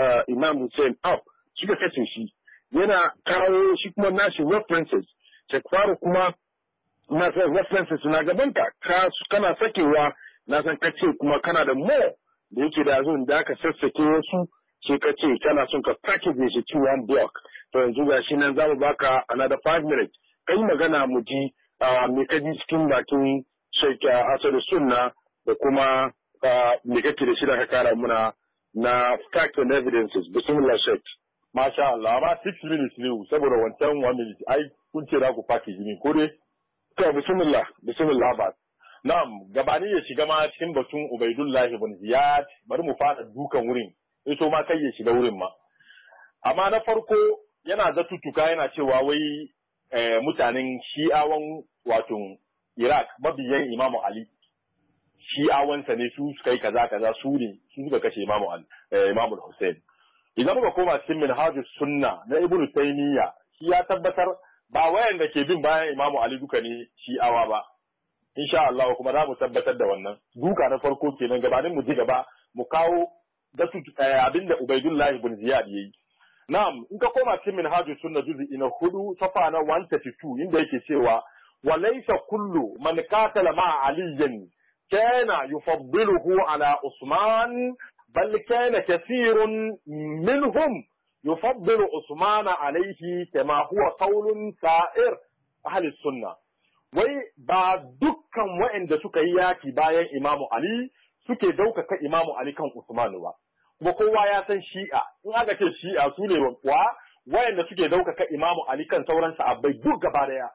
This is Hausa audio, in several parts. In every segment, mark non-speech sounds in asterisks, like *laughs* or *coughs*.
Uh, Imam Hussein up suka kashe shi yana kawo shi kuma nashi references Shekwaru kuma na san references na gaban ka kana sakewa na san kace kuma kana da more da yake da zan da ka sassake wasu ce ka ce kana son ka package shi to one block to yanzu ga shi nan zamu baka another five minutes kai magana mu ji uh, me ka ji cikin bakin Sheikh uh, Asadu Sunna da kuma me kake da shi da ka kara muna na fact and evidences bismillah shek masha Allah ba 6 minutes ne saboda wancan 1 minute ai kun ce za ku package ne ko dai to bismillah bismillah ba na'am gabani ya shiga ma cikin batun ubaidullahi ibn ziyad bari mu fada dukan wurin to ma kai ya shiga wurin ma amma na farko yana tutuka yana cewa wai eh, mutanen shi'awan wato Iraq mabiyan Imam Ali shi'awansa ne su suka yi kaza kaza su ne su suka kashe imamu eh, imamu Hussein idan muka koma cikin minhajus sunna na ibnu taymiya shi ya tabbatar ba wayanda ke bin bayan imamu ali duka ne shi'awa ba insha Allah kuma za mu tabbatar da wannan duka na farko kenan gabanin mu ji gaba mu kawo eh, da su abinda ubaidullahi ibn ziyad yayi na'am in ka koma cikin minhajus sunna juz'i na hudu safa na 132 inda yake cewa walaysa kullu man qatala ma'a aliyyan kana yufaddiluhu ala Usman bal kasirun kathirun minhum yufaddilu Usman alaihi kama huwa qaulun sa'ir ahli sunna wai ba dukkan waɗanda suka yi yaki bayan Imamu Ali suke daukaka Imamu Ali kan Usman ba kuma kowa ya san Shi'a in aka ce Shi'a su ne wa waɗanda suke ɗaukaka Imamu Ali kan sauran sahabbai duk gaba daya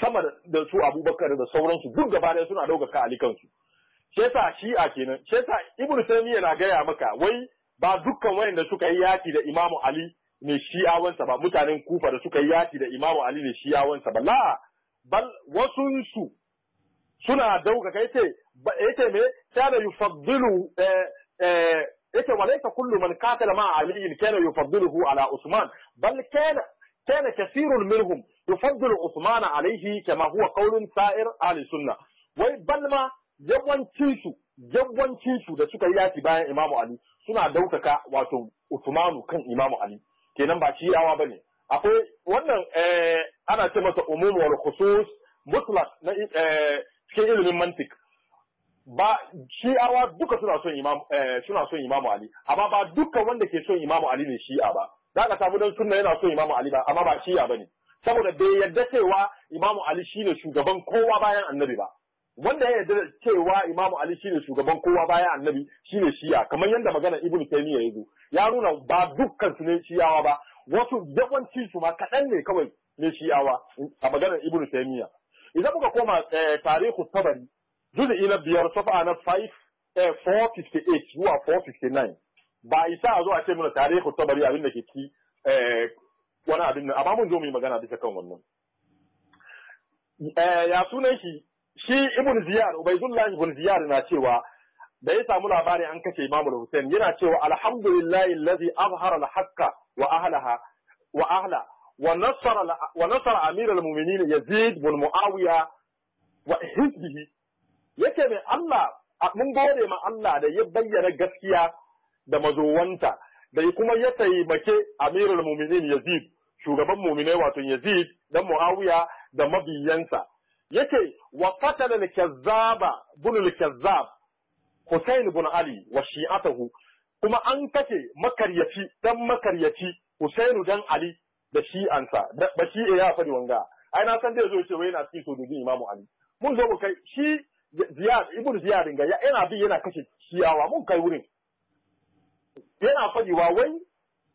sama da su abubakar da sauransu duk gaba ɗaya suna ɗaukaka ali kansu shi yasa shi'a kenan shi yasa ibnu taymiya na gaya maka wai ba dukkan wayanda suka yi yaki da imamu ali ne shi'awansa ba mutanen kufa da suka yi yaki da imamu ali ne shi'awansa ba la bal wasunsu suna ɗaukaka yace yace me kana yufaddilu eh eh yace walaysa kullu man qatala ma ali kana yufaddiluhu ala usman bal kana kana kathirun minhum يفضل Usman عليه كما هو قول sa'ir ahli sunna wai balma yawancin su yawancin su da suka yi yaki bayan Imam Ali suna daukaka wato Usmanu kan Imam Ali kenan ba shi yawa bane akwai wannan eh ana ce masa umum wal khusus mutlaq na eh, cikin ilimin mantik ba shi'awa duka suna son imam eh, suna son imamu ali amma ba duka wanda ke son imamu ali ne shi'a ba za ka samu dan sunna yana son imamu ali ba amma ba shi'a bane saboda bai yarda cewa imamu ali shine shugaban kowa bayan annabi ba wanda ya yarda cewa imamu ali shine shugaban kowa bayan annabi shine shiya kamar yadda magana ibn taymiya ya zo ya nuna ba dukkan su ne shiyawa ba wasu yawanci su ma kaɗan ne kawai ne shiyawa a maganar ibn taymiya idan muka koma eh, tarihu tabari juz'i na biyar safa na 5 458 eh, zuwa 459 ba isa a zo a ce mana tarihu tabari abin da ke ci wani abin nan amma mun zo mu yi magana bisa kan wannan eh, ya sunan shi shi ibn ziyar ubaidullah ibn ziyar na cewa da ya samu labari an kashe imamu hussein yana cewa alhamdulillahi allazi azhara al-haqqa wa ahlaha wa ahla wa nasara wa nasara amir al-mu'minin yazid ibn muawiya wa hizbihi yake mai Allah mun gode ma Allah da ya bayyana gaskiya da mazowanta da kuma ya taimake amirul mu'minin yazid shugaban muminai wato Yazid dan Muawiya da mabiyansa yace wa qatala al-kazzaba bin al-kazzab Hussein ibn Ali wa shi'atuhu kuma an kace makaryaci dan makaryaci Hussein dan Ali da shi'ansa Da shi eh, ya faɗi wanga ai na san zai zo ce wai yana cikin sojojin Imam Ali mun zo mu kai shi Ziyad Ibn Ziyad ga yana bi yana kashe shiyawa mun kai wurin yana faɗi wa wai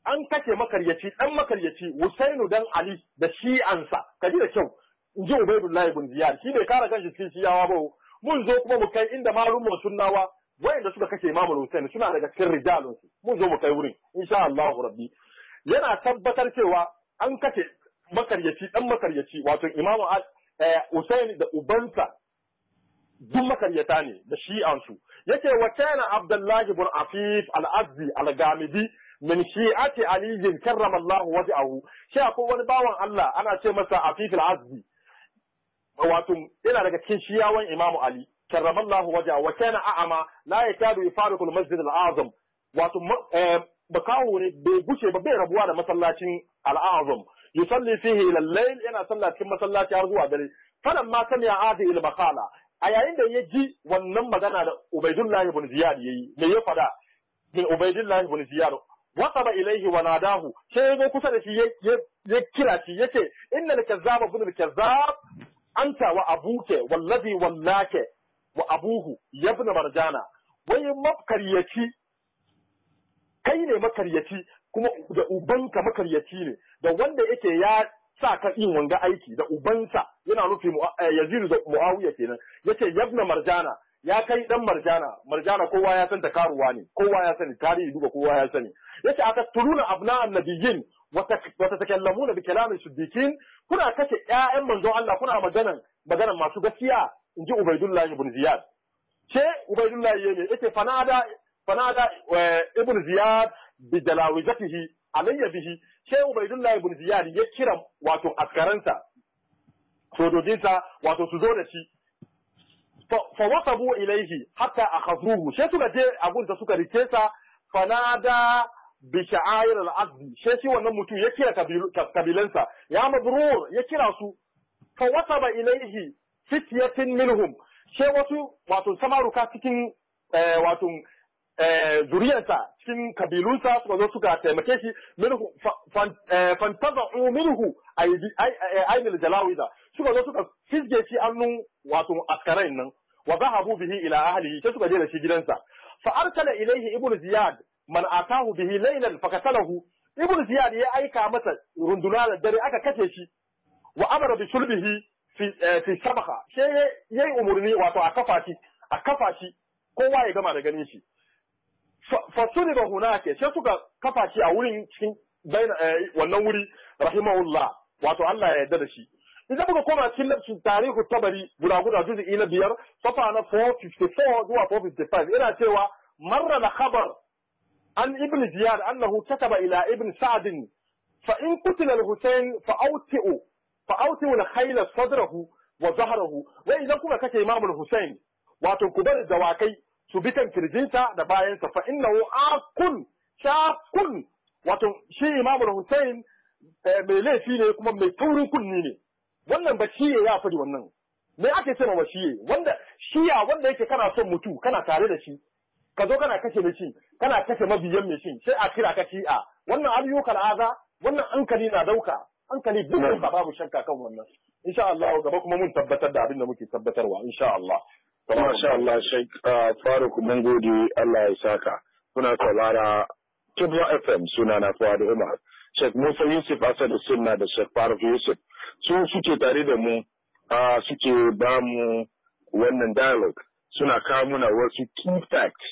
an kashe makaryaci dan makaryaci Husainu dan Ali da shi'ansa kaji da kyau in ji Ubaydullah ibn Ziyad shi bai kare kanshi cikin shiyawa ba mun zo kuma mu kai inda malumman sunnawa wayanda suka kashe Imam Hussein suna daga cikin rijalun su mun zo mu kai wurin insha Allah rabbi yana tabbatar cewa an kashe makaryaci dan makaryaci wato Imam eh, Hussein da ubansa duk makaryata ne da shi'ansu yake wa kana Abdullahi ibn Afif al-Azzi al-Gamidi min shi'ati aliyin karrama Allah waj'ahu shi akwai wani bawan Allah ana ce masa afifil azbi wato yana daga cikin shiyawan imamu ali karrama Allah waj'ahu wace na a'ama la yakadu yufariqu al-masjid al-azam eh, Ba kawo ne bai guce ba bai rabuwa da masallacin al-azam yusalli fihi ila yana sallah cikin masallaci har zuwa dare falamma sami'a hadhihi al makala. a yayin da ya ji wannan magana da Ubaidullah ibn Ziyad yayi me ya fada min Ubaidullah ibn Ziyad wasaba ilaihi wa nadahu sai ya kusa da shi ya kira shi inna laka kazzaba ibn al-kazzab anta wa abuke wallazi wallake wa abuhu yabna marjana wai makaryaci kai ne makaryaci kuma da ubanka makaryaci ne da wanda yake ya sa ka yin wanga aiki da ubansa yana nufi eh, Yazidu da Muawiya kenan yace yabna marjana ya kai dan marjana marjana kowa ya san ta karuwa ne kowa ya sani tarihi duka kowa ya sani yace aka turuna abna annabiyyin wata takallamuna bi kalamin siddiqin kuna kace ƴaƴan manzon Allah kuna maganan maganan masu gaskiya inji Ubaydullah ibn Ziyad ce Ubaydullah yake yace fanada fanada eh, ibn Ziyad bi dalawijatihi alayya bihi ce Ubaydullah ibn Ziyad ya kira wato askaransa sojojinsa wato su zo da shi fa wasabu ilaihi hatta akhadhuhu sai suka je abun da suka rike sa fanada bi sha'air al-azmi sai shi wannan mutum ya kira kabilansa ya mabrur ya kira su fa wasaba ilaihi fityatin minhum sai wasu wato samaruka cikin eh, wato eh, zuriyarsa cikin kabilunsa suka zo suka taimake shi minhu eh, fantaza'u minhu ainil jalawida suka zo suka fisge shi annun wato askarai nan wa zahabu bihi ila ahlihi sai suka je da shi gidansa fa arsala ilayhi ibnu ziyad man atahu bihi laylan fakatalahu ibnu ziyad ya aika masa runduna da dare aka kace shi wa amara bi sulbihi fi eh, fi sabaha sai yayi umurni wato a kafa shi a kafa shi kowa ya gama da ganin shi fa suliba hunake sai suka kafa shi a wurin cikin eh, wannan wuri rahimahullah wato Allah ya yarda da shi idan muka koma cikin lafsin tarihu tabari guda guda juzu'i na biyar safa na 454 zuwa 455 ina cewa marra na khabar an ibn ziyad annahu kataba ila ibn sa'd fa in qutila al-husayn fa awti'u fa awti'u khayla sadrahu wa zahrahu wa idan kuka kace imam al-husayn wato ku bar dawakai su bi kan kirjinsa da bayansa fa innahu aqul shaqul wato shi imam al-husayn eh, mai laifi ne kuma mai taurin kunni ne wannan ba shiye ya fadi wannan me ake ce ma shiye wanda shiya wanda yake kana son mutu kana tare da shi ka zo kana kashe mai kana kashe mabiyan mai sai a kira ka shi'a wannan ayyukan aza wannan hankali na dauka hankali dukkan ba babu shakka kan wannan insha Allah gaba kuma mun tabbatar da abin da muke tabbatarwa insha Allah masha Allah Sheikh uh, Faruk mun gode Allah ya saka kuna saurara Kibra FM suna na Fuad Umar Sheikh Musa Yusuf Asad Sunna da Sheikh Faruk Yusuf su suke tare da mu a suke ba mu wannan dialogue suna kawo muna wasu key facts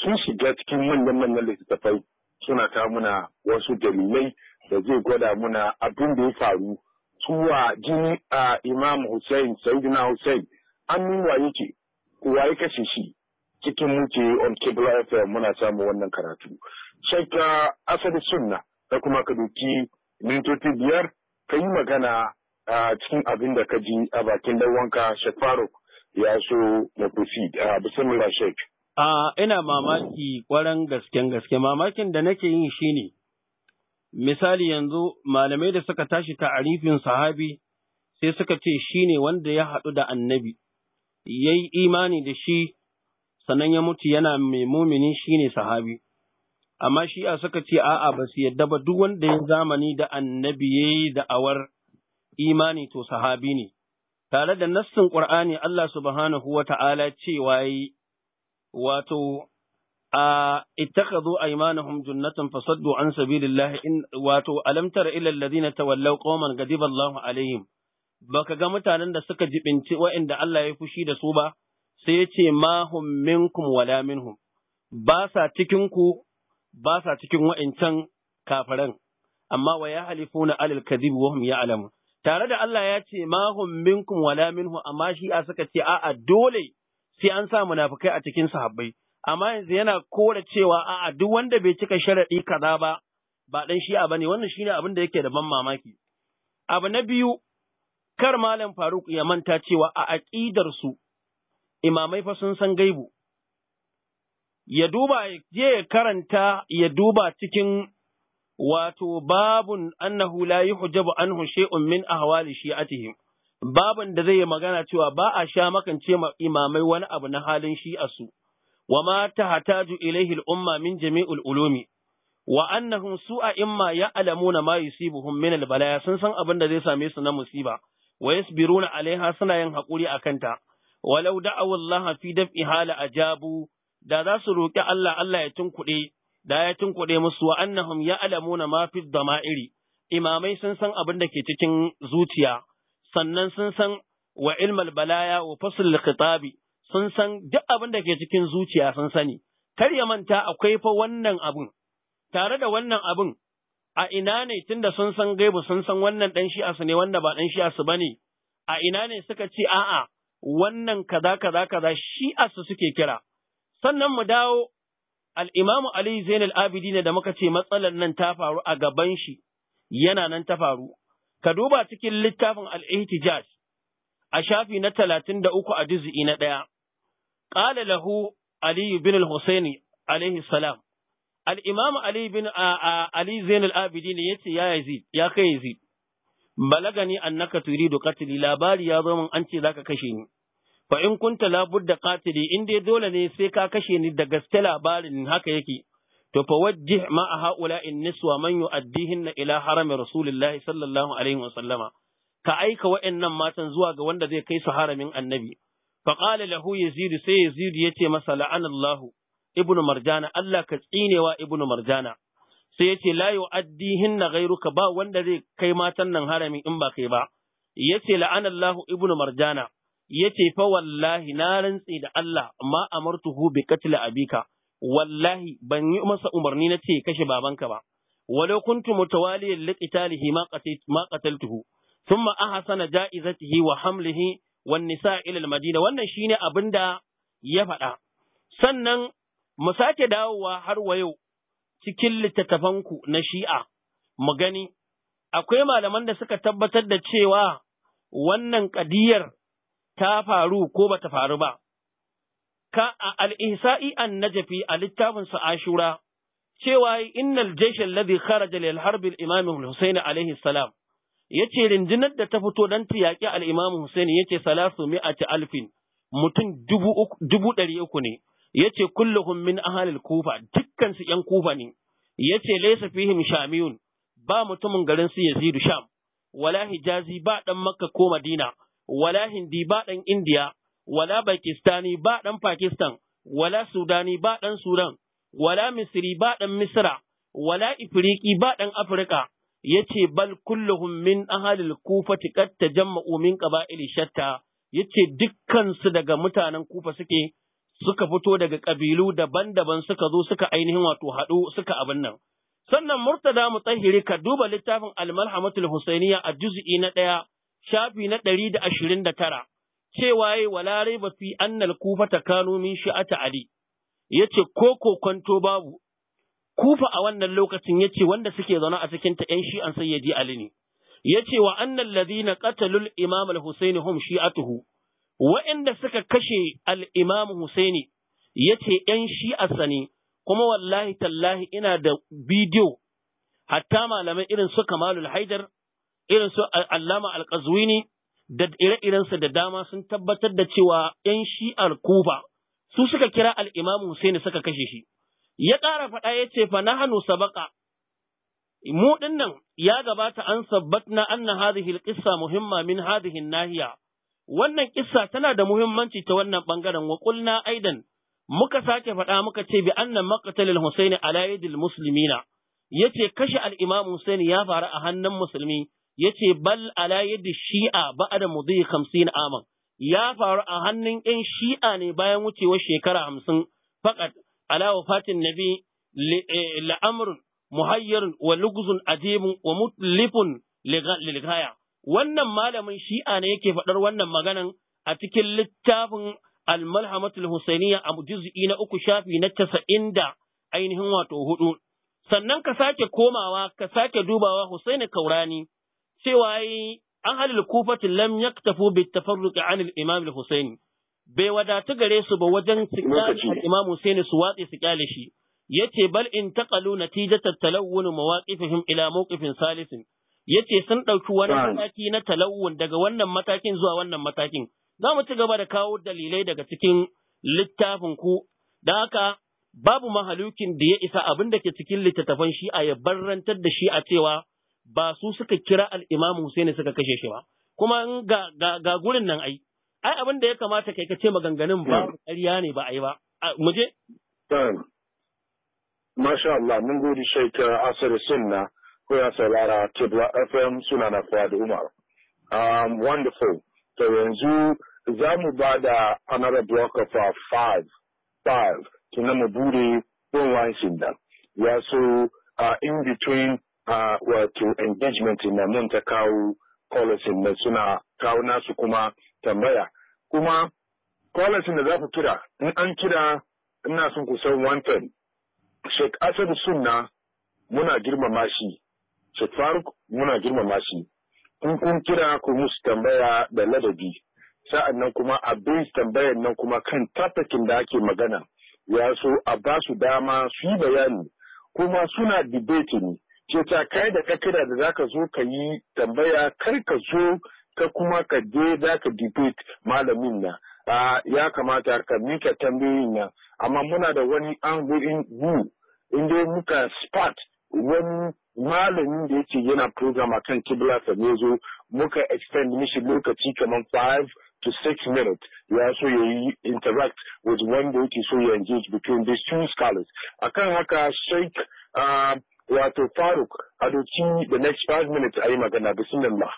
sun shiga cikin manyan-manyan littattafai suna kawo muna wasu dalilai da zai gwada muna abin da ya faru tuwa jini a imam hussein sayyidina hussein an nuna yake waye kashe shi cikin muke on kibla fm muna samu wannan karatu shakka asali sunna da kuma ka doki mintoci biyar ka yi magana a cikin abin da ka ji a bakin wanka Sheikh ya so na proceed a bismillah Sheikh. A ina mamaki kwaran gasken gaske mamakin da nake yin shine misali yanzu malamai da suka tashi ta arifin sahabi sai suka ce shi ne wanda ya haɗu da annabi Ya yi imani da shi sannan ya mutu yana mai mumini ne sahabi amma shi a suka ce a'a ba su yadda ba duk wanda ya zamani da annabi ya yayi da'awar imani to sahabi ne, tare da nassin ƙur'ani Allah subhanahu wa ta'ala cewa yi, wato, a ittakhadhu aymanahum junnatan fasaddu an sabilillahi in wato Alamtar tara ila alladhina tawallaw qauman ghadiba Allahu alaihim baka ga mutanen da suka jibinci wa'inda Allah ya fushi da su ba sai ya ce ma hum minkum wala minhum ba sa cikin ku ba sa cikin wa'incan kafiran amma wa ya halifuna alal kadhib wa hum ya'lamun tare da Allah ya ce hum minkum wala minhu amma shi a suka ce a'a dole sai an sa munafikai a cikin sahabbai amma yanzu yana kora cewa a'a duk wanda bai cika sharadi kaza ba ba dan shi'a bane wannan shine abin da yake da ban mamaki abu na biyu kar malam Faruk ya manta cewa a aqidar su imamai fa sun san gaibu ya duba je ya karanta ya duba cikin wato babun annahu la yuhjabu anhu shay'un min ahwali shi'atihim babun da zai yi magana cewa ba a sha makance imamai wani abu na halin shi'a su wa ma tahtaju ilaihi al-umma min jami'ul ulumi wa annahum su'a imma ya'lamuna ma yusibuhum min al-balaya sun san abin da zai same su na musiba wa yasbiruna alaiha suna yin hakuri akan ta walau da'awallaha fi daf'iha a ajabu da za su roki Allah Allah ya tunkuɗe da ya tunkuɗe musu wa annahum ya'lamuna ma fi dama'iri imamai sun san abin da ke cikin zuciya sannan sun san wa ilmal balaya wa fasl khitabi sun san duk abin da ke cikin zuciya sun sani kar ya manta akwai fa wannan abun tare da wannan abun a ina ne tunda sun san gaibu sun san wannan dan shi'a su ne wanda ba dan shi'a su bane a ina ne suka ce a'a wannan kaza kaza kaza shi'a su suke kira sannan mu dawo al'imamu Ali Zainal Abidina da muka ce matsalar nan ta faru a gaban shi yana nan ta faru, ka duba cikin littafin al'ihtijaj a shafi na talatin da uku a juz'i na ɗaya. Ƙala lahu Ali bin al-Husaini alaihi salam. Al'imamu Ali bin Ali Zainal Abidina ya ce ya Yazid, ya kai Yazid, balagani annaka turidu qatli labari ya zo min an ce zaka kashe ni. fa in kunta labudda qatili in dai dole ne sai ka kashe ni da gaske labarin haka yake to fa wajjih ma a haula in niswa man yu'addihinna ila harami rasulillahi sallallahu alaihi wa sallama ka aika wa'annan matan zuwa ga wanda zai kai su haramin annabi fa qala lahu yazid sai yazid yace masa la'anallahu ibnu marjana Allah ka tsinewa ibnu marjana sai yace la yu'addihinna ghairuka ba wanda zai kai matan nan harami in ba kai ba yace la'anallahu ibnu marjana Ya ce fa wallahi na rantse da Allah ma amartuhu bi katla abika wallahi ban yi masa umarni na ce kashe babanka ba walau kuntu mutawaliyan liqitalihi ma qatit ma qataltuhu thumma ahsana ja'izatihi wa hamlihi wan nisa ila al madina wannan shine da ya faɗa sannan mu sake dawowa har wa yau cikin littattafanku na shi'a mu gani akwai malaman da suka tabbatar da cewa wannan kadiyar ta faru ko bata faru ba ka a al'isa'i an Najafi a littafin su ashura cewa innal jaysh alladhi kharaja lil harb al-imam al-husayn salam yace rindinar da ta fito dan ta yaƙi al-imam husayn yace salasu mi'ati alfin mutum dubu ɗari uku ne yace kulluhum min ahalil kufa dukkan su yan kufa ne yace laysa fihim shamiyun ba mutumin garin su yazidu sham wala hijazi ba dan makka ko madina wala hindi ba ɗan indiya wala pakistani ba ɗan pakistan wala sudani ba ɗan sudan wala misri ba ɗan misra wala ifiriki ba ɗan afirka yace bal kulluhum min ahalil kufati qad tajamma'u min qaba'ili shatta yace dukkan su daga mutanen kufa suke suka fito daga kabilu daban-daban suka zo suka ainihin wato haɗu suka abin nan sannan murtada mutahhiri ka duba littafin al-malhamatul a juz'i na ɗaya shafi na ɗari da ashirin da tara, cewa yi wala raiba fi annal kufa ta kano min shi'ata Ali, ya ce ko kokonto babu, kufa a wannan lokacin ya ce wanda suke zaune a cikin ta ‘yan shi an ya Ali ne, ya ce wa annan ladina qatalul imam al-Husaini hum shi'atuhu, wa'inda suka kashe al-imam Husaini ya ce ‘yan shi'arsa ne, kuma wallahi tallahi ina da bidiyo hatta malamai irin su Kamalul Haidar irin su allama alƙazwini da ire irensa da dama sun tabbatar da cewa ‘yan shi'ar kufa su suka kira al'imam Hussein suka kashe shi. Ya ƙara faɗa ya ce fa nahanu sabaka mu ɗinnan ya gabata an sabbatna anna hadhihi alqissa muhimma min hadhihi nahiya wannan kissa tana da muhimmanci ta wannan bangaren wa qulna aidan muka sake faɗa muka ce bi anna maqtal al husaini ala yadil muslimina yace kashe al-Imam Husaini ya faru a hannun musulmi yace bal ala yadi shi'a ba'da mudhi 50 aman ya faru a hannun 'yan shi'a ne bayan wucewar shekara 50 faqat ala wafatin nabi e, la'amr muhayyar wa lugzun ajibun wa mutlifun lilghaya wannan malamin shi'a ne yake faɗar wannan maganan a cikin littafin al-malhamatul husainiyya a juz'i na uku shafi na casa'in da ainihin wato hudu sannan ka sake komawa ka sake dubawa Husaini Kaurani cewa yi halil kufatin lam tafi bi tafarruqi anil imam al-husaini bai wadatu gare su ba wajen su kyale imam su watsi su kyale shi yace bal in intaqalu natijata talawun mawaqifihim ila mawqifin salisin yace sun ɗauki wani mataki na talawun daga wannan matakin zuwa wannan matakin za mu ci gaba da kawo dalilai daga cikin littafin ku da haka babu mahalukin da ya isa abin da ke cikin littattafan shi a ya barrantar da shi a cewa ba su suka kira al-Imam Husaini suka kashe shi ba kuma ga ga, ga gurin nan ai ai abin da ya kamata kai ka ce maganganun ba hmm. ƙarya ne ba ai ba mu je Masha Allah mun gode shai ta asar sunna ko ya saurara Kibla FM suna na da Umar um wonderful to yanzu za mu ba da another block of uh, five five kina mu bude ko wine shi da ya so uh, in between a wato engagement na mun ta kawo policy na suna kawo nasu kuma tambaya kuma policy da za ku kira in an kira ina son ku san one Sheikh Asad Sunna muna girmama shi Sheikh Faruk muna girmama shi in kun kira ku musu tambaya da ladabi sa'an nan kuma a bin tambayar nan kuma kan tattakin da ake magana ya so a ba su dama su yi bayani kuma suna debating ke ta kai da kira da zaka zo ka yi tambaya kar ka zo ka kuma ka je za ka debate malamin na ya kamata ka mika tambayoyin na amma muna da wani angurin bu inda muka spot wani malamin da yake yana program a kan kibla zo muka extend mishi lokaci kamar 5 to 6 minutes ya so ya interact with wanda yake so ya engage between these two scholars akan haka uh, wato faruk a doki the next five minutes a yi magana bismillah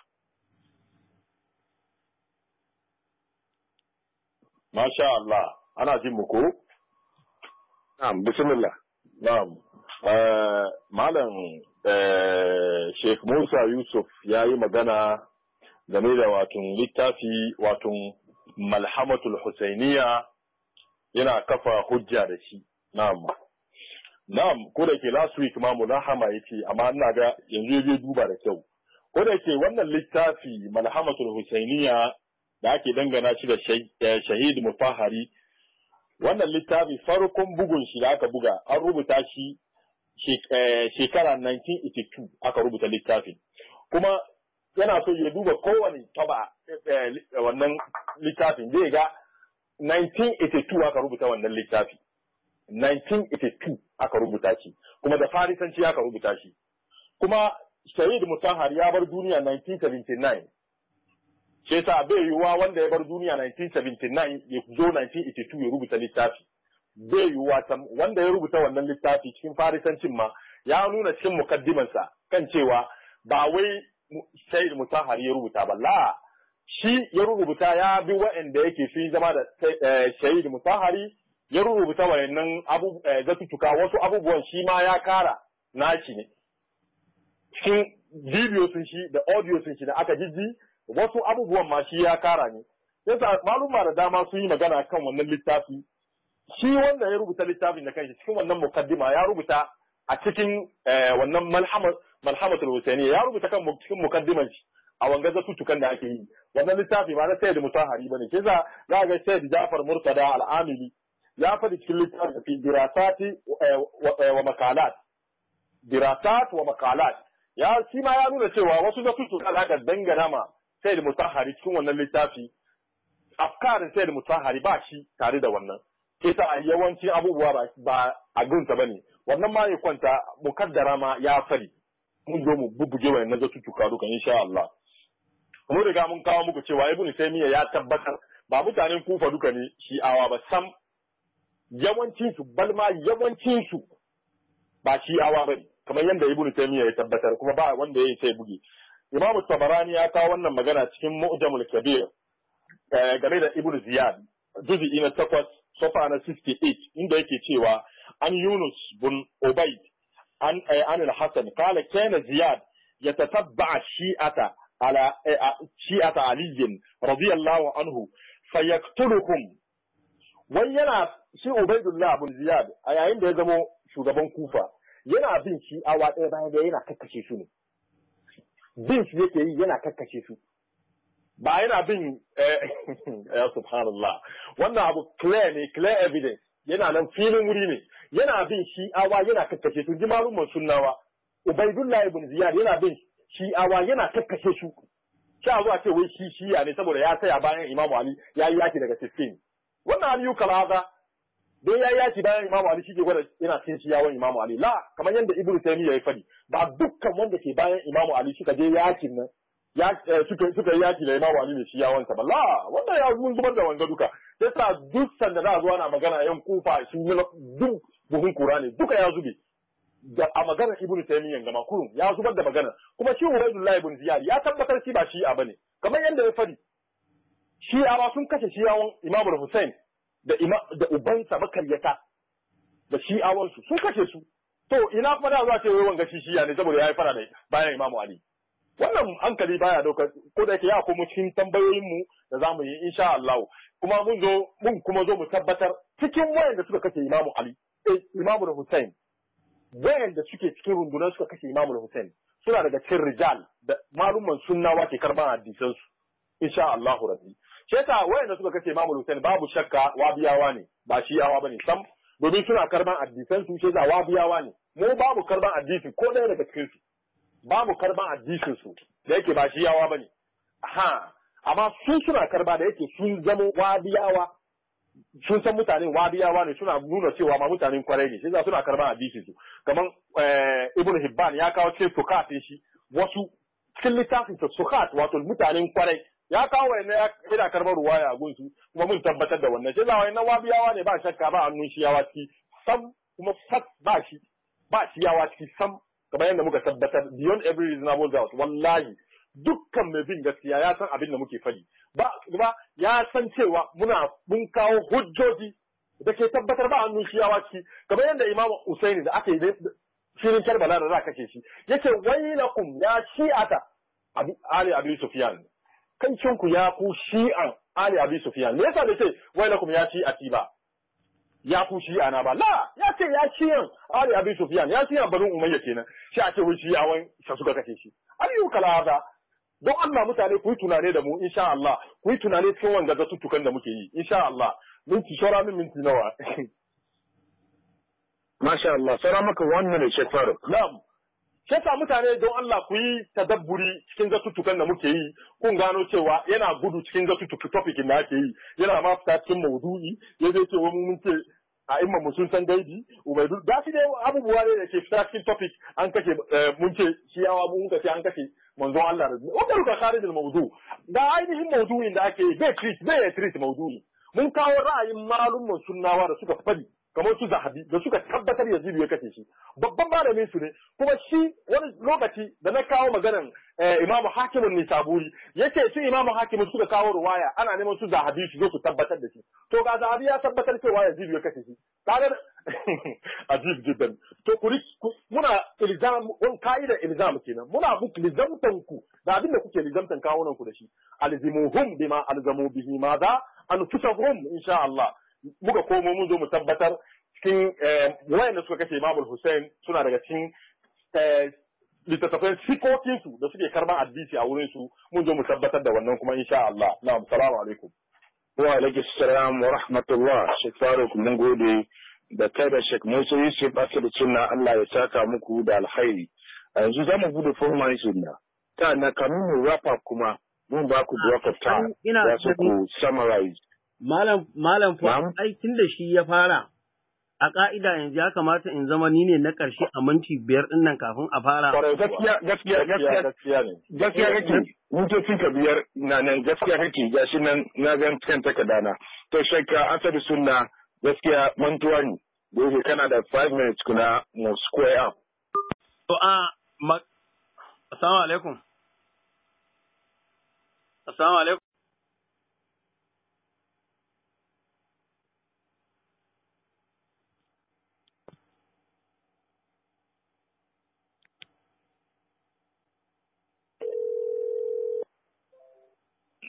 Masha Allah, ana jin mu ko? Na'am, bismillah. Na'am. Eh, Malam eh, Sheikh Musa Yusuf ya yi magana game da watun littafi watun Malhamatul Husainiya yana kafa hujja da shi. Na'am. Na, ko da ke last week ma mulahama ce, amma ina ga yanzu ya je duba da kyau. Ko da ke wannan littafi Malhamatul Husainiya da ake dangana shi da Shahid Mufahari wannan littafi farkon bugun shi da aka buga an rubuta shi eh, shekara 1982 aka rubuta littafin. Kuma yana so ya duba kowane taba eh, wannan littafin zai ga 1982 aka rubuta wannan littafi. 1982 aka rubuta shi kuma da farisanci aka rubuta shi kuma Shahid Mutahar ya bar duniya 1979 sai sa bai yiwuwa wanda ya bar duniya 1979 ya zo 1982 ya rubuta littafi bai yiwuwa wanda ya rubuta wannan littafi cikin farisancin ma ya nuna cikin mukaddimansa kan cewa ba wai Shahid Mutahar ya rubuta ba la shi ya rubuta ya bi wa'anda yake fi zama da eh, Shahid Mutahari ya rubuta wayannan eh, zatutuka wasu abubuwan shi ma ya kara naci ne cikin video sun shi da audio sun shi da aka jijji wasu abubuwan ma shi ya kara ne yasa maluma da dama sun yi magana kan wannan littafi shi wanda ya rubuta littafin da kanshi cikin wannan mukaddima ya rubuta a cikin eh, wannan malhamatul husaini ya rubuta kan cikin mukaddiman shi a wanga zatutukan da ake yi wannan littafi ba na sayyid mutahari bane Ke za ga sayyid jafar murtada al-amili ya faɗi cikin littafi dirasati eh, eh, wa makalat dirasat wa makalat ya shi ma ya nuna cewa wasu da su alaka dangana ma sai da mutahari cikin wannan littafi afkarin sai da mutahari ba shi tare da wannan ita a yawanci abubuwa ba a gunta ba ne wannan ma ya kwanta mukaddara ma ya fari mun zo mu bubbuge wa yanzu tuttuka dukan insha Allah mun riga mun kawo muku cewa ibnu taymiya ya tabbatar ba mutanen kufa duka ne shi'awa ba sam yawancinsu balma yawancinsu ba shi awa bane kamar yadda ibnu taymiya ya tabbatar kuma ba wanda ya yi sai bugi. imamu tabarani ya kawo wannan magana cikin mu'jamul kabir eh, game da ibnu ziyad juz'i ina takwas sofa na 68 inda yake cewa an yunus bin ubayd an eh, an Hassan, hasan qala kana ziyad yatatabba shi'ata ala eh, shi'ata ali radiyallahu anhu fayaktuluhum Wani yana shi Ubaidullah Abu Ziyad a yayin da ya zamo shugaban Kufa yana bin shi awa ɗaya bayan da yana kakkashe su ne bin shi yake yi yana kakkashe su ba yana bin eh, *laughs* ya subhanallah wannan abu clear ne clear evidence yana nan filin wuri ne yana bin shi awa yana kakkashe su ji malumman sunnawa ubaidullah ibn ziyad yana bin shi awa, yana kakkashe su sha zuwa ce wai shi shiya ne saboda ya tsaya bayan imamu ali ya yi yaki daga 15 wannan aliyu kalaza don ya yaki bayan imamu ali shige gwada yana cin shi yawon imamu ali la kamar yadda ibnu taymiya ya faɗi ba dukkan wanda ke bayan imamu ali suka je yakin nan eh, suka yi yaki da imamu ali ne shi yawon sa ba la wanda ya mun zubar da wanga duka sai sa duk sanda za a zo ana magana yan kufa shi duk buhun kura ne duka ya zube da a maganar ibnu taymiyyah gama kurun ya zubar da magana kuma shi ubaydullah ibn ziyad ya tabbatar shi ba shi shi'a bane kamar yadda ya fadi shi'awa sun kashe shi'awan imamul hussein da da ubansa makaryata da shi'awansu sun kashe su to ina kuma da za ce wai wanga shi shi'a ne saboda ya yi fara da bayan imamu ali wannan hankali baya dauka ko da yake ya komo cikin tambayoyin mu da zamu yi insha Allah kuma mun zo mun kuma zo mu tabbatar cikin wayanda suka kashe Imamu Ali eh Imamu Hussein wayanda suke cikin rundunar suka kashe Imamu Hussein suna daga cikin rijal da malumman sunnawa ke karban hadisan su insha Allah rabbi shi yasa wayanda suka kace Imam Hussein babu shakka wabiyawa ne ba shi yawa bane sam domin suna karban addisan su shi wa wabiyawa ne mu babu karban addisi ko ɗaya daga cikin su babu karban addisin su da yake ba shi yawa bane ha amma su suna karba da yake sun zama wabiyawa sun san mutanen wabiyawa ne suna nuna cewa ma mutanen kwarai ne shi suna karban addisin su kaman eh, ibn hibban ya kawo to sukat shi wasu cikin littafin su sukat wato mutanen kwarai ya kawo ya yana karbar ya a gunsu kuma mun tabbatar da wannan shi za na wabiyawa ne ba shakka ba annun shi yawa ciki sam kuma fat ba shi ba shi yawa ciki sam kamar yadda muka tabbatar beyond every reasonable doubt wallahi dukkan mai bin gaskiya ya san abin da muke faɗi ba kuma ya san cewa muna mun kawo hujjoji da ke tabbatar ba annun shi yawa ciki kamar yadda Imam Usaini da aka yi shirin Karbala da za kashe shi yace wailakum ya shi'ata Ali Abi Sufyan Kancinku ku ya ku shi'an Ali Abi Sufyan me yasa bai ce lakum ya ci atiba ya ku shi'a na ba la ya ce ya shi'an Ali Abi Sufyan ya ciyan Banu Umayya kenan shi a ce wai shi'awan sa suka kace shi ayyu kalaza don Allah mutane ku yi tunane da mu insha Allah ku yi tunane cikin wanga da tutukan da muke yi insha Allah minti shara min minti nawa *laughs* Masha Allah, sara maka wannan minute, shekaru Na'am. sa mutane don Allah ku yi tadabburi cikin zatuttukan da muke yi, kun gano cewa yana gudu cikin zatuttukan topikin da ake yi, yana ma fita cikin maudu'i, ya zai ce wani mun ce a imma mu sun san gaibi, ubaidu, da shi dai abubuwa ne da ke fita cikin topic an kashe eh, mun ce shi yawa mun kashe an kashe manzon Allah da wanda ruka kare da maudu. Da ainihin maudu'in da ake yi, bai treat, bai treat maudu'i. Mun kawo ra'ayin malumman sunnawa da suka fadi kamar su zahabi da suka tabbatar zibi ya kashe shi babban malamin su ne kuma shi wani lokaci da na kawo maganar eh, imamu hakimun nisaburi yace su imamu hakimin suka kawo ruwaya ana neman su zahabi su zo su tabbatar da shi to ga zahabi ya tabbatar cewa zibi ya kashe shi kaga ajib *laughs* jiddan to kuri muna ilzam on kaida ilzam kenan muna buk lizamtan ku da abin da kuke lizamtan kawunan ku da shi alzimuhum bima alzamu bihi ma da anfusahum insha Allah muka komo mun zo mu tabbatar cikin eh, wayanda suka kashe Imam Hussein suna daga cikin eh, littattafan sikokin da suke karban addisi a wurin su mun zo mu tabbatar da wannan kuma insha Allah na'am salamu alaikum wa alaikum assalam wa rahmatullah Sheikh Faruk mun gode da kai da Sheikh Musa Yusuf Asadu Sunna Allah ya saka muku da alkhairi yanzu za mu bude formal sunna ta na kamun mu wrap kuma mun ba ku block ta za su ku summarize Malam Malam ai tun da shi ya fara a ƙa'ida yanzu ya kamata in zama ni ne na ƙarshe a minti biyar ɗin nan kafin a fara. Gaskiya gaskiya gaskiya gaskiya kake, Gaskiya cin ka biyar na nan gaskiya kake ga shi nan na gan kan takardana. To shakka asali sunna gaskiya mantuwa ne. yake kana da 5 minutes kuna mu square up. To a Assalamu alaikum. Assalamu alaikum.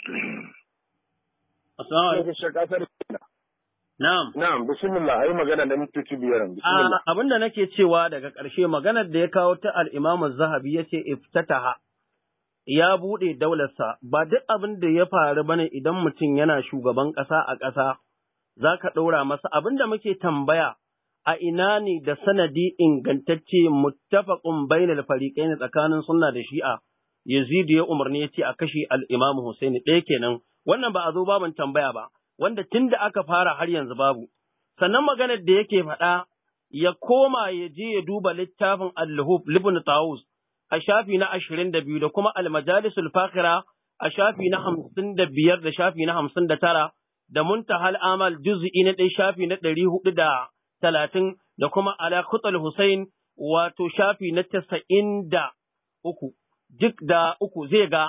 Ah, abin da nake cewa daga ƙarshe maganar da ya kawo ta al-Imam Zahabi ce iftataha ya buɗe daularsa ba duk abin da ya faru bane idan mutum yana shugaban ƙasa a ƙasa za ka ɗora masa abin da muke tambaya a ina ne da sanadi ingantacce muttafaqun bainal fariqain tsakanin sunna da shi'a Yazid ya umarni ya ce a kashe al-Imam Hussein ɗaya kenan wannan ba a zo babin tambaya ba wanda tun da aka fara har yanzu babu sannan maganar da yake faɗa ya koma ya je ya duba littafin al-Luhuf Ibn Tawus a shafi na ashirin da biyu da kuma al-Majalisul Fakira a shafi na hamsin da biyar da shafi na hamsin da tara da muntahal amal juz'i na ɗaya shafi na ɗari hudu da talatin da kuma ala Hussein wato shafi na tasa'in da uku. duk da uku zai ga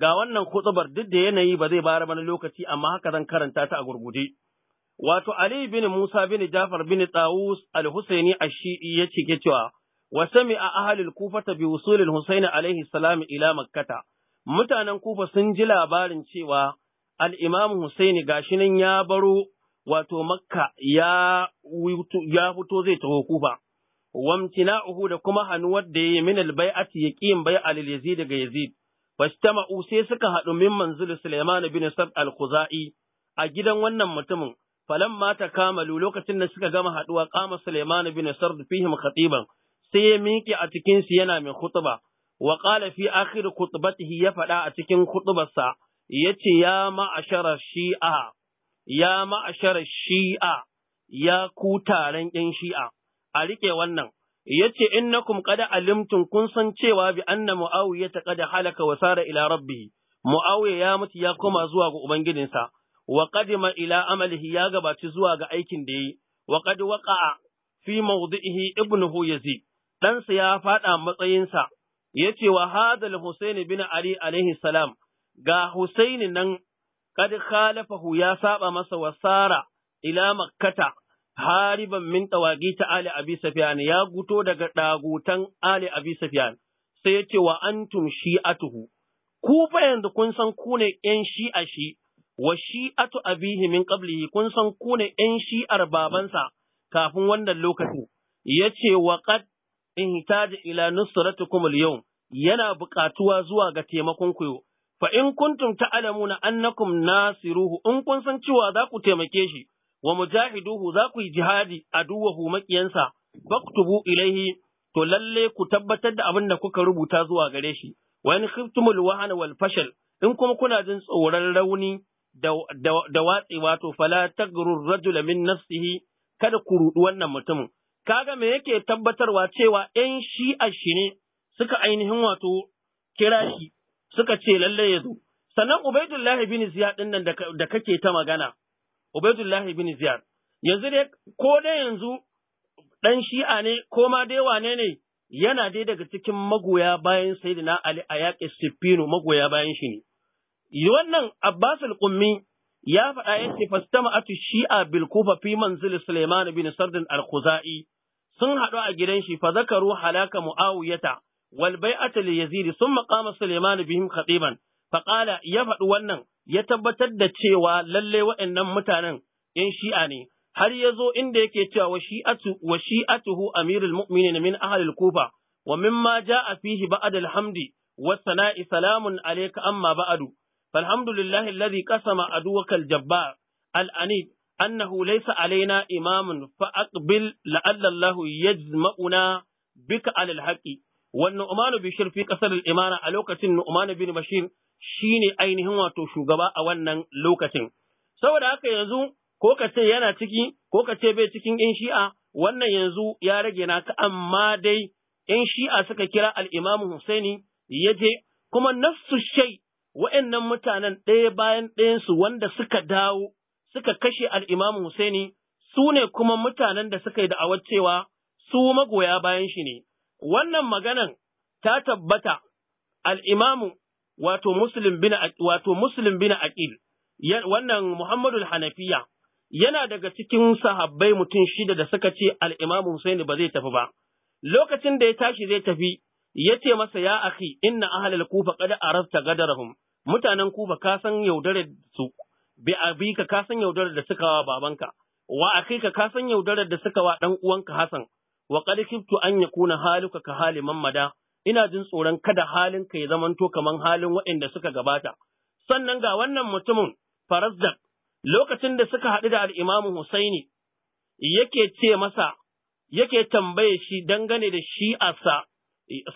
ga wannan khutsubar duk da yanayi ba zai bara mana lokaci amma haka zan karanta ta a gurguje. Wato Ali bin Musa bin Jafar bin Tawus al-Husaini ash-Shi'i ya cewa wa a ahlul Kufa bi wusulil Husaini alaihi salam ila Makkata. Mutanen Kufa sun ji labarin cewa al-Imam Husaini gashi nan ya baro wato Makka ya ya fito zai taho Kufa. wamtina'uhu da kuma hannuwar da yayi min al-bai'ati yaqiyin bai Ali Yazid ga Yazid fastama'u sai suka haɗu min manzil Sulaiman bin Sab al-Khuzai a gidan wannan mutumin falan mata kamalu lokacin da suka gama haɗuwa kama Sulaiman bin Sard fihim khatiban sai ya miƙe a cikin su yana min khutba wa qala fi akhir khutbatihi ya faɗa a cikin khutbarsa yace ya ma'ashara shi'a ya ma'ashara shi'a ya ku taron shi'a a rike wannan yace innakum kada alimtum kun san cewa bi anna muawiya ta kada halaka wa sara ila rabbih muawiya ya mutu ya koma zuwa ga ubangijinsa wa qadima ila amalihi ya gabaci zuwa ga aikin da yi wa qad waqa'a fi mawdihi ibnuhu yazid ɗansa ya faɗa matsayinsa yace wa hadal Husain bin ali alaihi salam ga husaini nan kad khalafahu ya saba masa wasara ila makkata hariban min tawagi ta Ali Abi Sufyan ya guto daga dagutan Ali Abi Sufyan sai yace wa antum shi'atuhu ku fa yanzu kun san ku ne ƴan shi'a shi wa shi'atu abihi min qablihi kun san ku ne ƴan shi'ar babansa kafin wannan lokacin yace wa qad ihtaja ila nusratikum al-yawm yana buƙatuwa zuwa ga taimakon ku fa in kuntum ta'lamuna annakum nasiruhu in kun san cewa za ku taimake shi wa mujahiduhu za ku yi jihadi a duwahu maƙiyansa baktubu ilaihi to lalle ku tabbatar da abin da kuka rubuta zuwa gare shi wa in khiftumul wahana wal fashal in kuma kuna jin tsoron rauni da watsi wato fala tagrur rajula min nafsihi kada ku rudu wannan mutum kaga me yake tabbatarwa cewa shi a shi ne suka ainihin wato kira shi suka ce lalle ya zo sannan ubaidullahi bin ziyad din nan da kake ta magana Ubaidullah ibn Ziyad yanzu dai ko dai yanzu ɗan shi'a ne ko ma dai wane ne yana dai daga cikin magoya bayan Sayyidina Ali a yaƙi Sifino magoya bayan shi ne wannan Abbas al-Qummi ya faɗa ya ce fastama'atu shi'a bil kufa fi manzil Sulaiman bin Sardin al-Khuzai sun haɗu a gidan shi fa zakaru halaka mu'awiyata wal bai'ata li yazidi sun qama Sulaiman bihim khatiban faƙala ya faɗi wannan ya tabbatar da cewa lalle waɗannan mutanen ‘yan shi'a ne, har ya zo inda yake cewa wa shi'atuhu amirul mu'minin min ahalil kufa, wa mimma a fihi ba'ad alhamdi wa sana'i salamun alayka amma ba'adu. Falhamdulillahi alladhi qasama aduwaka aljabbar al'anid annahu laisa alaina imamun fa aqbil la'alla Allah yajma'una bika alal haqqi. Wannan Umaru Bishir fi ƙasar Imana a lokacin Nu'man bin Bashir Shi ne ainihin wato shugaba a wannan lokacin. Saboda haka yanzu ko ka ce yana ciki ko ka ce bai cikin ‘yan shi'a wannan yanzu ya rage naka amma dai ‘yan shi'a suka kira al'imamu Husaini ya je kuma nafsu shai wa'yannan mutanen ɗaya bayan ɗayansu wanda suka dawo suka kashe al'imamu Husaini su ne kuma mutanen da suka yi da'awar cewa su magoya bayan shi ne. Wannan maganan ta tabbata al'imamu wato Muslim bin wato Muslim bin Aqil wannan Muhammadu Hanafiya yana daga cikin sahabbai mutum shida da suka ce al-Imam Hussein ba zai tafi ba lokacin da ya tashi zai tafi ya ce masa ya akhi inna ahlal kufa qad arafta gadarhum mutanen kufa ka san yaudarar su bi abika ka san yaudarar da suka wa babanka wa akhika ka san yaudarar da suka wa dan uwanka Hassan wa qad kiftu an yakuna haluka ka haliman mada ina jin tsoron kada halin ka ya zamanto kaman halin waɗanda suka gabata. Sannan ga wannan mutumin Farazdak lokacin da suka haɗu da al'imamu Husaini yake ce masa, yake tambaye shi dangane da shi'arsa,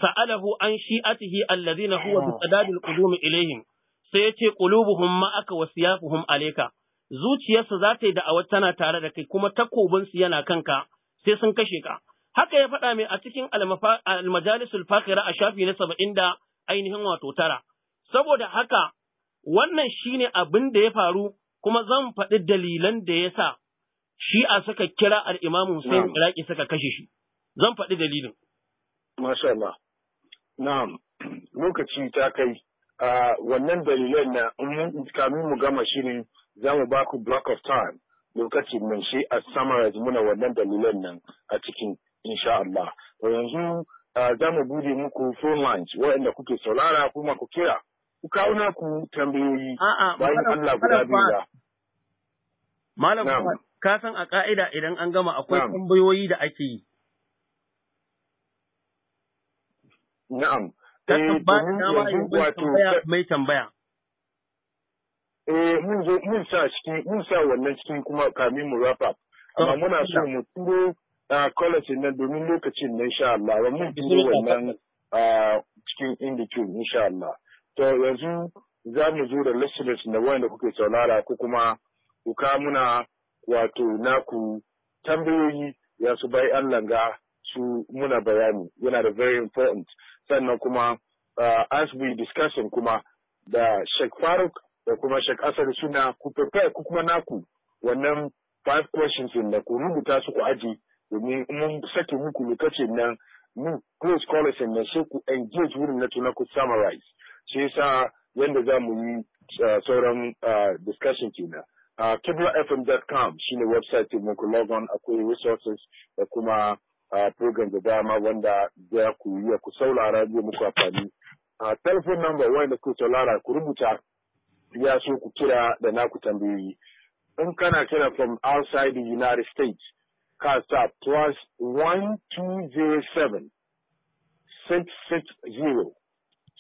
sa'alahu an shi'atihi allazina huwa bi sadadil qudumi ilaihim sai ya ce qulubuhum ma'aka ya fuhum alayka zuciyarsa za ta yi da'awa tana tare da kai kuma takobinsu yana kanka sai sun kashe ka haka ya faɗa mai a cikin almajalisul fakira a shafi na saba'in da ainihin wato tara. Saboda haka wannan shi ne abin da ya faru kuma zan faɗi dalilan da ya sa shi a suka kira al'imamu Hussein Iraki suka kashe shi. Zan faɗi dalilin. Masha Allah. Na'am, lokaci ta kai. wannan dalilan na kamin mu gama shirin za mu ba ku block of time lokacin nan shi a summarize muna wannan dalilan nan a cikin insha Allah. To yanzu ah, za mu bude muku phone lines waɗanda kuke saurara kuma ku kira. Ku kawo na ku tambayoyi. Bayan Allah guda biyu Malam ka san a ka'ida idan an gama akwai tambayoyi da ake yi. Na'am. Ka eh, tambaya dama yin tambaya mai tambaya. Eh mun mun sa cikin mun sa wannan cikin kuma kamin mu wrap up. Amma muna so mu turo a college nan domin lokacin na insha Allah wa mun yi wannan a cikin indicate insha Allah to yanzu za mu zo da listeners na wanda kuke saurara ko kuma ku ka muna wato naku tambayoyi ya su bai Allah ga su muna bayani yana da very important sannan kuma uh, as we discussing kuma da Sheikh Faruk da kuma Sheikh Asad suna ku prepare ku kuma naku wannan five questions din da ku rubuta su ku aji mun sake muku lokacin nan mu close college na so ku engage wurin na tuna ku summarize shi yasa yanda za mu yi uh, sauran uh, discussion kenan a uh, kiblafm.com ne website din muku logon akwai resources da kuma program da dama wanda za ku yi ku saurara zai muku amfani a telephone number wanda ku saurara ku rubuta ya so ku kira da naku tambayoyi in kana kira from outside the United States plus one two zero seven six six zero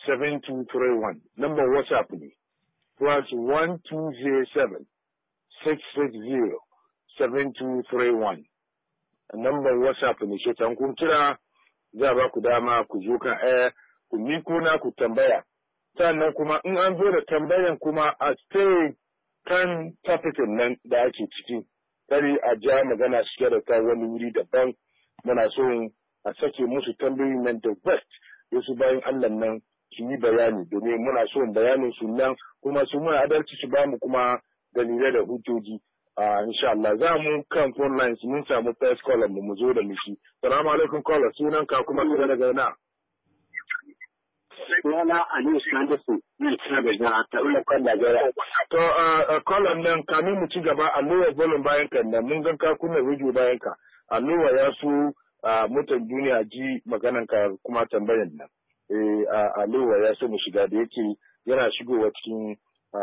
seven two three one number whatsapp ne plus one two 1207 660 7231 number whatsapp ne shi tan kun kira za ba ku dama ku zo kan air ku miko na ku tambaya sannan kuma in an zo da tambayan kuma a stay kan tafikin nan da ake ciki kari a ja magana shige da ta wani wuri daban muna so a sake musu tambayoyin nan da west su bayan allah nan su yi bayani domin muna so bayanin su nan kuma su muna adalci su ba mu kuma dalilai da hujjoji a insha Allah za mu kan phone lines mun samu first caller mu zo da mishi salamu alaikum caller sunan ka kuma daga na Sunana Aliyu Sanderson, yin cina da jana ta ulakon Najeriya. To, kolon nan kamin mu ci gaba alluwar bolon bayan ka nan mun gan kakunan rijo bayan ka. Alluwa ya su mutan duniya ji maganan ka kuma tambayan nan. Eh, alluwa ya so mu shiga da yake yana shigowa cikin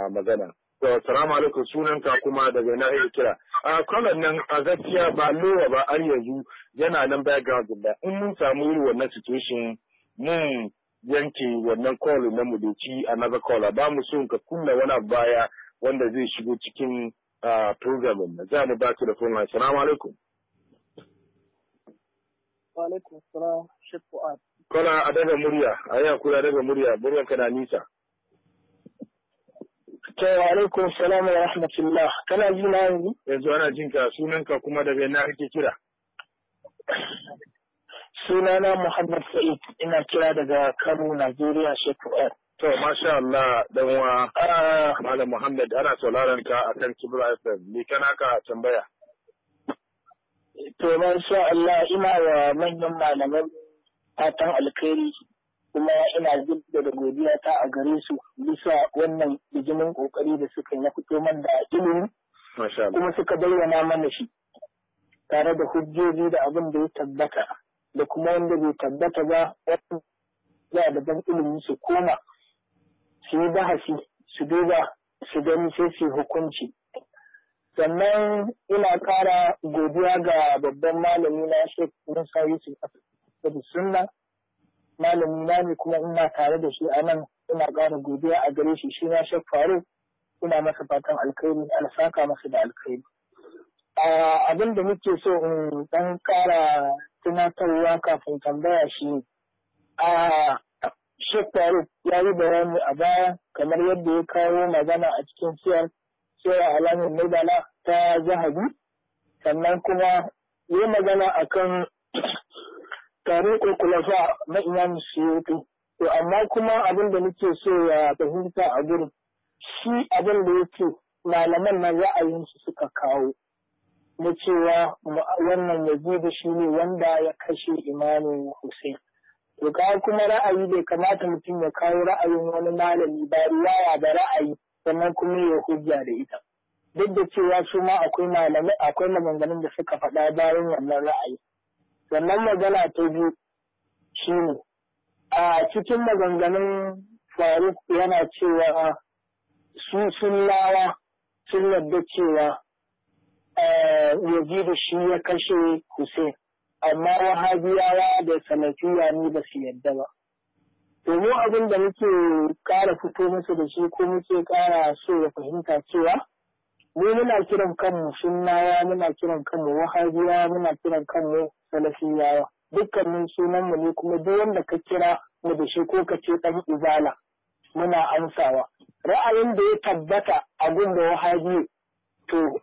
magana. To, salamu alaikum sunanka kuma daga na iya kira. A kolon nan a gaskiya ba alluwa ba har yanzu yana nan background ba. In mun samu irin wannan situation mun yanke wannan call na mu doki another caller ba mu so ka kunna wani baya wanda zai shigo cikin ah, program na za mu ba ki da phone line assalamu alaikum wa alaikum assalam shifuat kana a daga murya a yi hakuri daga murya muryan ka na nisa to wa alaikum salam wa rahmatullah kana ji na yanzu yanzu ana jinka sunanka kuma daga ina kake kira *coughs* sunana Muhammad Sa'id ina kira daga Kano Najeriya Sheku To masha Allah dan wa ah. Malam Muhammad ana sauraron ka akan Kibra FM ni kana ka tambaya To masha Allah ina wa manyan malaman fatan alkhairi kuma ina zubda da godiya ta a gare su bisa wannan bijimin kokari da suka yi fito man da ilimi kuma suka bayyana mana shi tare da hujjoji da abin da ya tabbata da kuma wanda bai tabbata ba ya da ban ilimi su koma su yi bahasi su duba su gani sai su hukunci sannan ina ƙara godiya ga babban malami na Musa Yusuf da sunna malami na ne kuma ina tare da shi a nan ina ƙara godiya a gare shi shi na Sheikh faru ina masa fatan alkhairi alsaka masa da alkhairi ah, abin da muke so in ɗan ƙara tunatarwa kafin tambaya shi a shekaru ya yi da bayani a baya kamar yadda ya kawo magana a cikin siyar siyar alamin nubala ta zahabi sannan kuma yi magana akan *coughs* tariƙul kulafa na imam suyuti to amma kuma abin da nake so ya fahimta a gurin shi abin da yake malaman na ra'ayin su suka kawo na cewa wannan yazidu shi ne wanda ya kashe imamin Hussein. To ka kuma ra'ayi bai kamata mutum ya kawo ra'ayin wani malami ba riwaya da ra'ayi sannan kuma ya hujja da ita. Duk da cewa su ma akwai malamai akwai maganganun da suka faɗa bayan wannan ra'ayi. Sannan magana ta biyu shi ne a cikin maganganun Faruk yana cewa su sun lawa sun yarda cewa Eh, da shi ya kashe hussein amma wahabiyawa da salafiya ne ba su yadda ba to abin da muke kara fito musu da shi ko muke kara so ya fahimta cewa mu muna kiran kanmu sunnawa muna kiran kanmu wahajiya muna kiran kanmu salafiyawa dukkanin sunanmu ne kuma duk wanda ka kira mu da shi ko ka ce dan izala muna amsawa ra'ayin da ya tabbata a gun da to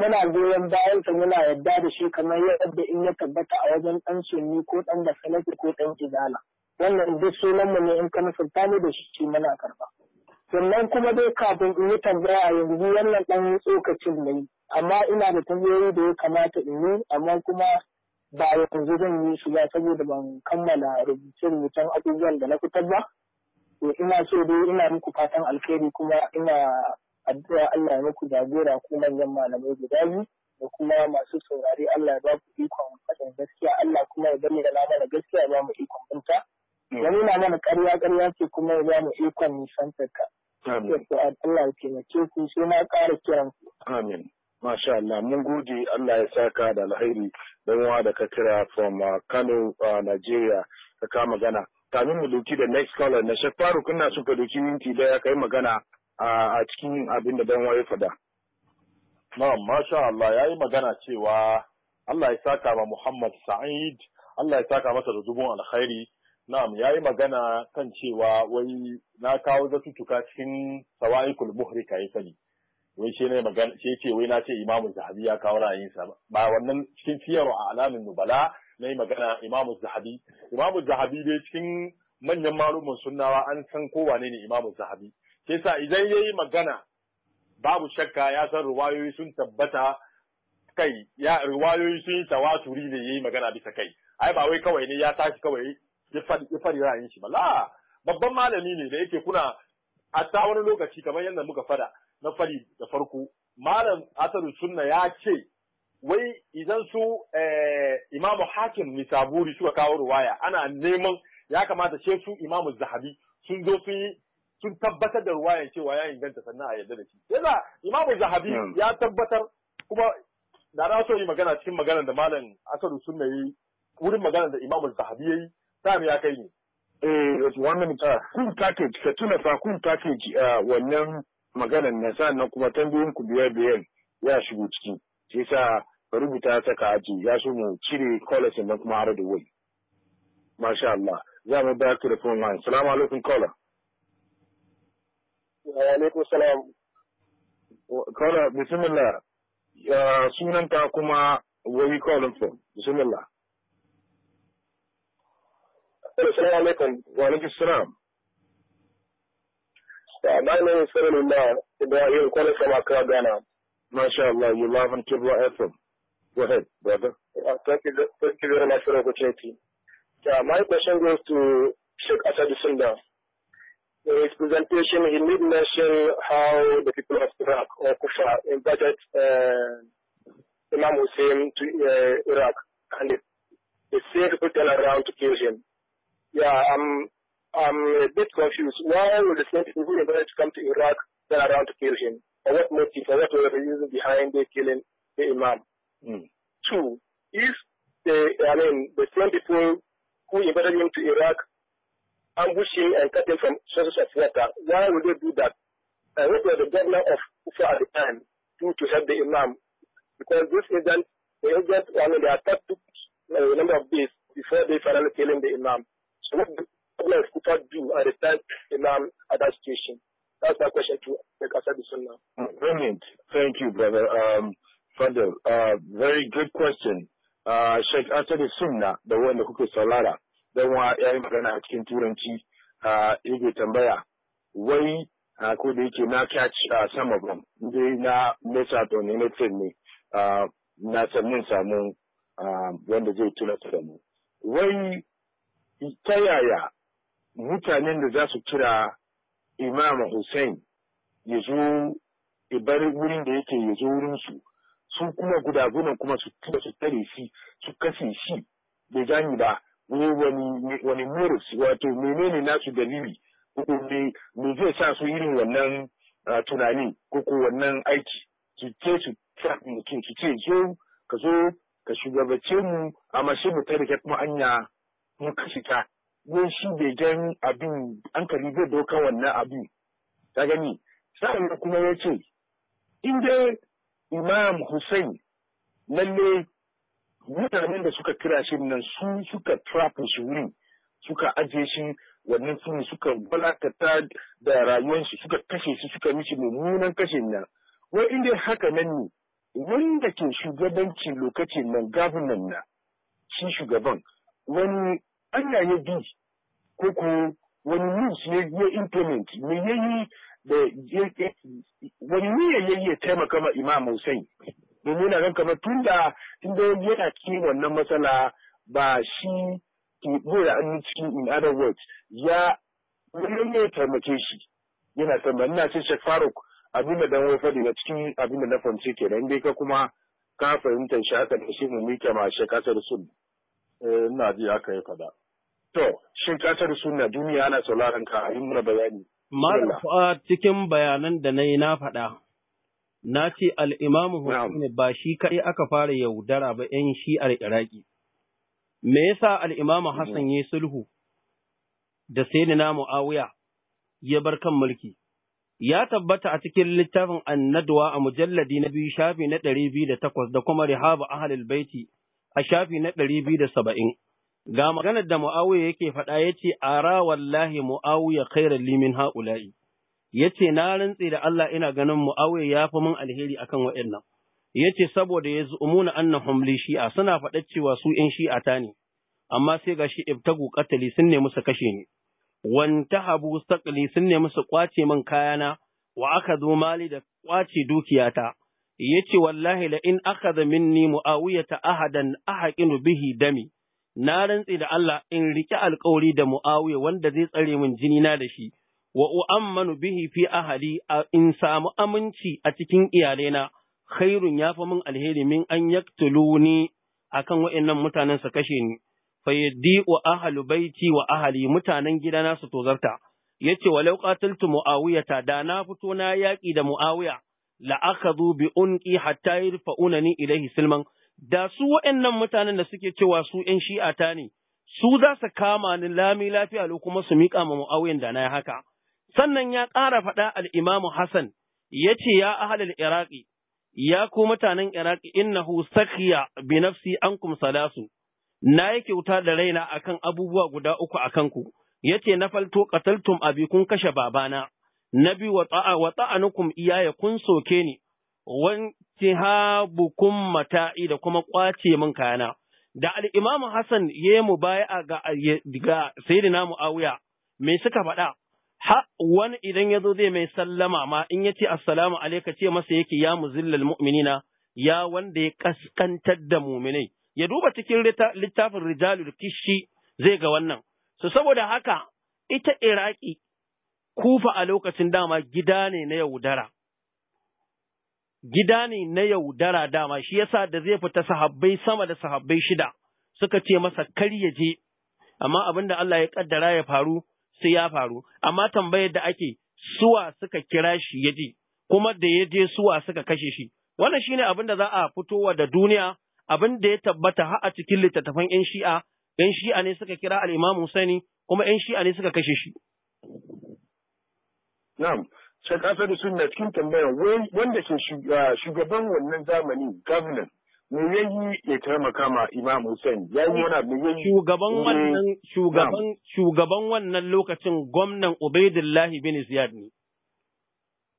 muna goyon bayan sa muna yadda da shi kamar yadda in ya tabbata a wajen ɗan sunni ko ɗan da salafi ko ɗan izala wannan duk sunan mu ne in ka musulta ne da shi muna karba sannan kuma dai kafin in yi tambaya yanzu wannan ɗan tsokacin ne amma ina da tambayoyi da ya kamata in yi amma kuma ba yanzu zan yi su ba saboda ban kammala rubutun mutan abubuwan da na fitar ba ina so dai ina muku fatan alheri kuma ina addu'a Allah ya muku jagora ku manyan malamai guda biyu da kuma masu saurari Allah ya ba ku ikon faɗin gaskiya Allah kuma ya gani da mana gaskiya ba mu ikon binta. Ya mm. nuna mana ƙarya ƙarya ce kuma ya ba mu ikon nisantarka. Amin. Allah ya taimake ku sai na ƙara kiran ku. Amin. Masha Allah mun gode Allah ya saka da alheri don wa da ka kira from uh, Kano uh, Nigeria ka kama magana. Kamin mu doki da next caller na shafaru Faruk ina so ka doki minti daya kai magana a cikin abin da ban waye fada na'am masha Allah ya yi magana cewa Allah ya saka ma Muhammad Sa'id Allah ya saka masa da dubun alkhairi na'am yi magana kan cewa wai na kawo zatutuka cikin sawaikul ka ya sani wai shi ne magana shi ce wai na ce imamu zahabi ya kawo ra'ayinsa ba wannan cikin siyaru a alamin nubala na yi magana imamu zahabi imamu zahabi dai cikin manyan malumin sunnawa an san ko wane ne imamu zahabi Kisa idan ya yi magana babu shakka ya san ruwayoyi sun tabbata kai ya ruwayoyi sun yi tawaturi ne ya yi magana bisa kai ai ba wai kawai ne ya tashi kawai ya fari ra'ayin shi ba la babban malami ne da yake kuna ta wani lokaci kamar yadda muka fada na fari da farko malam asadu sunna ya ce wai idan su eh, imamu hakim nisaburi suka kawo ruwaya ana neman ya kamata ce su imamu zahabi sun zo sun yi sun tabbatar da ruwayan cewa ya inganta sannan a yarda da shi yasa imamu zahabi hmm. ya tabbatar kuma da na so yi magana cikin maganar da malam asadu sunna yi wurin magana da imamu zahabi ya yi sami ya kai ne eh wannan ah, kun package ka tuna fa kun package ah, wannan maganar na sannan kuma tambayin ku biyar biyar ya shigo ciki shi sa rubuta saka aji ya so mu cire college na kuma har da wai masha Allah za mu da telephone line assalamu alaikum caller Alaikum salam. Kawai bismillah. Sunanka kuma where you calling from? Bismillah. Assalamu alaikum. Wa alaikum salam. Uh, my name is Salalullah Ibrahim, calling from Accra, Ghana. MashaAllah, you live Kibla FM. Go ahead, brother. Uh, thank, you, you very much for the opportunity. Uh, my question goes to Sheikh Asad Sundar. In his presentation, he did mention how the people of Iraq or Kufa invited uh, Imam Hussein to uh, Iraq, and the same people turned around to kill him. Yeah, I'm I'm a bit confused. Why would the same people invited to come to Iraq turn around to kill him? Or what motive or what were the reasons behind the killing the Imam? Mm. Two, if the I mean the same people who invited him to Iraq ambushing and uh, cutting from sources of water. Why would they do that? And what was the governor of Ufa at the time do to help the imam? Because this incident, the agent, I mean, they attacked took a number of days before they finally killing the imam. So what the governor of Ufa do at the time imam at that situation? That's my question to the Kasadi Sunnah. Brilliant. Thank you, brother. Um, Fadil, uh, very good question. Uh, Sheikh Asadi Sunnah, the one who could salara. dan wa ya magana a cikin turanci a yake tambaya wai ko da yake na catch some of them dai na to ne na ne na sannin samu wanda zai tunata da mu wai ta yaya mutanen da za su kira imam Hussein ya zo wurin da yake ya zo wurin su kuma gudagunan kuma su tare shi su kashe shi bai gani ba wani murus wato menene nasu dalili ko me zai sa su irin wannan ah, tunani ko wannan aiki ki ce su mutum ki ce zo ka zo ka shugabace mu amma shi mu tare kuma anya mun kashi ta mun shi bai gan abin an kari zai doka wannan abin ta gani sa'an kuma ya ce in dai imam hussein lalle mutanen da suka kira shi nan su suka trapo shi wuri suka ajiye shi wannan su suka balakata da rayuwar shi suka kashe shi suka mishi mummunan kashe nan wai inda haka nan ne wanda ke shugabanci lokacin nan gabanan na shi shugaban wani Allah ya bi ko ko wani news ya implement me yayi da wani niyya ya ya taimaka ma Imam Hussein domin na gan kamar tun da tun da yana ke wannan matsala ba shi ke da an cikin in other words ya wannan ne taimake shi yana taimaka ina cin shek Faruk abin da dan wai faɗi na cikin abin da na fahimci ke dai ka kuma ka fahimta shi haka da shi mu mike ma Sheikh Asad Sun eh ina ji haka ya faɗa to Sheikh sun Sunna duniya ana sauraron ka a yi mura bayani Malam cikin bayanan da na yi na faɗa na ce al'imamu Hussein ba shi kaɗai aka fara yaudara ba ‘yan shi'ar Iraki. Me yasa al'imamu mm-hmm. Hassan ya sulhu da Sayyidina Mu'awiya ya bar kan mulki? Ya tabbata a cikin littafin annadwa a mujalladi na biyu shafi na ɗari biyu da takwas da kuma rihabu ahalil baiti a shafi na ɗari biyu da saba'in. Ga maganar da Mu'awiya yake faɗa ya ce, Ara wallahi Mu'awiya khairar limin ha'ula'i. Ya ce na rantse da Allah ina ganin Muawiya ya fi mun alheri a akan waɗannan ce saboda ya zu'umuna annahum humli shi'a suna faɗa cewa su in shi'a ta ne amma sai gashi ibtagu qatali sun nemi su kashe ni Habu saqli sun nemi su kwace min kayana wa aka zo mali da kwace dukiyata Ya ce wallahi la in aka akhadha minni ta ahadan ahaqinu bihi dami na rantse da Allah in riƙe alƙawari da Muawiya wanda zai tsare min jini na da shi wa u'ammanu bihi fi ahali in samu aminci a cikin iyalaina khairun yafi min alheri min an yaktuluni akan wa'annan mutanen su kashe ni fa wa ahlu baiti wa ahli mutanen gidana su tozarta yace walau qataltu ta? da na fito na yaki da muawiya la akhadhu bi unqi hatta yarfa'unani ilayhi silman da su wa'annan mutanen da suke cewa su shi'a ta ne su za su kama ni lami lafiya lo kuma su miƙa ma mu'awiyan da na haka Sannan ya ƙara faɗa al'imamu Hassan, ya ce, Ya ahalil Iraki, ya ku mutanen Iraki, In sakhiya bi nafsi an salasu, na yi kyauta da raina akan abubuwa guda uku a kanku, ya ce, Na falto ƙataltum abi kun kashe babana, na bi wa tsa'anukum iyaya kun soke ni, Habu kun mata'i da kuma ƙwace min kayana. Da al'imamu Hassan ya yi mu baya ga a wuya. me suka faɗa? ha wani idan ya zo zai mai sallama ma in ya ce assalamu alaika ce masa yake ya muzillal mu'minina ya wanda ya kaskantar da muminai ya duba cikin littafin rijalul kishi zai ga wannan so saboda haka ita iraki kufa a lokacin dama gida ne na yaudara gida ne na yaudara dama shi yasa da zai fita sahabbai sama da sahabbai shida suka ce masa kar ya je amma abin da Allah ya kaddara ya faru sai ya faru amma tambayar da ake suwa suka kira shi ya je, kuma da ya je suwa suka kashe shi wannan shine abin da za a fitowa da duniya abin da ya tabbata har a cikin littattafan yan shi'a yan shi'a ne suka kira al-Imam Husaini kuma yan shi'a ne suka kashe shi na'am sai ka sani sunna cikin tambayar wanda ke ah, shugaban wannan zamani governor me ya yi ya taimaka ma Imam Hussein ya yi wani abu ya shugaban eh, wannan shugaban shugaban wannan lokacin gwamnan Ubaidullahi bin Ziyad ne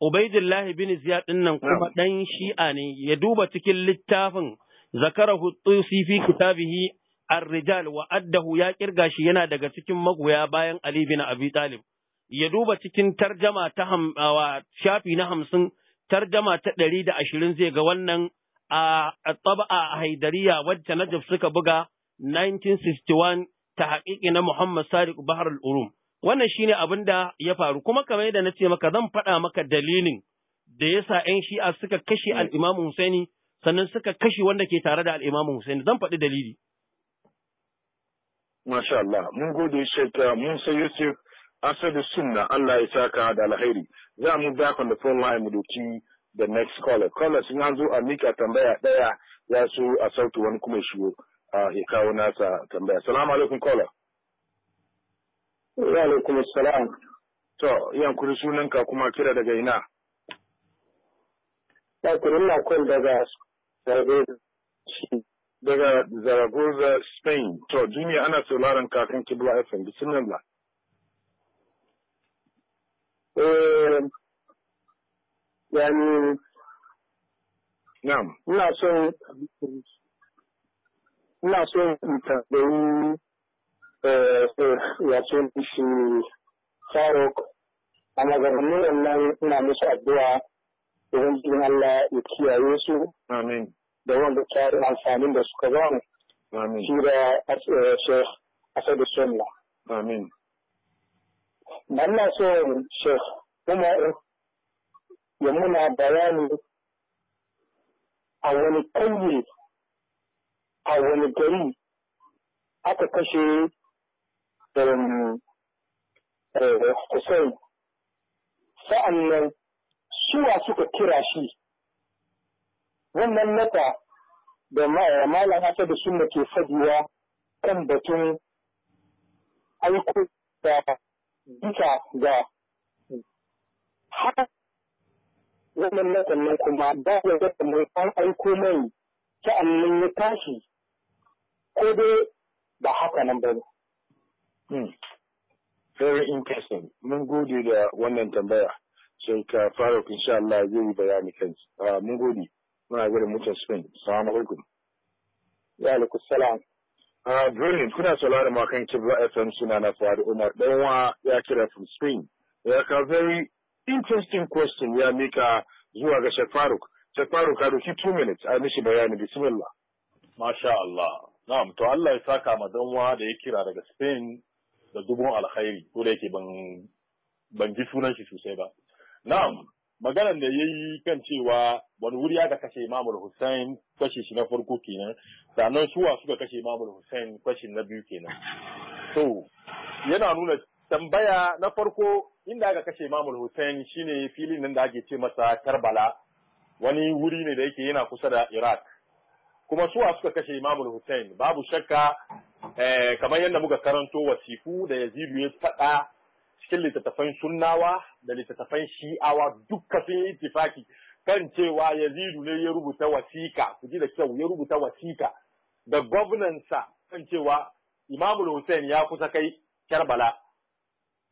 Ubaidullahi bin Ziyad din nan kuma dan Shi'a ne ya duba cikin littafin zakarahu tusi fi kitabihi ar-rijal wa addahu ya kirga shi yana daga cikin magoya bayan Ali bin Abi Talib ya duba cikin tarjama ta shafi na hamsin tarjama ta ɗari da ashirin zai ga wannan a taba'a haidariya wacce Najaf suka buga 1961 ta haƙiƙi na Muhammad Sadiq Bahar al-Urum. Wannan shi ne abin da ya faru kuma kamar yadda na ce maka zan faɗa maka dalilin da ya sa 'yan Shi'a suka kashe hmm. al Hussaini Husaini sannan suka kashe wanda ke tare da al Hussaini Husaini zan faɗi dalili. Masha Allah, mun gode mun uh, Musa Yusuf Asadu Sunna Allah ya saka da alheri. Za mu dakon da phone line mu doki the next caller. Caller sun an zo a mika tambaya daya ya so a sautu wani kuma shigo ya kawo nasa tambaya. Salamu alaikum caller. Wa alaikum salam. To, yan kuri sunanka kuma kira daga ina. Ya kuri na kwan daga daga Zaragoza, Spain. To, duniya ana sauraron kakan Kibla FM. Bismillah. Eh, yani na'am ina son ina son in tambayi wato eh, shi faruk a maganganun wannan ina musu addu'a idan jin Allah ya kiyaye su amin da wanda tsarin amfanin da suka ba mu amin shi da eh, asadu sunna amin ban so shekh kuma ya muna bayani a wani ƙauye a wani gari aka kashe um, eh, Hussein sa'an nan suwa suka kira shi wannan nata da malam hasa da suna ke faduwa kan batun aiko da bisa ga har wannan na nan, kuma ba ya zata mai an aiko mai annin ya tashi ko dai ba haka nan ba ne. Hmm. Very interesting. Mun gode da wannan tambaya. Sai ka fara insha Allah zai yi bayani kan ah, mun gode. Muna gode mutan Spain. Salamu alaikum. Ya alaikum salam. Uh, brilliant. Kuna sauraron ma kan Kibra FM suna na Fuad Umar. Ɗanwa ya kira from Spain. Ya ka very interesting question ya mika zuwa ga Sheikh Faruk. Sheikh ka doki two minutes a mishi bayani bismillah. Masha Allah. Na'am to Allah ya saka ma danwa da ya kira daga Spain da dubun alkhairi ko da yake ban ban ji sunan shi sosai ba. Na'am maganar da ya yi kan cewa wani wuri aka kashe Imamul Hussein kashi shi na farko kenan sannan suwa suka kashe Imamul Hussein kashi na biyu kenan. To yana nuna tambaya na farko inda aka kashe Imamul Hussein shine filin nan da ake ce masa Karbala wani wuri ne da yake yana kusa da Iraq kuma suwa suka kashe Imamul Hussein babu shakka eh, kamar yadda muka karanto wasiku da Yazidu ya faɗa cikin littattafan sunnawa da littattafan shi'awa duka sun yi ittifaki kan cewa Yazidu ne ya rubuta wasika ku ji da kyau ya rubuta wasika da gwamnansa kan cewa Imamul Hussein ya kusa kai Karbala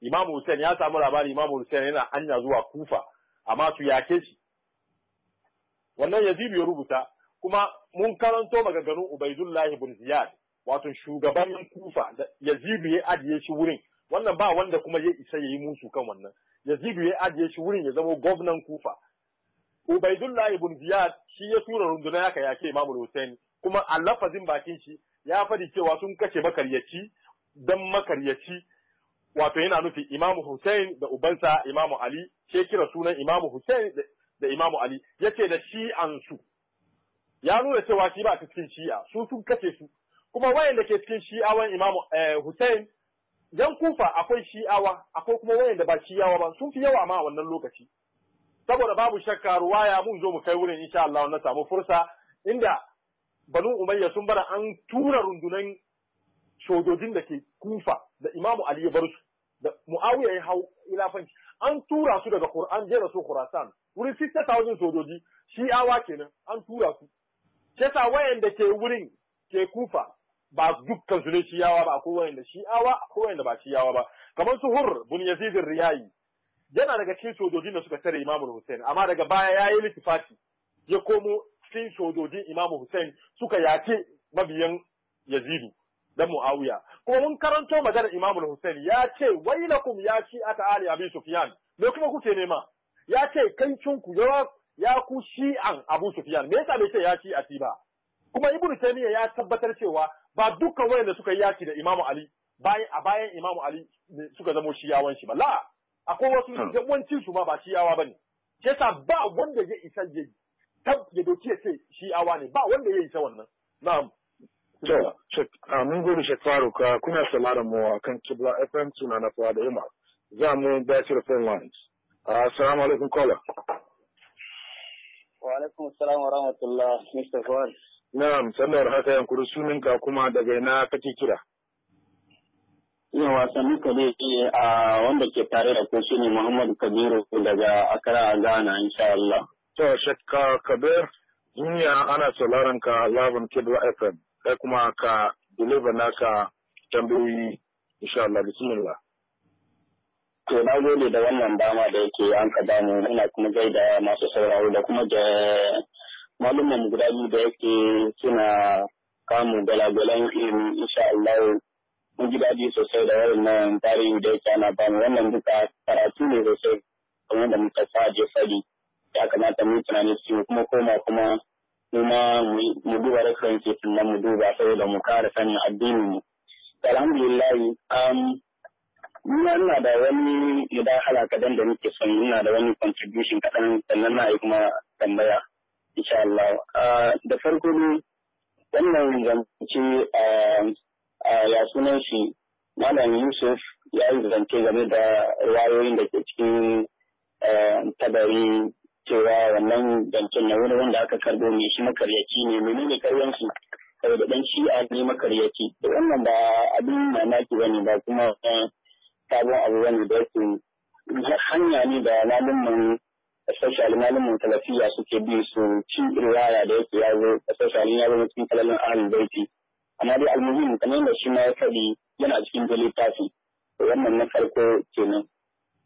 imamu hussein ya samu labarin imamu hussein yana anya zuwa kufa amma su yake shi wannan yazidu ya rubuta kuma mun karanto maganganun ubaidullahi ibn ziyad wato shugaban kufa da yazidu ya ajiye shi wurin wannan ba wanda kuma ya isa ya yi musu kan wannan yazidu ya ajiye shi wurin ya zama gwamnan kufa ubaidullahi ibn ziyad shi ya tura runduna yaka yake imamu hussein kuma a lafazin bakin shi ya faɗi cewa sun kace makaryaci dan makaryaci wato yana nufi imamu Hussein da ubansa imamu Ali ke kira sunan imamu Hussein da imamu Ali yace da shi'ansu ya nuna cewa shi ba cikin shi'a su sun kace su kuma wayanda ke cikin shi'awan imamu eh, Hussein yan kufa akwai shi'awa akwai kuma wayanda ba shi'awa ba sun fi yawa ma a wannan lokaci saboda babu shakka ruwaya mun zo mu kai wurin insha Allah na samu fursa inda banu umayya sun bar an tura rundunan sojojin da ke kufa da imamu ali ya bar su da muawiya ya hau ilafanci an tura su daga qur'an jera su khurasan wurin 6000 sojoji shi'awa kenan an tura su kesa wayanda ke wurin ke kufa ba dukkan su ne shi'awa ba akwai wayanda shi'awa akwai wayanda ba shi'awa ba kamar su hur bin yazid riyayi yana daga cikin sojojin da suka tare imamu hussein amma daga baya ya yi litifati ya komo cikin sojojin imamu hussein suka yace mabiyan yazidu da Muawiya kuma mun karanto maganar Imam al al-Husain ya ce wailakum ya shi aka ali Abi Sufyan me kuma kuke nema ya ce kancin ku yawa ya ku shi'an Abu Sufyan me yasa bai ce ya shi ati ba kuma Ibn Taymiyyah ya tabbatar cewa ba dukkan wayanda suka yi yaki da Imam Ali bayan a bayan Imam Ali suka zamo shiyawan shi ba la akwai wasu hmm. yawancin su ma ba shiyawa bane yasa ba wanda ya isa ya ya doki ya ce shiyawa ne ba wanda ya isa wannan na'am To, mun gode Sheikh ka kuna sauraron mu a kan Kibla FM suna na Fuwa da Umar. Za mu yi to the phone lines. Assalamu alaikum caller. Wa alaikum assalam rahmatullah Mr. Fuad. Na'am, sallar haka yankuri sunanka kuma daga ina kake kira? Yawa sannu ka ne a wanda ke tare da ku shine Muhammadu Kabiru daga akara a Ghana insha Allah. To, Sheikh Kabir, duniya ana sauraron ka Labin Kibla FM. kai kuma ka deliver naka tambayoyi insha Allah bismillah to na gode da wannan dama da yake an ka damu ina kuma gaida masu sauraro da kuma da malumman guda biyu da yake suna kamu galagalan ilimi insha Allah mun ji daɗi sosai da wannan tarihi da yake ana bamu wannan duka karatu ne sosai kamar da muka sa je fadi ya kamata mu tunani su kuma koma kuma kuma mu duba references na mu duba saboda mu kare sanin addinin mu alhamdulillahi um, Ina ina da wani halaka kadan da nake son ina da wani contribution kaɗan sannan na yi kuma tambaya insha Allah. Uh, da farko ne wannan zance um, uh, ya sunan shi Malam Yusuf ya yi zance game da wayoyin da ke cikin uh, tabari cewa wannan zancen na wani wanda aka karbo mai shi makaryaci ne menene karyanci saboda dan a ne makaryaci da wannan ba abin mamaki ne ba kuma eh, sabon abu bane da yake hanya ne da malumin especially malumin talafiya suke bi su ci riwaya da yake ya zo especially ya zama cikin kalalin ahalin baiti amma dai almuhim kamar da shi ma ya faɗi yana cikin littafi wannan na farko kenan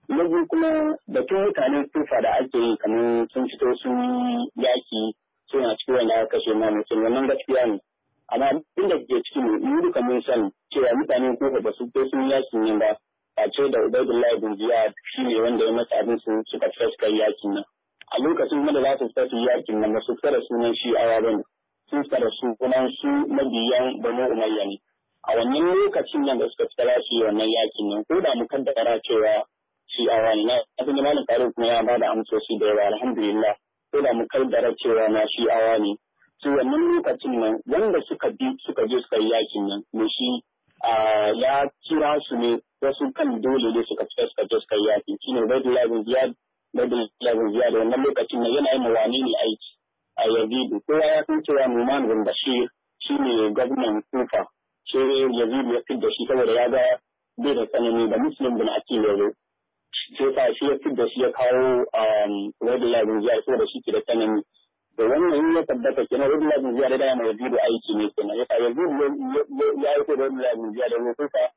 na biyu kuma batun mutanen tufa da ake yi kamar sun fito sun yaki suna cikin wanda aka kashe ma mutum wannan gaskiya ne amma abin da ke cikin mu duka mun san cewa mutane kufa ba su fito sun yakin ne ba a ce da ubaidullahi bin jiya shi ne wanda ya masa abin su suka fita suka yi yakin nan a lokacin da za su fita su yakin nan ba su fita sunan shi awa ba ne sun fita su kuma su mabiyan banu umayya ne a wannan lokacin nan da suka fita za su yi wannan yakin nan ko da mu kan da cewa shi a wannan abin da malam faru kuma ya bada amsoshi da yawa alhamdulillah ko da mu kaddara cewa na shi awa ne to wannan lokacin nan wanda suka bi suka je suka yi yakin nan mu shi ya kira su ne wasu kan dole ne suka fita suka je suka yi yakin shine Ubaydullah bin Ziyad Ubaydullah bin Ziyad wannan lokacin nan yana yin wani ne aiki a Yazidu kowa ya san cewa Numan bin Bashir ne gwamnan Kufa sai Yazidu ya da shi saboda ya ga bai da tsanani da musulun bin Akil ya zo sai ya shi ya da shi ya kawo regular ziyar ko da shi ke da tsanani da wannan ya tabbata ke kenan regular ziyar da dama yazidu aiki ne kenan ya sa yanzu ya yi ko regular rinjiya da kuka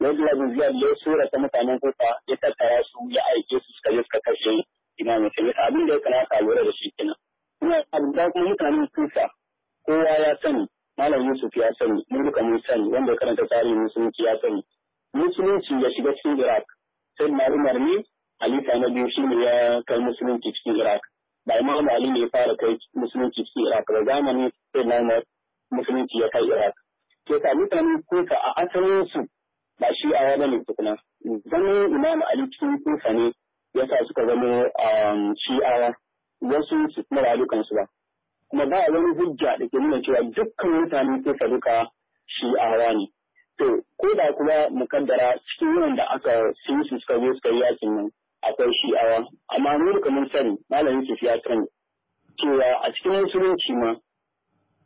regular ziyar da ya sura ta mutanen kuka ya tattara su ya aike su suka je suka kashe ina sai abin da ya kamata lura da shi kenan kuma abu da kuma mutanen kuka kowa ya sani malam yusuf ya sani mun duka mun sani wanda ya karanta tsarin musulunci ya sani musulunci ya shiga cikin iraq sai na umar ne halifa na biyu shi ne ya kai musulunci cikin iraq ba imam ali ne ya fara kai musulunci cikin iraq ba zamani sai na musulunci ya kai iraq ke sa mutane kuka a asalin su ba shi a wani ne tukuna zaman imam ali cikin kuka ne ya sa suka zama um, shi'awa wasu su kuma su ba kuma ba wani hujja da ke nuna cewa dukkan mutane kuka duka shi'awa ne To, ko da kuma mukaddara cikin wanda aka sun su suka zo suka yi yakin nan akwai shi'awa, amma ni da mun sani, malamin su ya sani, cewa a cikin musulunci ma,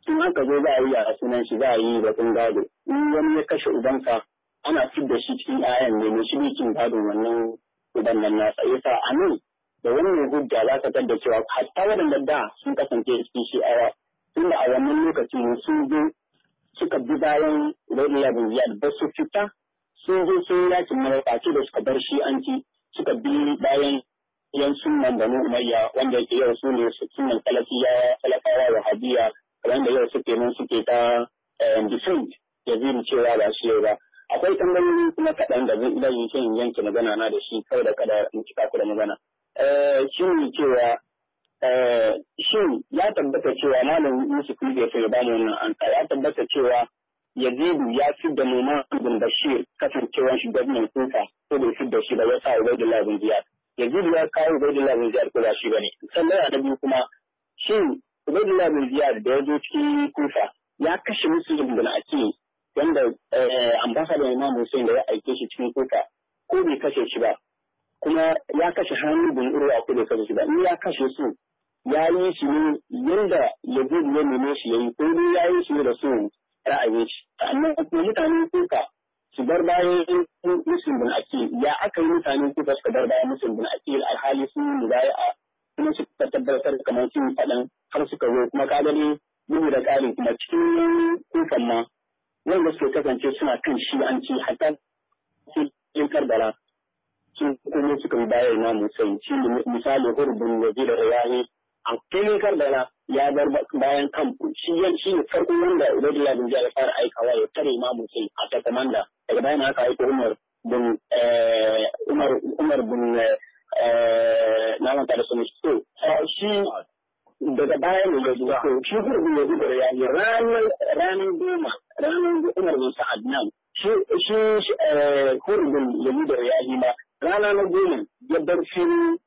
in aka zo za a yi a sunan shi za a yi batun gado, in wani ya kashe ubanka ana da shi cikin 'ya'yan ne mai shirikin gado wannan uban nan nasa, sa a nan da wannan hujja za ka da cewa hatta waɗanda da sun kasance cikin shi'awa, tunda a wannan lokacin sun zo suka bi bayan Ubaidullah bin Ziyad ba su fita sun zo sun yakin mawaƙaci da suka bar shi an ci suka bi bayan yan sunan banu umayya wanda yake yau su ne sunan talafiya talafawa da hadiya wanda yau suke nan suke ta eh, defend ya zini cewa ba shi ba akwai tambayoyi kuma kaɗan da zai zai yanke magana na da shi kawai da kada in cika ku da magana eh, shi ne cewa Eh, shin ya tabbata cewa malam Yusuf Kuliga ya ba mu wannan an ya tabbata cewa Yazidu ya fi da Numan bin Bashir kasancewar shi gwamnan kuka ko bai fi da shi ba ya sa Ubaidullah bin Ziyad. Yazidu ya kawo Ubaidullah bin Ziyad ko ba shi bane. Sannan na biyu kuma shin Ubaidullah bin Ziyad da ya zo cikin kuka ya kashe musu bin Aki wanda eh, ambasadar Imam Hussein da ya aike shi cikin kuka ko bai kashe shi ba. Kuma ya kashe hannu bin Urwa ko bai kashe shi ba. In ya kashe su ya yi shi ne yadda yazid ya neme shi ya yi ko ne ya yi shi ne da so ra'ayin shi amma ake mutane kuka su bar bayan musulmin bin akil ya aka yi mutane kuka suka bar bayan musulmin bin akil alhali sun yi a kuma su tabbatar kamar sun faɗan har suka zo kuma ka gani bugu da ƙarin kuma cikin kufan ma wanda suke kasance suna kan shi an ci hatta sun karbara sun kuma suka yi bayan namu sai misali hurbin waje da rayahi a filin na ya bar bayan kanku shi yan shi ne farko wanda Ubaidullah bin Jabir fara aikawa ya tare Imam sai a ta komanda daga bayan haka aika Umar bin Umar Umar bin na manta da sunan shi shi daga baya ne ya zuwa shi gurbin ya zuwa ya yi ranar ranar goma ranar Umar bin Sa'ad nan shi shi gurbin ya zuwa ya yi ma rana na goma ya bar filin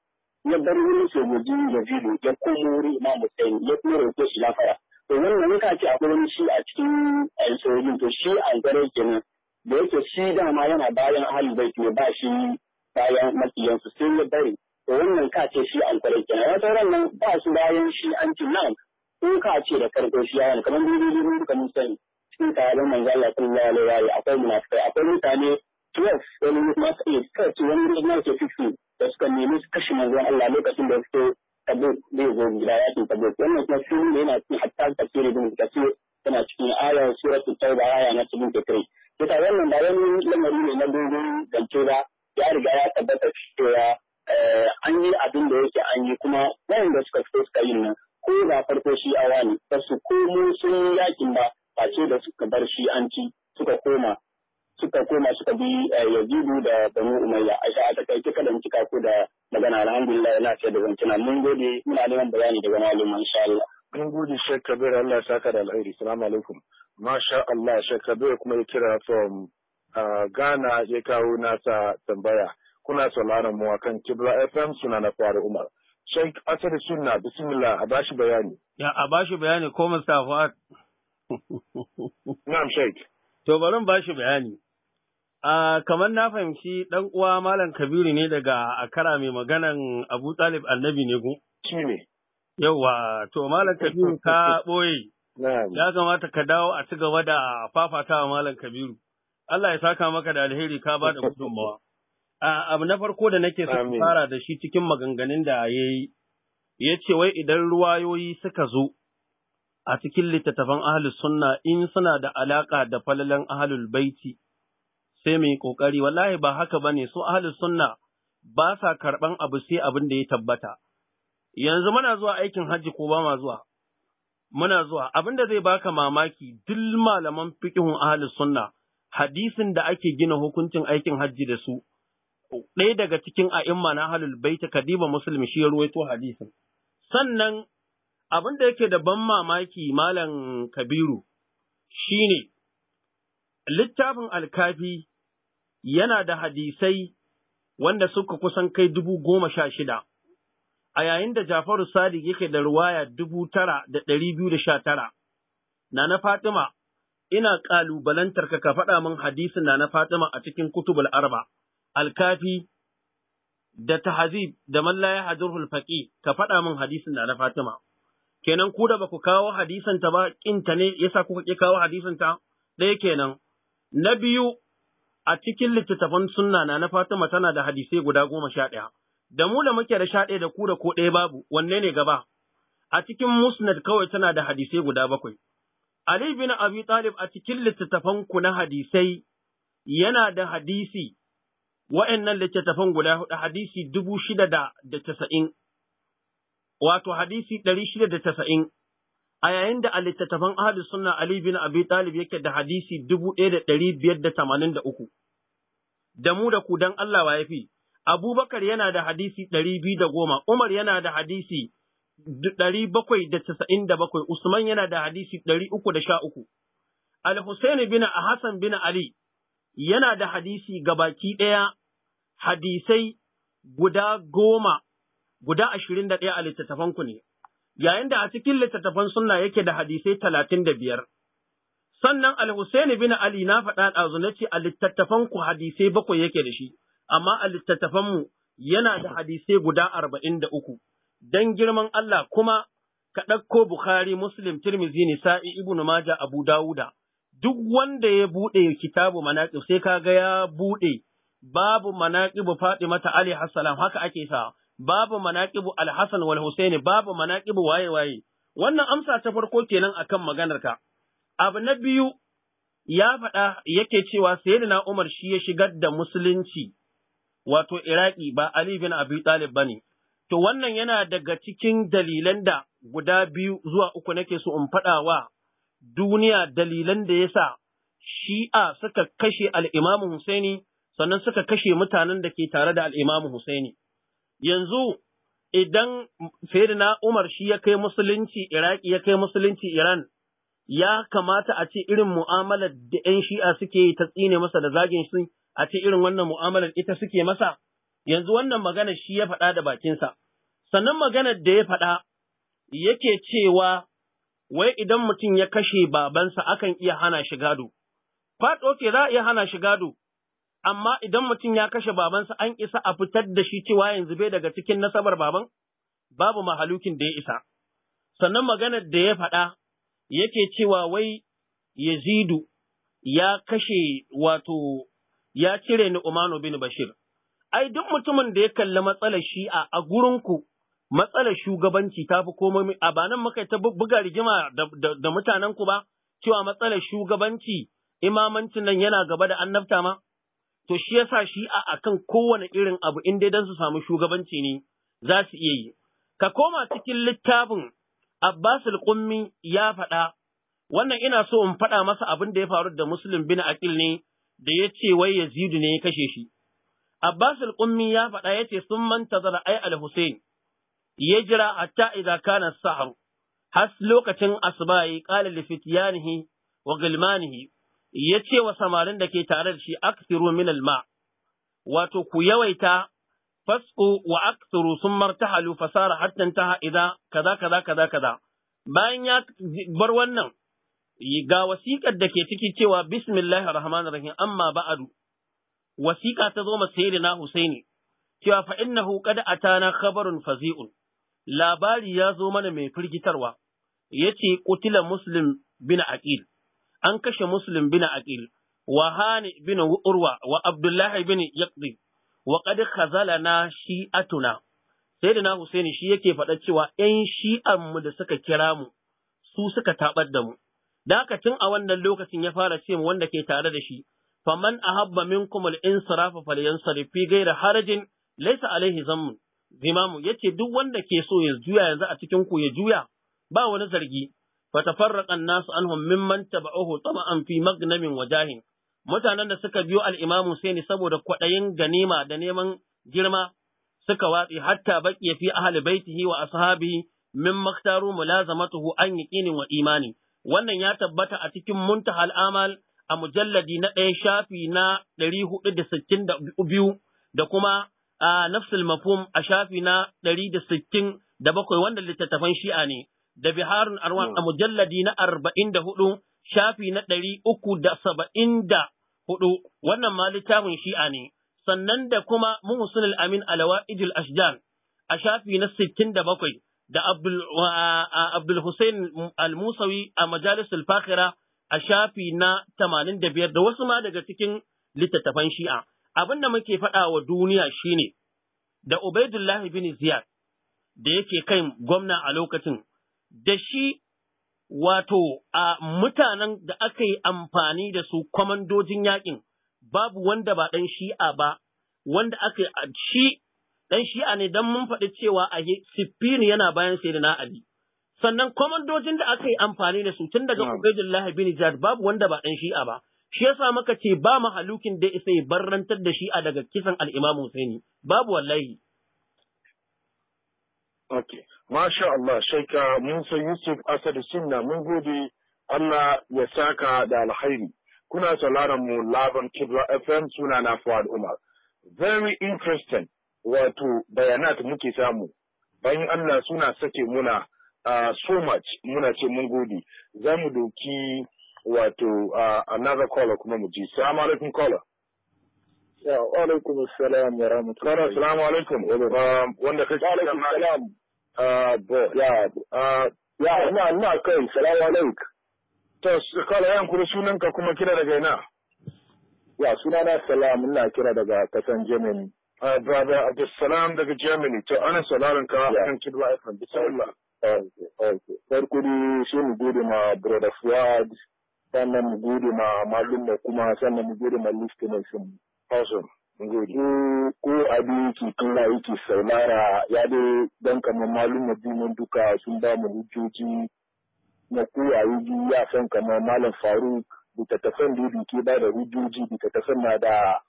ya bar wurin sojoji da ya komo wuri imam hussein ya kuma roƙo shi lafaya to wannan ka ce akwai wani shi a cikin eh, sojojin to shi an gare kenan da yake shi dama yana bayan ahalin baiti ne ba shi bayan makiyansu sun ya bari to wannan ka ce shi an gare kenan ya wata nan ba su bayan shi an ci nan ko ka ce da karko shi ya kamar dubu dubu kamar mun sani cikin taron manzo Allah sallallahu alaihi wa akwai munafikai akwai mutane 12 wani ma suka ce wani ne ke fifty da suka nemi su kashe manzon Allah lokacin da suke kabo zai zo gida yakin kabo wannan kuma shi ne yana cikin hatta tafsiri da kasir yana cikin ayar suratu tauba aya na 73 kita wannan ba wani lamari ne na dogon zance ba ya riga ya tabbata cewa eh, an yi abin da yake an yi kuma wanda suka fito suka yi nan ko ba farko shi awa ne ba su komo sun yakin ba face da suka bar shi an ci suka koma suka koma suka bi eh, yazidu da banu umayya aisha a takaice kika in cika ko da magana alhamdulillah ina ce da zancina mun gode muna neman bayani daga malum insha Allah mun gode shek Kabir Allah ya saka da alheri assalamu alaikum masha Allah shek Kabir kuma ya kira from ah, Ghana ya kawo nasa tambaya kuna sauraron mu akan Kibra FM suna na faru Umar Sheikh Asad Sunna bismillah a bashi bayani ya a bashi bayani ko Mustafa *laughs* Na'am Sheikh To bari ba bashi bayani. kamar na fahimci ɗan uwa Malam Kabiru ne daga Akara mai maganan Abu Talib Annabi ne gu? Shi ne. Yawwa, to Malam Kabiru *laughs* ka ɓoye. Ya kamata ka dawo a ci gaba da fafatawa Malam Kabiru. Allah ya saka maka da alheri ka ba da gudunmawa. Abu na farko da nake son fara da shi cikin maganganun da ya yi, ya ce wai idan ruwayoyi suka zo a cikin littattafan ahalus sunna in suna da alaƙa da falalan ahalul baiti, sai mu yi ƙoƙari wallahi ba haka ba ne su ahli sunna ba sa karɓan abu sai abin da ya tabbata. Yanzu muna zuwa aikin hajji ko ba ma zuwa? Muna zuwa abin da zai baka mamaki duk malaman fiƙihun ahli sunna hadisin da ake gina hukuncin aikin hajji da su. Ɗaya daga cikin a'imma na halul baita kadiba musulmi shi ya ruwaito hadisin. Sannan abin da yake da ban mamaki malam kabiru shine littafin alkafi yana da hadisai wanda suka kusan kai dubu goma sha shida, a yayin da Jafaru Sadiq yake da ruwaya dubu tara da ɗari biyu da sha tara. Nana Fatima, ina ƙalubalantar ka faɗa min hadisin Nana Fatima a cikin kutubul arba, alkafi da tahazib da mallaya hadurul faƙi ka faɗa min hadisin Nana Fatima. Kenan ku da ba ku kawo hadisanta ba, ƙinta ne yasa kuka ƙi kawo hadisanta? Ɗaya kenan. Na biyu, a cikin littattafan sunna na na Fatima tana da hadisai guda goma sha ɗaya. Da mu da muke da sha ɗaya da ku da ko ɗaya babu, wanne ne gaba? A cikin Musnad kawai tana da hadisai guda bakwai. Ali bin Abi Talib a cikin littattafan ku na hadisai yana da hadisi wa'annan littattafan guda hudu hadisi dubu shida da casa'in, wato hadisi ɗari shida da casa'in. a yayin da a littattafan ahli sunna Ali bin Abi Talib yake da hadisi dubu ɗaya da ɗari biyar da tamanin da uku. Da mu da ku dan Allah wa yafi, Abubakar yana da hadisi ɗari biyu da goma, Umar yana da hadisi ɗari bakwai da casa'in da bakwai, Usman yana da hadisi ɗari uku da sha uku. Al-Husaini bin Hassan bin Ali yana da hadisi gabaki ɗaya hadisai guda goma, guda ashirin da ɗaya a littattafanku ne. yayin da a cikin littattafan sunna yake da hadisai talatin da biyar. Sannan Al-Husaini bin Ali na faɗa ɗazu na ce a littattafan ku hadisai bakwai yake da shi, amma a littattafan mu yana da hadisai guda arba'in da uku. Dan girman Allah kuma ka ɗauko Bukhari, Muslim, tirmizi Nisa'i, Ibn Majah, Abu Dawuda. Duk wanda ya buɗe kitabu manaƙib sai ka ga ya buɗe babu manaƙibu Fatima ta Ali Hassalam haka ake sa. babu manaqibu Alhassan hasan wal Husaini babu manaqibu waye waye wannan amsa ta farko kenan akan maganar ka abu na biyu ya faɗa yake cewa sayyidina Umar shi ya shigar da musulunci wato Iraki ba Ali bin Abi Talib ne. to wannan yana daga cikin dalilan da guda biyu zuwa uku nake so in faɗa wa duniya dalilan da ya sa shi'a suka kashe al'imamu Husaini sannan suka kashe mutanen da ke tare da al'imamu Husaini. yanzu idan Sayyidina Umar shi ya kai musulunci Iraki ya kai musulunci Iran ya kamata a ce irin mu'amalar da ‘yan shi'a suke yi ta tsine masa da zagin shi a ce irin wannan mu'amalar ita suke masa, yanzu wannan magana shi ya faɗa da bakinsa. Sannan maganar da ya faɗa yake cewa wai idan mutum ya kashe babansa akan iya hana shi gado. Faɗo ke za a iya hana shi gado, amma idan mutum ya kashe babansa an isa a fitar da shi cewa yanzu bai daga cikin nasabar baban babu mahalukin da ya isa sannan maganar da ya faɗa yake cewa wai yazidu ya kashe wato ya cire ni umano bin Bashir ai duk mutumin da ya kalli matsalar shi a gurinku matsalar shugabanci ta fi komai a ba nan muka ta buga rigima da mutanen ku ba cewa matsalar shugabanci imamancin nan yana gaba da annabta ma to shi yasa shi a akan kowane irin abu in dai don su samu shugabanci ne za su iya yi. Ka koma cikin littafin Abbas al-Qummi ya faɗa wannan ina so in faɗa masa abin da ya faru da Muslim bin Aqil ne da ya ce wai Yazidu ne ya kashe shi. Abbas al-Qummi ya faɗa ya ce sun manta zara ai al-Hussein ya jira hatta idza kana sahar har lokacin asbayi qala li fityanihi wa gilmanihi ya ce wa samarin da ke tare da shi aksiru min alma wato ku yawaita fasfo wa aksiru sun halu fasara hattan taha idza kaza kaza kaza kaza bayan ya bar wannan ga wasiƙar da ke ciki cewa bismillahir rahmanir rahim amma ba'adu wasiƙa ta zo ma sayyidina Husaini cewa fa innahu qad atana khabarun fazi'un labari ya zo mana mai firgitarwa yace qutila muslim bin aqil an kashe Muslim bin Aqil wa Hani bin Urwa wa Abdullahi bin Yaqdi wa qad khazalana shi'atuna Sayyidina Husaini shi yake faɗa cewa ‘yan shi'an mu da suka kira mu su suka tabar da mu dan haka tun a wannan lokacin ya fara ce mu wanda ke tare da shi faman ahabba minkum al insarafa falyansarif fi ghayri harajin laysa alaihi zammu zimamu yace duk wanda ke so ya juya yanzu a cikin ku ya juya ba wani zargi فتفرق الناس عنهم ممن تبعوه طمعا في مغنم وجاه mutanen da suka biyo al'imamu sai ne saboda kwaɗayin ganima da neman girma suka watsi hatta baƙi fi ahli baitihi wa ashabi min maktaru mulazamatuhu an yaqinin wa imani wannan ya tabbata a cikin muntahal amal a mujalladi na ɗaya shafi na ɗari hudu da sittin da biyu da kuma a nafsul mafhum a shafi na ɗari da sittin da bakwai wanda littattafan shi'a ne da biharun arwan hmm. a mujalladi na arba'in da hudu shafi na ɗari uku da saba'in da hudu wannan ma littafin shi'a ne sannan da kuma muhsinul amin alawa ijil ashjan a shafi na sittin da bakwai da abdul hussein al-musawi a majalisul fakira a shafi na tamanin da biyar da wasu ma daga cikin littattafan shi'a abin da muke faɗa wa duniya shine da Ubaidullahi bin Ziyad da yake kai gwamna a lokacin da shi wato a mutanen da aka yi amfani da su kwamandojin yakin babu wanda ba ɗan shi'a ba wanda aka yi shi ɗan shi'a ne don mun faɗi cewa a siffini yana bayan sai na Ali. Sannan kwamandojin da aka yi amfani da su tun daga Ubaidullahi bin Jihar babu wanda ba ɗan shi'a ba. Shi yasa maka ce ba mahalukin da isa ya barrantar da shi'a daga kisan al'imamu Husaini babu wallahi. Okay. Masha Allah, Shaika uh, san Yusuf Asadu Sunna, mun gode Allah ya saka da alhairi. Kuna sauraron mu Laban Kibra FM suna na Fuad Umar. Very interesting, wato bayanat muke samu. Bayan Allah suna sake muna uh, so much, muna ce mun gode. Za mu doki wato uh, another caller kuma mu ji. Salamu alaikum caller. وعليكم السلام ورحمة الله السلام, السلام عليكم وعليكم السلام يا يا نا نا كيف السلام عليك تاس قال أيام كرسولنك كم كنا دعينا يا سنانا السلام نا كنا دعى كسان جميل برادا عبد السلام دعى جميل تو أنا سلام كأحسن كدوا إفهم بس الله أوكي أوكي تركودي شو نقولي ما برادا فواد سنة نقولي ما معلم ما كم Awesome. Gode. Ko abin ki tuna yake saurara ya dai dan kamar malumar dunan duka sun ba mu hujjoji na koyaye biyu ya san kamar malam faruk littattafan da ya ke ba da hujjoji ta na da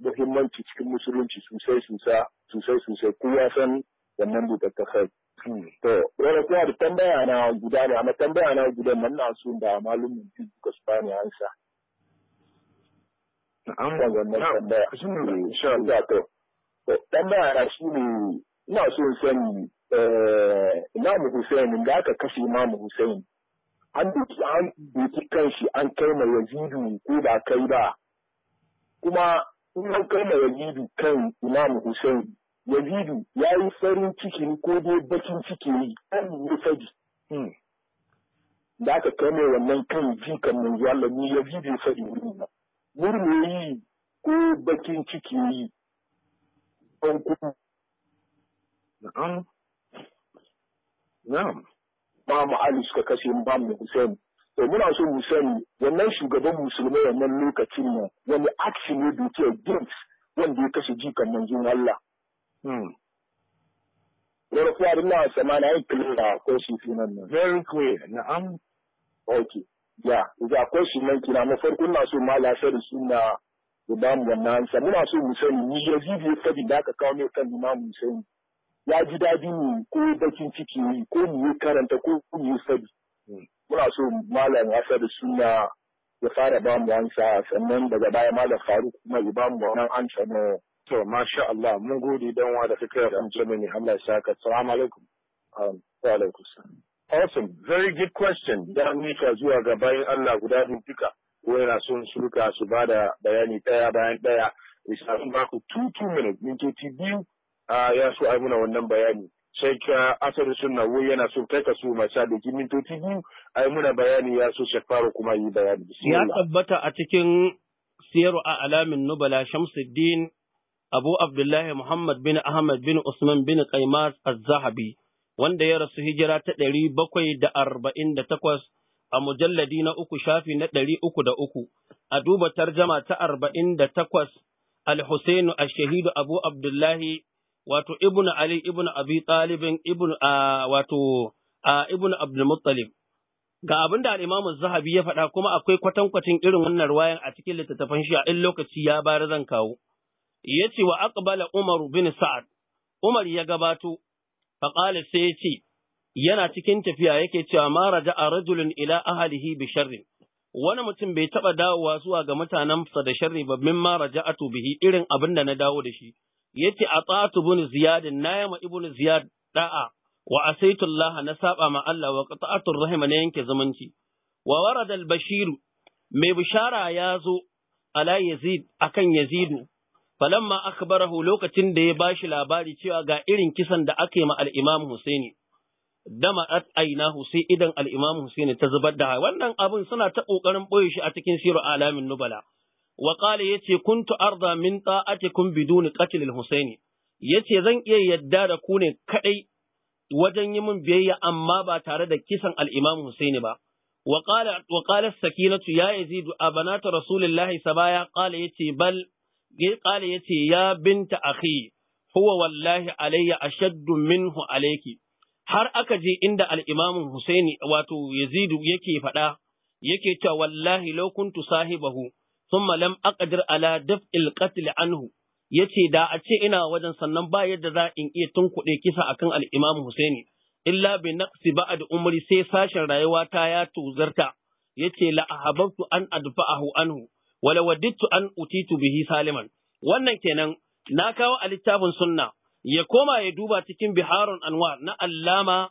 muhimmanci cikin musulunci sosai sosai sosai ko ya san wannan ta To, wani kuma da tambaya na guda ne, amma tambaya na guda nan na sun da malumin duka su bani ansa. An da wannan tambaya. Shi ne shi to. Tambaya da shi ne ina so in sani eh, mu Hussein da aka kashe Imam Hussein. An duki an duki kanshi an kai ma Yazidu ko ba kai ba. Kuma in an kai ma Yazidu kan Imam Hussein Yazidu ya yi farin ciki ko dai bakin ciki ne an yi fadi. Hmm. Da aka kai mai wannan kan jikan manzo Allah ni Yazidu ya fadi wurin nan. murmuri ko bakin ciki ɗan kuma. Na'am. Na'am. Ba mu Ali suka kashe ba mu Hussein. To muna so mu sani wannan shugaban musulmai wannan lokacin nan wani aksi ne dukiyar James wanda ya kashe jikan manzon Allah. Wani kuwa da na sama na yi clear ko shi nan. Very clear, na'am. Okay. ya yanzu akwai su nan kina na farko na so ma lafiyar su da bamu wannan hansa muna so mu sani ni ya ji biyu sabi da aka kawo ne kan imamu sani ya ji daɗi ne ko bakin ciki ne ko mu yi karanta ko mu yi sabi hmm. muna so malam da suna ya fara ba mu hansa sannan daga baya malam faruk kuma ya ba mu wannan hansa na to masha Allah mun gode dan wa da kake da mini Allah ya saka assalamu alaikum um, wa alaikum salam Awesome. Very good question. Da mika zuwa ga bayan Allah guda biyu duka. Ko yana son su su ba da bayani ɗaya bayan ɗaya. Misalin ba ku two two minutes mintoci biyu ya so ai muna wannan bayani. Sai ka sun na wo yana son kai ka so masa da ki mintoci biyu ai muna bayani ya so shafaru kuma yi bayani. Ya tabbata a cikin siyar a alamin nubala Shamsuddin Abu Abdullahi Muhammad bin Ahmad bin Usman bin Kaimas Az-Zahabi wanda ya rasu hijira ta ɗari bakwai da arba'in da takwas a mujalladi na uku shafi na ɗari uku da uku, a duba tarjama ta arba'in da takwas Al-Husainu Al-Shahidu Abu Abdullahi wato Ibn Ali Ibn Abi Talibin Ibn wato Ibn Abdul Ga abin da al'imamun Zahabi ya faɗa kuma akwai kwatankwacin irin wannan ruwayan a cikin littattafan shi a in lokaci ya bara zan kawo. Ya ce wa aqbala Umar bin Sa'ad, Umar ya gabato faƙalis sai ya ce, yana cikin tafiya yake cewa ma raja a rajulun ila ahalihi bi sharrin. Wani mutum bai taɓa dawowa zuwa ga mutanensa da sharri ba min ma a bihi irin abin da na dawo da shi. Yace a tsatu bin ziyadin na yama ibn ziyad da'a wa asaitullah na saba ma Allah wa qata'atur rahima na yanke zumunci. Wa warada Bashiru mai bishara ya zo ala yazid akan yazidu falamma akbarahu lokacin da ya bashi labari cewa ga irin kisan da aka yi ma al-Imam Husaini dama at aina sai idan al'imam imam Husaini ta zubar da wannan abin suna ta ƙoƙarin boye shi a cikin siru alamin nubala wa qala yace kuntu arda min ta'atikum bidun qatl al-Husaini yace zan iya yadda da ku ne kadai wajen yi min biyayya amma ba tare da kisan al'imam Husaini ba wa qala sakinatu ya yazidu banata rasulillahi sabaya ya yace bal qala yace ya binta akhi huwa wallahi alayya ashaddu minhu alayki har aka je inda Al'imamin Husaini wato Yazidu yake faɗa yake cewa wallahi law tu sahibahu thumma lam aqdir ala daf'il qatl anhu yace da a ce ina wajen sannan ba yadda za in iya kuɗe kisa akan kan imam Husaini illa bi naqsi da umri sai sashen rayuwa ta ya tuzarta yace la ahabbtu an adfa'ahu anhu wala waddittu an utitu bihi saliman wannan kenan na kawo a littafin sunna ya koma ya duba cikin biharun anwar na allama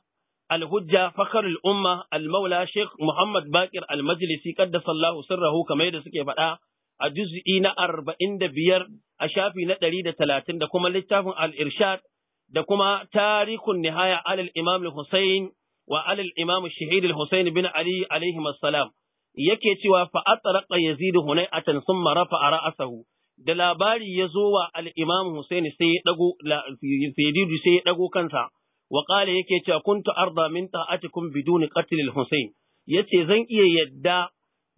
alhujja fakharul umma almaula sheikh muhammad bakir almajlisi qaddasallahu sirrahu kamar yadda suke faɗa a juz'i na arba'in da biyar a shafi na ɗari da talatin da kuma littafin al-irshad da kuma tarikun nihaya alal imam al-husayn wa alal imam shahid al-husayn bin ali alaihi assalam yake cewa fa atraqa yazid atan summa rafa'a ra'asahu. da labari ya zo wa al-imam Husaini sai ya dago Yazid sai ya dago kansa wa qala yake cewa kuntu arda min ta'atikum biduni qatl al-Husain yace zan iya yadda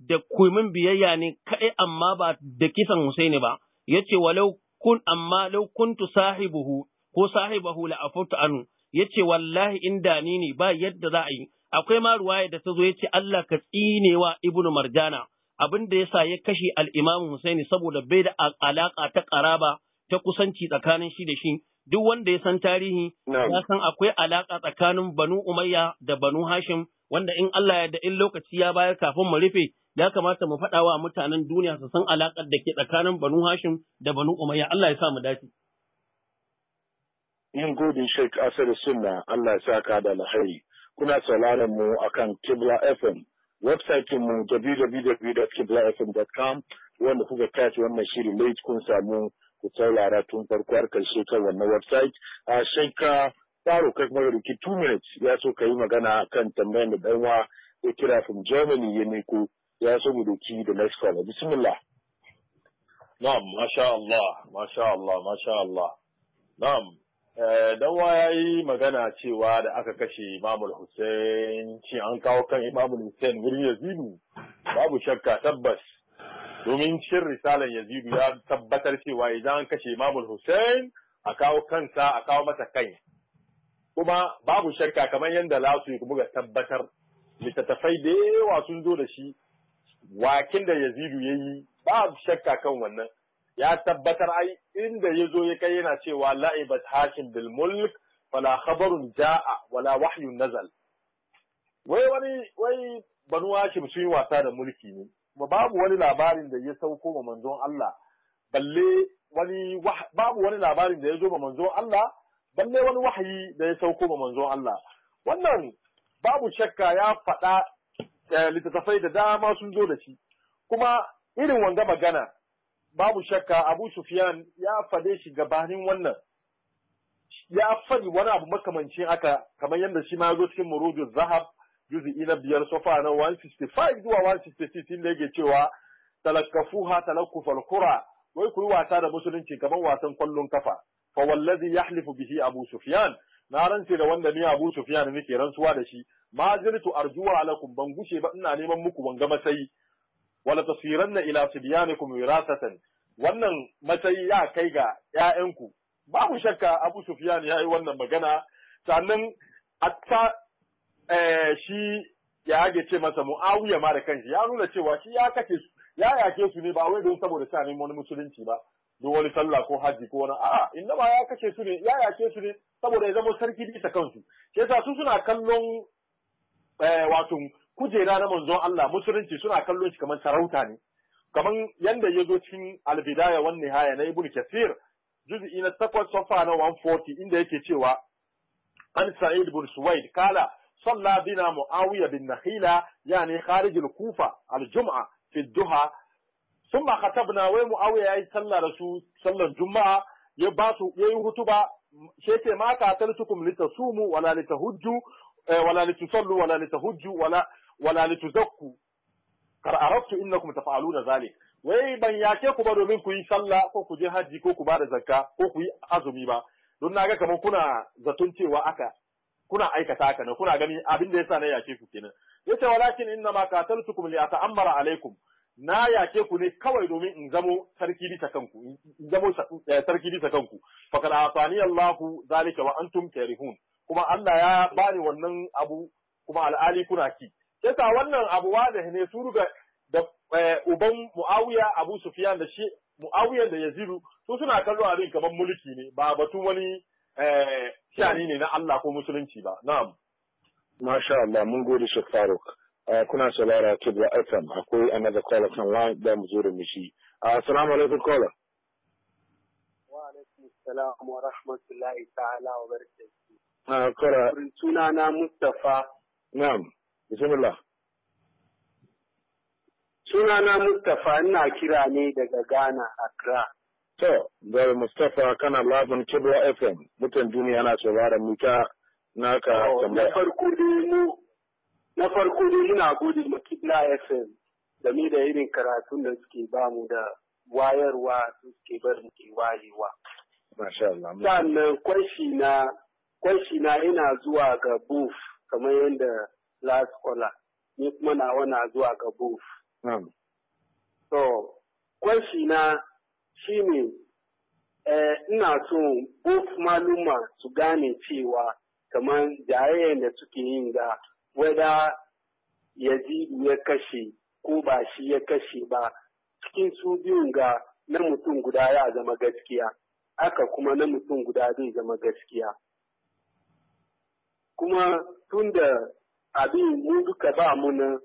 da kumin biyayya ne kai amma ba da kisan Husaini ba yace walau kun amma law kuntu sahibuhu ko sahibahu la afutu anhu yace wallahi inda ni ne ba yadda za a yi akwai ma ruwaya da ta zo ya ce Allah ka tsinewa Ibn marjana abin da yasa ya kashe al imam husaini saboda bai da alaka ta karaba ta kusanci tsakanin shi da shi duk wanda ya san tarihi ya san akwai alaka tsakanin banu umayya da banu hashim wanda in Allah ya da in lokaci ya bayar kafin mu rufe ya kamata mu faɗa wa mutanen duniya su san alakar da ke tsakanin banu hashim da banu umayya Allah ya sa mu dace yin godin Sheikh Asad Sunna Allah ya saka da alheri kuna sauraron mu akan Kibla FM. Website mu www.kiblafm.com wanda kuka tashi wannan shiri late kun samu ku saurara tun farko har karshe kan wannan website. A shaika Faro kai kuma ki 2 minutes ya so kai yi magana kan tambayar da danwa ya kira from Germany ya neko ya so mu doki da next call Bismillah. Na'am, masha Allah, masha Allah, masha Allah. Na'am, Eh, danwa ya yi magana cewa da aka kashe imamul hussein ce an kawo kan imamul hussein wurin yazidu babu shakka tabbas domin cin risalar yazidu ya tabbatar cewa idan an kashe imamul hussein a kawo kansa a kawo masa kai kuma babu shakka kamar yadda lasu kuma ga tabbatar littattafai da yawa sun zo da shi wakin da yazidu ya yi babu shakka kan wannan ya tabbatar ai inda ya zo ya kai yana cewa la'ibat hakim bil mulk wala khabarun ja'a wala wahyun nazal wai wani wai banu hakim sun yi wasa da mulki ne kuma babu wani labarin da ya sauko ma manzon Allah balle wani babu wani labarin da ya zo ma manzon Allah balle wani wahayi da ya sauko ma manzon Allah wannan babu shakka ya faɗa eh, littattafai da dama sun zo da shi kuma irin wanga magana babu shakka Abu Sufiyan ya fade shi gabanin wannan ya fadi wani abu makamancin aka kamar yadda shi ma ya zo cikin Murujul Zahab juz'i na biyar sofa na 165 zuwa 166 inda yake cewa talakkafuha talakkufal qura wai kuyi wasa da musulunci kamar wasan kwallon kafa fa wallazi yahlifu bihi Abu Sufyan na rantse da wanda ni Abu Sufyan nake rantsuwa da shi ma arjuwa alakum ban gushe ba ina neman muku ban ga masai. wala tasiranna ila sibyanikum wirasatan wannan matsayi ya kai ga ƴaƴanku babu shakka Abu Sufyan yayi wannan magana sannan atta eh, shi ya ake ce masa Muawiya ma da kanshi ya nuna cewa shi ya kace ya yake su ne ba wai don saboda sa ne wani musulunci ba don wani sallah ko haji ko wani a'a inna ba ya kace su ne ya yake su ne saboda ya zama sarki bisa kansu sai su suna kallon eh wato kujera na manzon Allah musulunci suna kallon shi kamar sarauta ne kamar yanda ya zo cikin albidaya wan nihaya na ibnu kasir juz'i na 8 safa na 140 inda yake cewa an sa'id ibn suwaid kala salla bina muawiya bin nahila yani kharij al-kufa صلى بنا معاوية بن نخيلة يعني خارج الكوفة الجمعة في الدهى ثم خطبنا ومعاوية ya ba su yayi hutuba يباتوا ce ma ka قاتلتكم litasumu wala litahujju ولا لتصلوا ولا لتهجوا ولا wala lituzakku kar arabtu innakum taf'aluna zalik wai ban yake ku ba domin ku yi sallah ko ku je haji ko ku bada zakka ko ku yi azumi ba don naga kamar kuna zaton cewa aka kuna aikata haka ne kuna gani abin da yasa na yake ku kenan yace walakin inna ma qataltukum li ata'ammara alaikum na yake ku ne kawai domin in zamo sarki bisa kanku in zamo eh, sarki bisa kanku faqad atani Allahu zalika wa antum karihun kuma Allah ya bani wannan abu kuma al'ali kuna ki Kesa wannan abu wazih ne su ruga da eh, uban Muawiya Abu Sufyan da shi Muawiya da Yazidu su suna kallo abin kamar mulki ne ba batun wani eh, shani ne na Allah ko musulunci ba. Na'am. Masha Allah mun gode Sheikh Faruk. Eh, kuna saurara Kibra FM akwai another caller kan line da mu zo mishi. Assalamu alaikum caller. Wa alaikum salam wa rahmatullahi ta'ala wa barakatuh. Ah kora. Sunana Na'am. bismillah na Mustapha ina kira ne daga Ghana Accra. To, da Mustapha kana labin Kibra FM, mutan duniya na sauraron mu ta naka oh, tambaya. Na farko dai mu na farko dai ina gode ma Kibra FM game da irin karatun da suke ba mu da wayarwa su suke bar mu ke wayewa. Sannan kwashi na kwashi na ina zuwa ga booth kamar yadda last scholar ni kuma na wana zuwa ga booth. So, kwashi na shi ne eh, ina so booth maluma su gane cewa kamar jayayen da suke yin ga wada yazidu ya kashe ko ba shi ya kashe ba cikin su biyun ga na mutum guda ya zama gaskiya aka kuma na mutum guda zai zama gaskiya kuma tun da abin mu duka ba mu na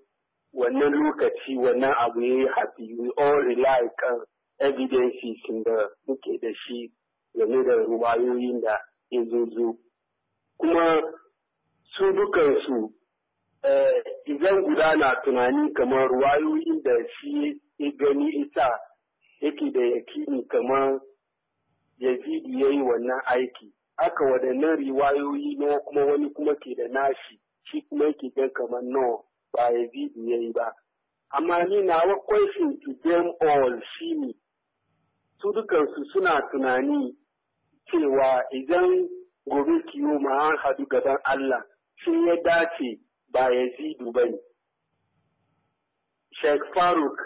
wannan lokaci wannan abu ya yi happy we all rely kan evidences da muke da shi game da ruwayoyin da ya zo kuma su dukansu eh, idan guda na tunani kamar ruwayoyin da shi ya gani ita yake da yakini kamar yazidi ya yi wannan aiki aka waɗannan riwayoyi na kuma wani kuma ke da nashi shi kuma kamar no ba ya bibi ya ba amma ni na wa question to them all shi ne su dukansu suna tunani cewa idan gobe kiyo ma an haɗu gaban Allah shi ya dace ba ya zidu ba ne. Sheikh Faruk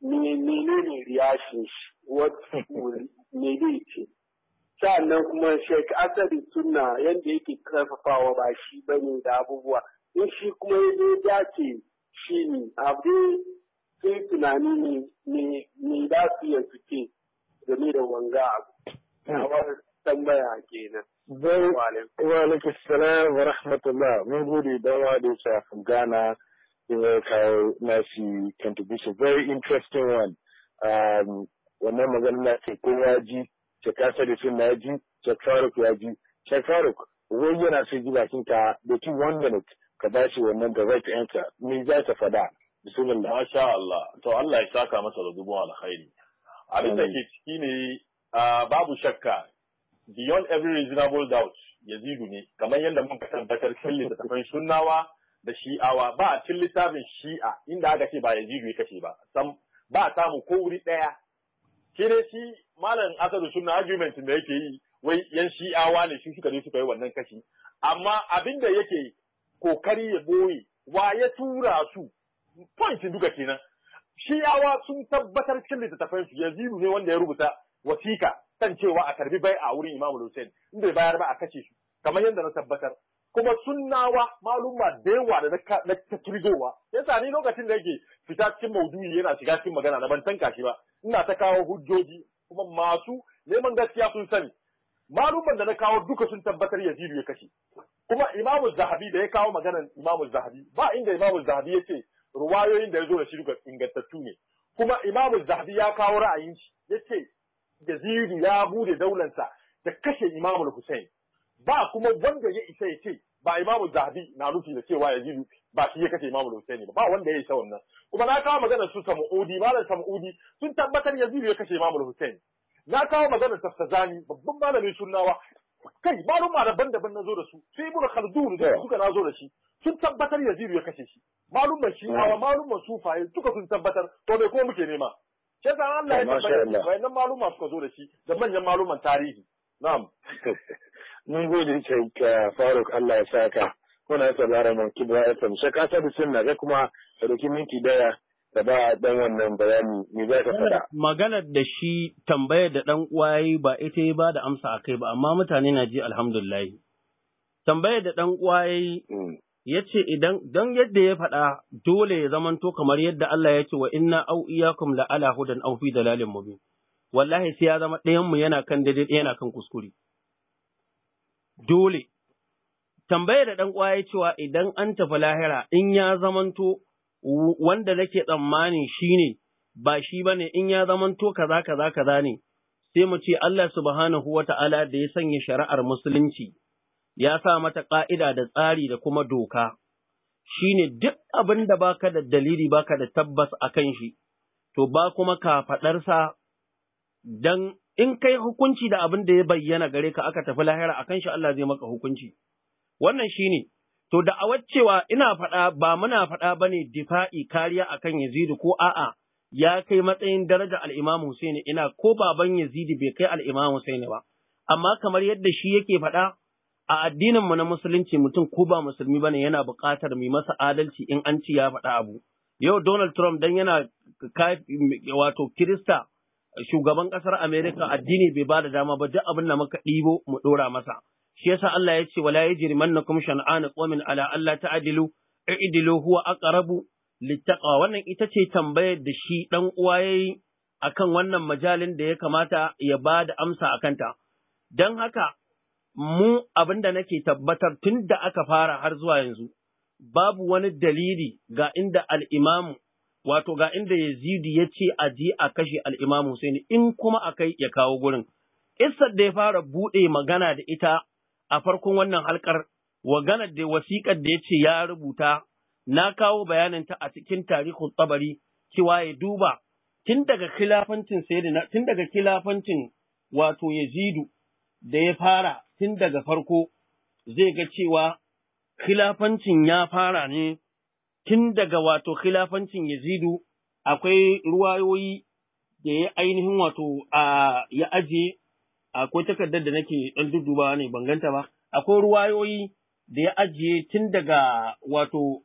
menene riyashin shi, what *laughs* will ne sa'annan kuma Sheikh Asadi suna yadda yake karfafawa ba shi ba ne da abubuwa in shi kuma ya zo dace shi ne abu sai tunani ne ne da su ya suke game da wanga abu kamar tambaya kenan Zai wa alaikis salam wa rahmatullah mun gode da wa da ya gana ya kawo nashi contribution very interesting one um, wannan maganar na ce kowa ji shakka da sun ya ji shakfaruk ya ji shakfaruk wai yana so ji bakin ka da ki one minute ka ba shi wannan da right answer me za ta faɗa bismillah masha Allah to Allah ya saka masa da dubon alkhairi abin da ke ciki ne babu shakka beyond every reasonable doubt yazidu ne kamar yadda mun ka tabbatar kan littattafan sunnawa da shi'awa ba a cin littafin shi'a inda aka ce ba yazidu ya kashe ba sam ba a samu ko wuri ɗaya Kire shi malam asadu suna argument da yake yi wai yan shi'awa ne shi suka je suka yi wannan kashi amma abin da yake kokari ya boye wa ya tura su point duka kenan shi'awa sun tabbatar cikin littattafan su yazidu ne wanda ya rubuta wasika kan cewa a karbi bai a wurin imamu hussein in bai bayar ba a kashe su kamar yadda na tabbatar kuma sunnawa maluma da yawa da na kirgowa yasa ni lokacin da yake fita cikin maudu'i yana shiga cikin magana na ban tanka shi ba ina ta kawo hujjoji kuma masu neman gaskiya sun sani malumman da na kawo duka sun tabbatar yazidu ya kashe kuma imamu zahabi da ya kawo maganar imamu zahabi ba inda imamu zahabi ya ce ruwayoyin da ya zo da shi duka ingantattu ne kuma imamu zahabi ya kawo ra'ayin shi ya ce yazidu ya bude daulansa da kashe imamu hussain ba kuma wanda ya isa ya ce ba imamu zahabi na nufi da cewa yazidu ba shi ya kashe Imam Husaini ba ba wanda ya isa wannan kuma na kawo magana su Samudi malam Samudi sun tabbatar Yazid ya kashe Imam Husaini na kawo magana Tafsazani babban malamin sunnawa kai maluma daban-daban na zo da su sai Ibn Khaldun da suka na zo da shi sun tabbatar Yazid ya kashe shi malumman shi hawa malumman sufaye duka sun tabbatar to me ko muke nema shi san Allah ya tabbatar wayannan ma suka zo da shi da manyan maluman tarihi na'am *laughs* mun gode ka eh, Faruk Allah ya saka kuna sauraron mu kibra fm sai ka sabu sunna ga kuma dauki minti daya da ba dan wannan bayani me za ka fada magana da shi tambayar da dan uwaye ba ita yi ba da amsa akai ba amma mutane na ji alhamdulillah tambayar da dan uwaye mm. ya ce idan don yadda ya faɗa dole ya zamanto kamar yadda Allah ya ce wa inna au iyakum la ala hudan au fi dalalin mubin wallahi sai ya zama ɗayan mu yana kan daidai yana kan kuskure dole tambayar da ɗan uwa ya cewa idan an tafi lahira in ya zamanto wanda nake tsammani shine ba shi bane in ya zamanto kaza kaza kaza ne sai mu ce Allah subhanahu wata'ala da ya sanya shari'ar musulunci ya sa mata ƙa'ida da tsari da kuma doka shine duk abin da baka da dalili baka da tabbas akan shi to ba kuma ka faɗarsa dan in kai hukunci da abin da ya bayyana gare ka aka tafi lahira akan shi Allah zai maka hukunci Wannan shi ne, to da cewa ina faɗa ba muna faɗa ba ne difa'i kariya a kan Yazidu ko a'a ya kai matsayin daraja al'imam Husaini ina ko baban Yazidi bai kai al'imam Husaini ba. Amma kamar yadda shi yake faɗa a addininmu na musulunci mutum ko ba musulmi ba ne yana buƙatar mu masa adalci in an ci ya faɗa abu. Yau Donald Trump dan yana wato Kirista shugaban ƙasar Amerika addini bai ba da dama ba duk abin da muka ɗibo mu ɗora masa. shi yasa Allah ya ce wala yajrimannakum shan'anu qawmin ala alla ta'dilu i'dilu huwa aqrabu littaqwa wannan ita ce tambayar da shi dan uwa yayi akan wannan majalin da ya kamata ya ba da amsa akan ta dan haka mu abinda da nake tabbatar tun da aka fara har zuwa yanzu babu wani dalili ga inda Al-Imamu wato ga inda yazidi ya ce a ji a kashe Al-Imamu sai in kuma akai ya kawo gurin. Issa da ya fara buɗe magana da ita a farkon wannan halkar waganar da wasiƙar da ya ce ya rubuta na kawo bayaninta a cikin tarihin tsabari cewa ya duba tun daga khilafancin sayyidina tun daga khilafancin wato Yazidu da ya fara tun daga farko zai ga cewa khilafancin ya fara ne tun daga wato khilafancin Yazidu akwai ruwayoyi da ya ainihin wato ya ajiye? akwai takardar da nake ɗan duduba ne ban ganta ba, akwai ruwayoyi da ya ajiye tun daga wato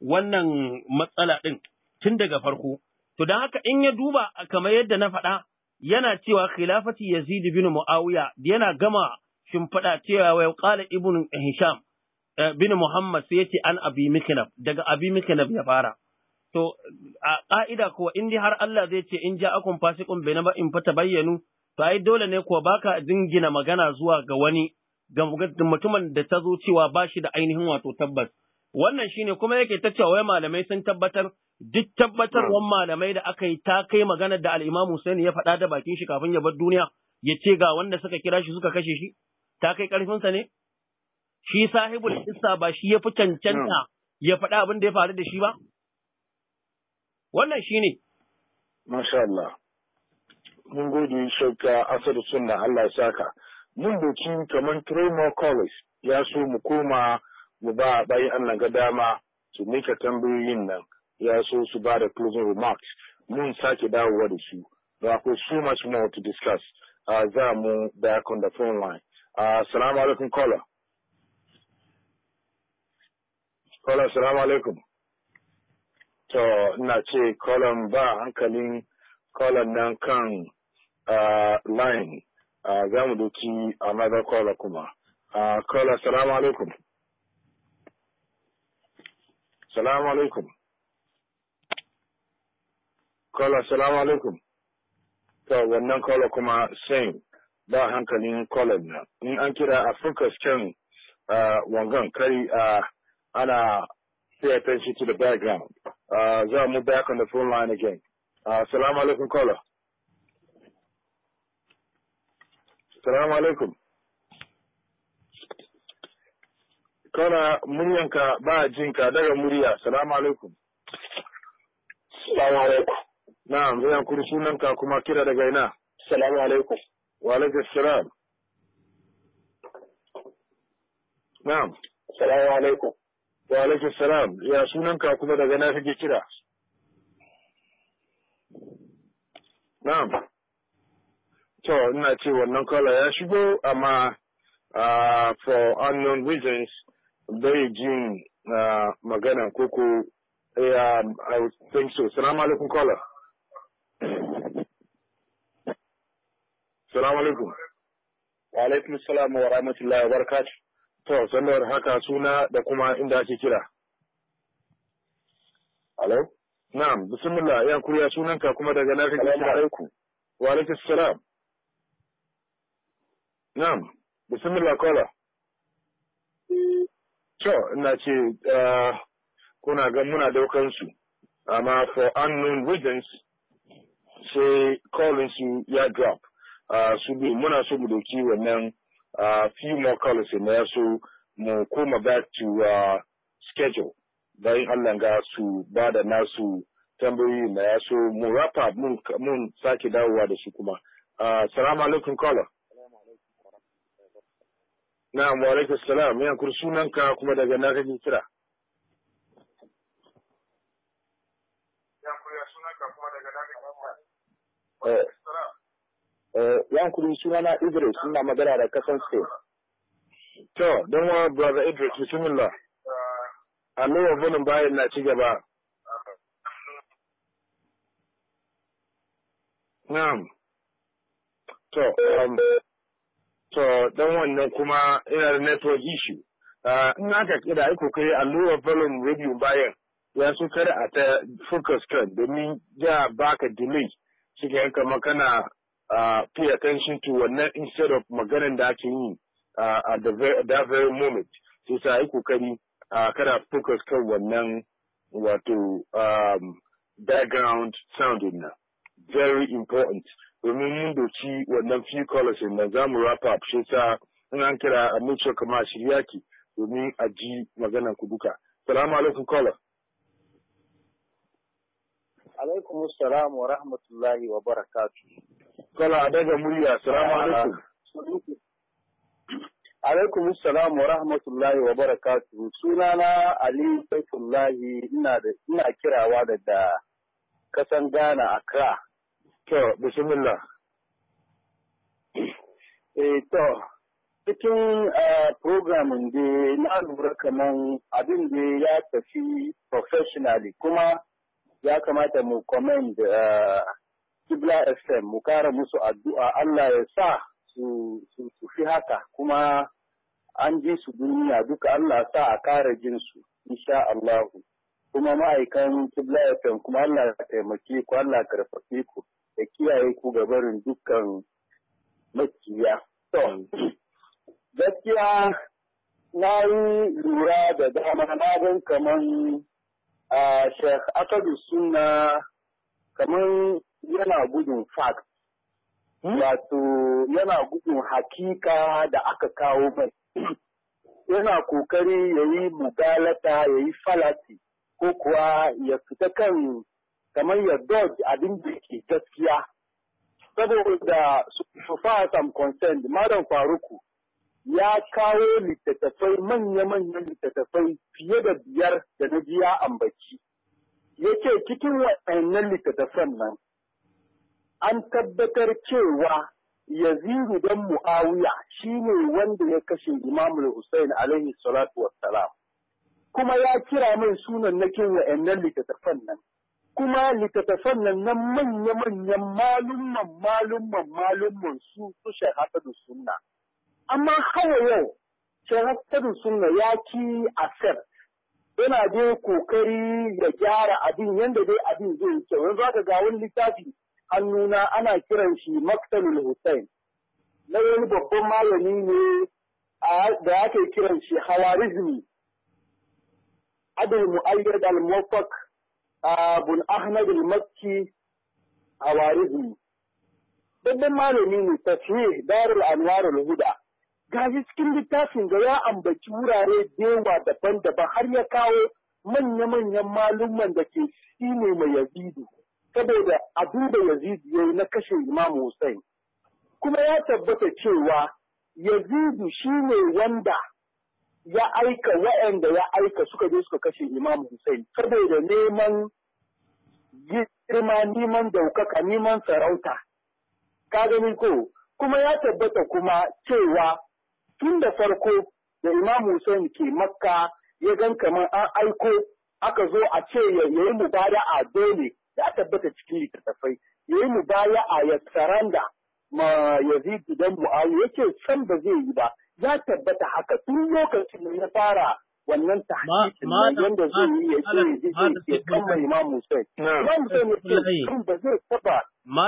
wannan matsala ɗin tun daga farko. To don haka in ya duba kamar yadda na faɗa yana cewa khilafati Yazid bin Muawiya yana gama shimfiɗa cewa wa qala ibn Hisham eh, bin Muhammad sai yace an Abi Miknab daga Abi Miknab ya fara. To a ƙa'ida ko in har Allah zai ce in ja ja'akum fasiqun in fata bayyanu to ai dole ne kuwa baka jingina magana zuwa ga wani ga mutumin da ta zo cewa ba shi da ainihin wato tabbas wannan shine kuma yake ta cewa wai malamai sun tabbatar duk tabbatar wani malamai da aka yi ta kai magana da al-Imam Hussein ya faɗa da bakin shi kafin ya bar duniya ya ce ga wanda suka kira shi suka kashe shi ta kai karfinsa ne shi sahibul kissa ba shi ya fi cancanta ya faɗa abin da ya faru da shi ba wannan shine masha Allah mun gode shakka asar sunna Allah ya saka mun doki kamar Tremor College ya so mu koma mu ba bayan Allah ga dama su mika tambayoyin nan ya so su ba da closing remarks mun sake dawowa da su da akwai so much more to discuss uh, za mu back on the phone line uh, assalamu alaikum caller caller assalamu alaikum to ina ce colin ba hankalin colin nan kan uh, line za mu doki another caller kuma caller salamu alaikum salamu alaikum caller salamu alaikum to wannan caller kuma same ba hankalin caller na in an kira a focus can wangan kari ana pay attention to the background za mu back on the phone line again salamu alaikum caller Salamu alaikum. Kana muryanka ba jinka daga murya. Salamu alaikum. Salamu alaikum. Na'am, zai kuri sunanka kuma kira daga ina. Salamu alaikum. Wa alaikum salam. Na'am. Salamu alaikum. Wa alaikum salam. Ya sunanka kuma daga na kake kira. Na'am. to ina ce wannan kala ya shigo amma ah, for unknown reasons bai jin ah, magana koko ya eh, um, I would think so. salamu alaikum caller. salamu alaikum. Wa alaikum salam wa rahmatullahi wa barakatuh. To, sanar haka suna da kuma inda ake kira. Alo? Na'am, bismillah, ya kuriya sunanka kuma daga nan kake kira. Wa alaikum salam. Na'am, bismillah kola. To, ina ce, eh, kuna ga muna daukansu, su, amma for unknown reasons, sai calling su ya drop. Ah, su bi muna so mu doki wannan ah, few more calls na ya so mu koma back to ah, schedule. Bayan Allah ga su ba da nasu tambayi na ya so mu wrap mun sake dawowa da su kuma. salamu alaikum kola. Na'am wa alaikum salam ya kur sunanka kuma daga na kake kira. ya kuri sunana Idris suna magana da kasan Spain. To, don wa brother Idris bismillah. Alluwa bunin bayan na ci gaba. Na'am. To, um, to dan wannan kuma ina da network issue ah, in aka kira ai kai allurar volume radio bayan ya so kada a ta focus kan domin ya baka delay suke yanka makana ah, pay attention to wannan instead of maganan da ake yi a ah, that very moment sai sa ai kokari kada focus kan wannan wato um, background sound na very important domin mun doki wannan few colors nan zamu mu wrap up shi sa in an kira a mun kama shirya ki domin a ji maganar ku duka salamu alaikum caller alaikum assalam wa rahmatullahi wa barakatuh kala daga murya salamu alaikum alaikum assalam wa rahmatullahi wa barakatuh sunana ali saifullahi ina ina kirawa daga kasan Ghana Accra To, bismillah. Eh, to, cikin programin da na lura kaman abin da ya tafi professionally kuma ya kamata mu comment Kibla FM mu kara musu addu'a Allah ya sa su fi haka kuma an ji su duniya duka Allah sa a kara jin su insha Allahu kuma ma'aikan Kibla FM kuma Allah ya taimake ku Allah ya karfafe ku. da kiyaye ku ga barin dukkan makiya. To, gaskiya na yi lura da dama na gan kaman a Sheikh Asadu suna kaman yana gudun fact. Hmm? Wato yana gudun hakika da aka kawo mai. yana kokari ya yi mugalata ya yi falati ko kuwa ya fita kan kamar ya dodge abin da ke gaskiya saboda su far some concerned malam faruku ya kawo littattafai manya-manyan littattafai fiye da biyar da na biya ambaci ya ce cikin waɗannan littattafan nan an tabbatar cewa yaziru dan mu'awiya ne wanda ya kashe imamul hussein alaihi salatu wassalam kuma ya kira mai sunan nakin nan littattafan nan kuma littattafan nan na manya-manyan malumman malumman malumman su su da sunna. Amma hawa yau da sunna ya ki asir yana dai kokari da gyara abin yadda dai abin zai kyau yanzu aka ga wani littafi hannuna ana kiran shi Maktalul Hussein na wani babban malami ne da ake kiran shi Hawarizmi Abdul Mu'ayyad al-Muwaffaq abun ahmad al-makki a warizmi babban malami ne tafiye darul anwar al-huda gashi cikin littafin da ya ambaci wurare dewa daban-daban har ya kawo manya-manyan malumman da ke shi ne mai yazidu saboda abin da yazidu ya na kashe imam Hussein kuma ya tabbata cewa yazidu shi ne wanda ya aika waɗanda ya aika suka je suka kashe Imam Hussein saboda neman girma neman daukaka neman sarauta ka gani ko kuma ya tabbata kuma cewa tun da farko da Imam Hussein ke Makka ya gan kamar an aiko aka zo a ce ya yi a dole ya tabbata cikin littattafai ya yi a ya saranda ma Yazid dan Mu'awiya yake san ba zai yi ba ya tabbata haka tun lokacin da ya fara wannan tahqiqin wanda zai yi ya ce ya kama Imam Hussein Imam Hussein ya ce kan ba zai taba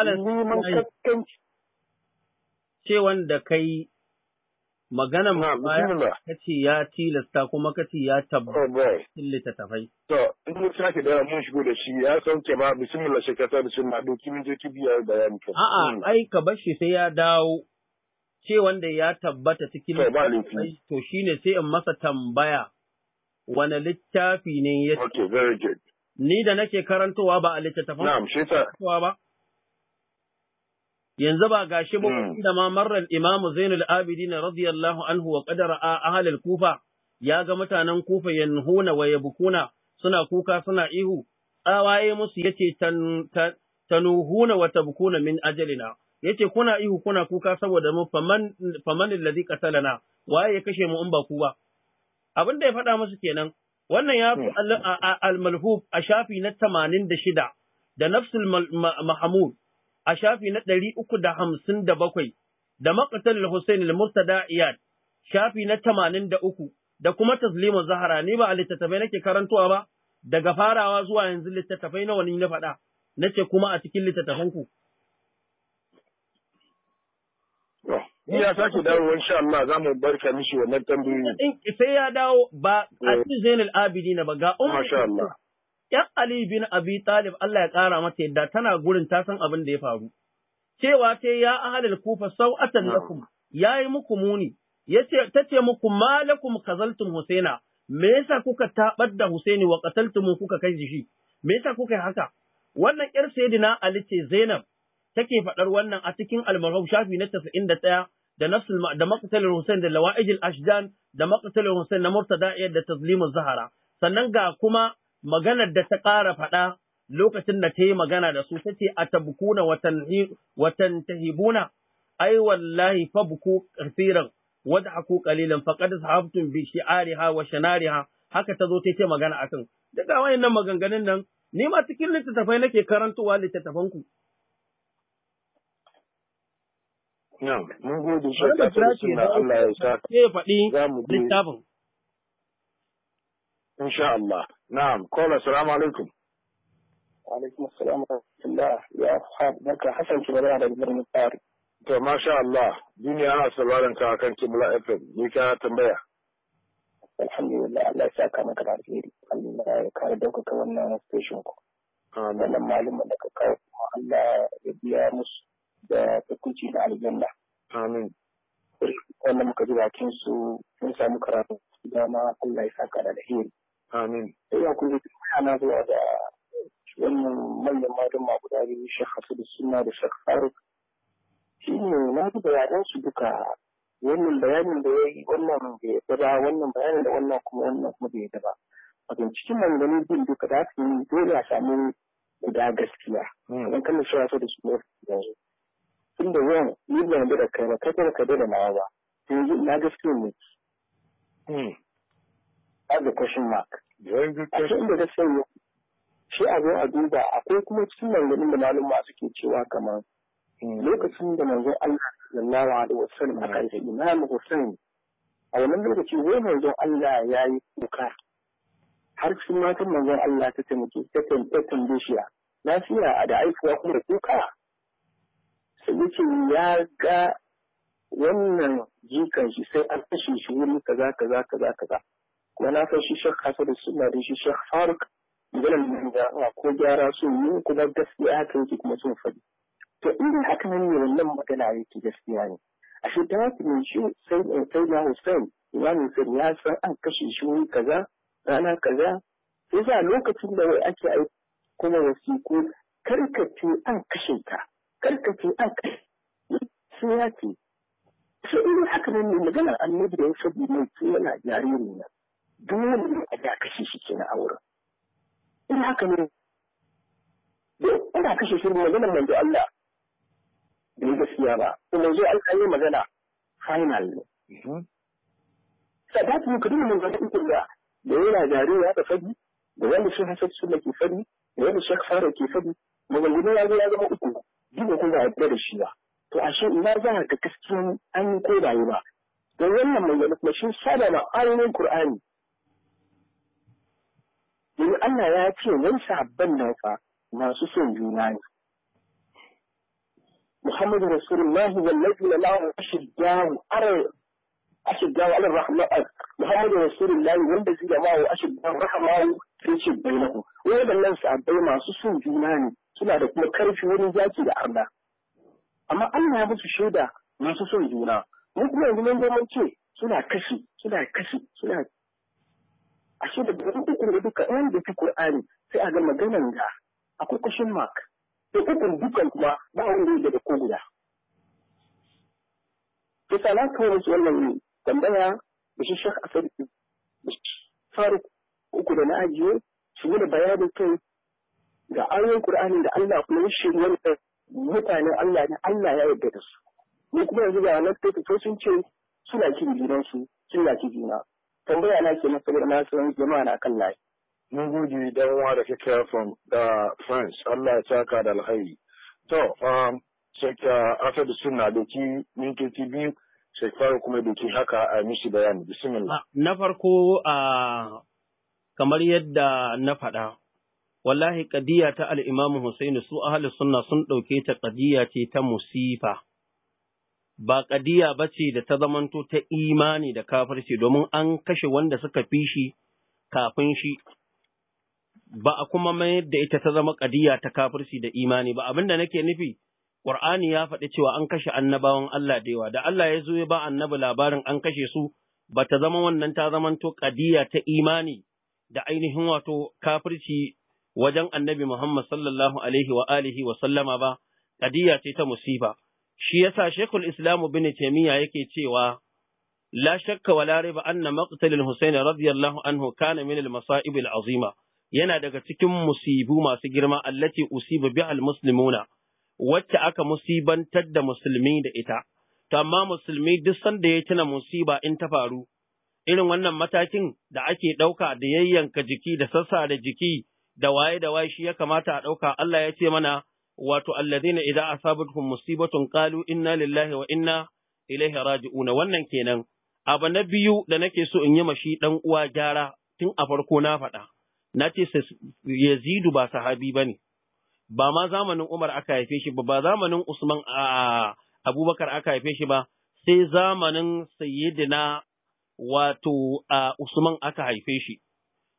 neman kaskanci Ce wanda kai magana ma kace ya tilasta kuma kace ya tabbata ta littattafai. To, in mun sake da mun shigo da shi ya san ce ma bisimila shekata da shi ma doki min je ki biya bayani. A'a, hmm. ai ka bar shi sai ya dawo ce wanda ya tabbata cikin littafi to ne sai in masa tambaya wani littafi ne ya Okay, Ni da nake karantowa ba a littattafan Na'am, ba. Yanzu ba gashi ba hmm. da ma marar Imam Zainul Abidin radiyallahu anhu wa a ahalil Kufa ya ga mutanen Kufa yanhuna wa bukuna suna kuka suna ihu tsawaye musu yace tanuhuna wa tabkuna min ajalina yace kuna ihu kuna kuka saboda mu faman faman allazi qatalana waye ya kashe mu in ba ku ba abin da ya faɗa musu kenan wannan ya fi hmm. al-malhub a shafi na 86 da nafsul mahmud a shafi na 357 da maqtal al-husayn al-murtada iyad shafi na 83 da kuma tazlimu zahara ne ba a littattafai nake karantowa ba daga farawa zuwa yanzu littattafai nawa ne na faɗa nace kuma a cikin littattafan ku In ya sake dawo sha Allah za mu barka mishi wannan In Sai ya dawo ba eh. a cikin Zainul Abidin ba ga Ummu. Masha Allah. ‘Yan Ali bin Abi Talib Allah ya ƙara mata yadda tana gurin ta san abin da ya faru. Cewa ta ya ahalal kufa sau'atan lakum ya yi muku muni, ta ce muku malakum kazaltum Husaina, me yasa kuka taɓar da Husaini wa kataltumu kuka kai shi, me yasa kuka yi haka? Wannan ‘yar Sayyidina Ali ce Zainab take faɗar wannan a cikin almarhum shafi na tasa'in da ɗaya da nafsul da maqtal Hussein da lawa'ijil ashdan da maqtal Hussein na murtada da tazlimul zahara sannan ga kuma maganar da ta ƙara faɗa lokacin da ta yi magana da su tace atabkuna watan tahibuna ai wallahi fabku kathiran wad'aku qalilan faqad sahabtum bi shi'ariha wa shanariha haka ta zo ta ce magana akan daga wayannan maganganun nan ni ma cikin littattafai nake karantowa littattafanku إن شاء الله نعم قول السلام عليكم وعليكم السلام ورحمة الله يا أصحاب بركة حسن كبري على البر المطاري ما شاء الله ديني أنا سلوالا كان كملا أفن ميكا تنبيا الحمد لله الله يساك أنا كبار جيري الله يكار دوكو كوانا نستيشنكو أنا لما علم لك كوانا الله يبيا مصر da tukunci da aljanna. Amin. Wanda muka ji bakin su sun samu karatu dama Allah ya saka da alheri. Amin. Sai ya kuma ana zuwa da wannan manyan matan ma guda biyu Sheikh da Sunna da Sheikh Faruk. Shi ne na ji bayanan su duka wannan bayanin da ya yi wannan bai yadda ba wannan bayanin da wannan kuma wannan kuma bai yadda ba. Wato cikin manganin bin duka da su yi dole a samu guda gaskiya. Hmm. Idan kan da shi da su ne yanzu. tunda yau ni da da kai ba kai ka da nawa ba yanzu na ga ne hmm as a question mark very good question da gaskiya shi a zo a duba akwai kuma cikin malamin da malama suke cewa kamar hmm. lokacin da manzon Allah sallallahu alaihi wasallam aka yi Imam Hussein a wannan lokaci wai manzon Allah ya yi kuka har cikin matan manzo Allah ta taimake ta tambaye shi Na a da aikuwa kuma kuka mutum ya ga wannan jikan shi sai an kashe shi wuri kaza kaza kaza kaza kuma na san shi shek hasar suna da shi shek faruk maganar manzara ko gyara su yi kuma gaskiya haka yake kuma sun faɗi to inda haka nan ne wannan magana yake gaskiya ne a shi ta haka ne shi sai eh, na hussein imamin ya san an kashe shi wuri kaza rana kaza sai za lokacin da wai ake kuma wasiku karkace an kashe ka karkace a kai ya ce shi in haka nan ne maganar annabi da ya sabu mai ce yana jariri na dole ne a kashe shi ke na auren in haka ne don Ina kashe shi maganar manzo Allah bai gaskiya ba to manzo Allah ya magana final ne sadaki ne kudin manzo da kuke da da yana jariri ya fadi da wanda shi hasad sunna ke fadi da wanda shi fara ke fadi maganganu ya ya zama uku duka ko ba a yarda da shi ba to ashe ina za ka ga gaskiyan an yi ko ba ba don wannan mai yana kuma shi sada ma ayoyin Qur'ani domin Allah ya ce nan sahabban nan fa masu son juna ne Muhammadu Rasulullahi wallahi la lahu ashiddahu ar ashiddahu ala rahmat Muhammadu Rasulullahi wanda zai da mawo ashiddahu rahmahu sai ce bainahu wadannan sahabbai masu son juna ne suna da kuma karfi wurin zaki da arna amma Allah ya musu shaida masu son juna mun kuma yanzu mun zama ce suna kashi suna kashi suna ashe da gudun uku da duka ɗan da fi Qur'ani sai a ga maganan da akwai question mark da ukun dukan kuma ba wanda ya da ko guda to sana kawai musu wannan tambaya da shi Sheikh Asad Faruk uku da na ajiye su da bayanin kai Da ayoyin Qur'ani da Allah kuma ya shiri wanda mutanen Allah ne Allah ya yarda da su ni kuma yanzu ga nan to sun ce suna kin jinan su suna kin jina tambaya na ke masa da nasarar jama'a na kan layi mun gode dan uwa da kake from da France Allah ya saka da alkhairi to um sai after da sunna da ki ti biyu sai fara kuma da ki haka a mishi bayani bismillah na farko a uh, kamar yadda na faɗa wallahi ƙadiyya ta al'imamu Hussaini su ahli sunna sun ɗauke ta ƙadiyya ce ta musifa, ba ƙadiyya ba ce da ta zamanto ta imani da kafirci domin an kashe wanda suka fi shi kafin shi, ba a kuma mayar da ita ta zama ƙadiyya ta kafirci da imani ba abin da nake nufi. Ƙur'ani ya faɗi cewa an kashe annabawan Allah da yawa, da Allah ya zo ya ba annabi labarin an kashe su, ba ta zama wannan ta zamanto ƙadiyya ta imani da ainihin wato kafirci wajen annabi Muhammad sallallahu alaihi wa alihi wa sallama ba, kadiya ce ta musiba. Shi yasa Shekul Islam bin Taimiyya yake cewa la shakka wa Lariba anna maqtalil Husayn radiyallahu anhu kana min al masa'ib al azima yana daga cikin musibu masu girma allati usiba bi al muslimuna wacce aka musibantar da musulmi da ita to amma musulmi duk sanda ya tuna musiba in ta faru irin wannan matakin da ake ɗauka da yayyanka jiki da sassa da jiki da waye da waye shi ya kamata a ɗauka Allah ya ce mana wato allazina idza asabatuhum musibatun qalu inna lillahi wa inna ilaihi raji'un wannan kenan abu na biyu da nake so in yi mashi dan uwa gyara tun a farko na faɗa na ce Yazidu ba sahabi bane ba ma zamanin Umar aka haife shi ba ba zamanin Usman a Abubakar aka haife shi ba sai zamanin Sayyidina wato a Usman aka haife shi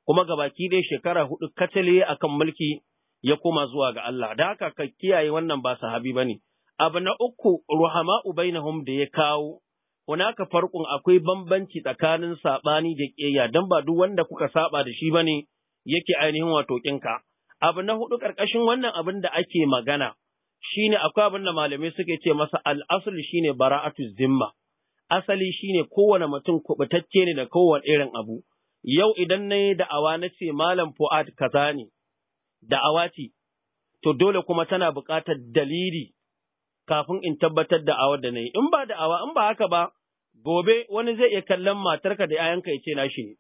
kuma gabaki dai shekara hudu katale akan mulki ya koma zuwa ga Allah da haka ka kiyaye wannan ba sahabi bane abu na uku ruhama'u bainahum da ya kawo hunaka farkon akwai bambanci tsakanin saɓani da ƙeya dan ba duk wanda kuka saba da shi bane yake ainihin wato kinka abu na hudu karkashin wannan abin da ake magana shine akwai abin da malamai suke ce masa al'asul shine bara'atu zimma asali shine kowane mutum kubutacce ne da kowane irin abu yau idan na yi da'awa na ce Malam Fu'ad kaza ne, da'awa ce, to dole kuma tana buƙatar dalili kafin in tabbatar da'awar da na yi, in ba da'awa in ba haka ba, gobe wani zai iya kallon matarka da ‘ya'yanka ya ce na shi ne,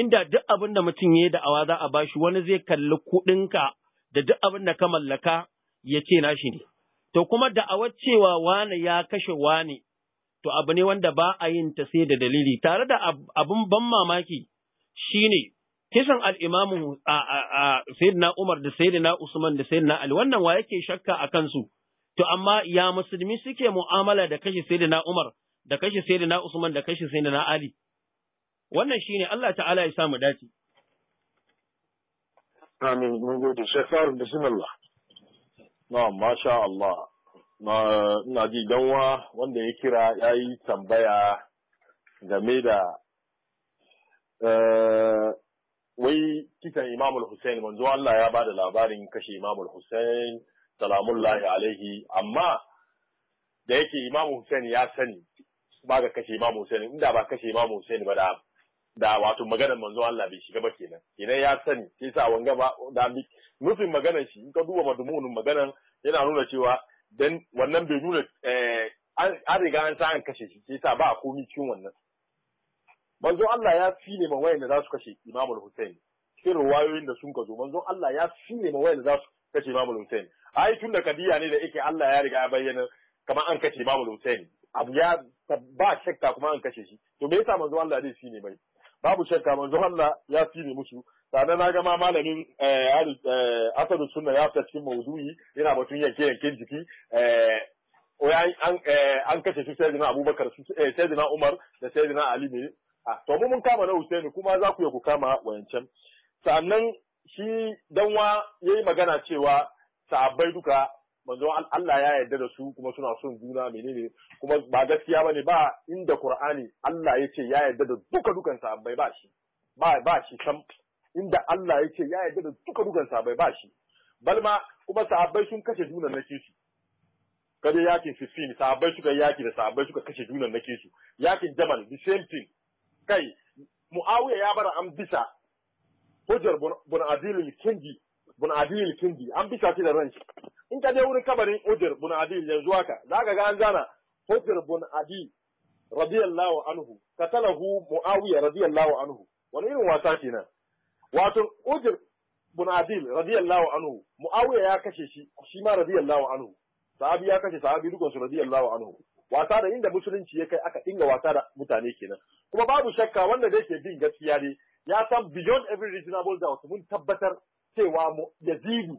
inda duk abin da mutum ya yi da'awa za a bashi wani zai kalli kuɗinka da duk abin da ka mallaka ya ce na shi ne. To kuma da'awar cewa wani ya kashe wane, to abu ne wanda ba a yin ta sai da dalili, tare da abin ban mamaki. shine kisan al'imamu a Sayyidina Umar da Sayyidina Usman da Sayyidina Ali wannan wa yake shakka a kansu to amma ya musulmi suke mu'amala da kashe Sayyidina Umar da kashe Sayyidina Usman da kashe Sayyidina Ali wannan shine Allah ta'ala ya samu dace Amin mun gode da Allah. na masha Allah na ji danwa wanda ya kira yayi tambaya game da Eh, wai Imam imamul hussein manzo Allah ya bada labarin kashe imamul hussein salamullahi alaihi amma da yake Imam hussein ya sani ba ga kashe Imam hussein inda ba kashe Imam hussein ba da da wato maganar manzo Allah bai shiga ba kenan idan ya sani sai sa wanga ba da bi nufin maganar shi in ka duba madumunin maganar yana nuna cewa dan wannan bai nuna eh an riga an sa an kashe shi sai sa ba komi cikin wannan manzo Allah ya tsine ma wayanda za su kashe Imam Hussein cikin ruwayoyin da sun gazo manzo Allah ya tsine ma wayanda za su kashe Imam Hussein ai tun da kadiya ne da yake Allah ya riga ya bayyana kamar an kashe Imam Hussein abu ya ba shakka kuma an kashe shi to me yasa manzo Allah zai tsine mai babu shakka manzo Allah ya tsine musu sannan na ga ma malamin eh, eh, asadu sunna ya fita cikin maudu'i yana batun yanke yanke jiki eh, an kashe su sai Abubakar sai Umar da sai Ali ne a ah, to mu mun kama na Husaini kuma za ku yi ku kama wayancan sannan shi danwa yayi magana cewa sahabbai duka manzo Allah ya yarda da su kuma suna son juna menene kuma ba gaskiya bane ba inda Qur'ani Allah ya ce ya yarda da duka dukan sahabbai ba shi ba ba shi sam inda Allah ya ce ya yarda da duka dukan sahabbai ba shi balma kuma sahabbai sun kashe junan na su kada yakin 15 sahabbai suka yaki da sahabbai suka kashe junan na su yakin Jamal the same thing kai muawiya ya bar an bisa hujjar bunadilin kindi bunadilin kindi an bisa shi da shi. in ka je wurin kabarin hujjar bunadil yanzu haka zaka ga an zana hujjar adi radiyallahu anhu katalahu muawiya radiyallahu anhu wani irin wasa kenan wato hujjar bunadil radiyallahu anhu muawiya ya kashe shi shi ma radiyallahu anhu sahabi ya kashe sahabi dukansu radiyallahu anhu wasa da inda musulunci ya kai aka dinga wasa da mutane kenan kuma babu shakka wanda zai yake bin gaskiya ne ya san beyond every reasonable doubt mun tabbatar cewa yazidu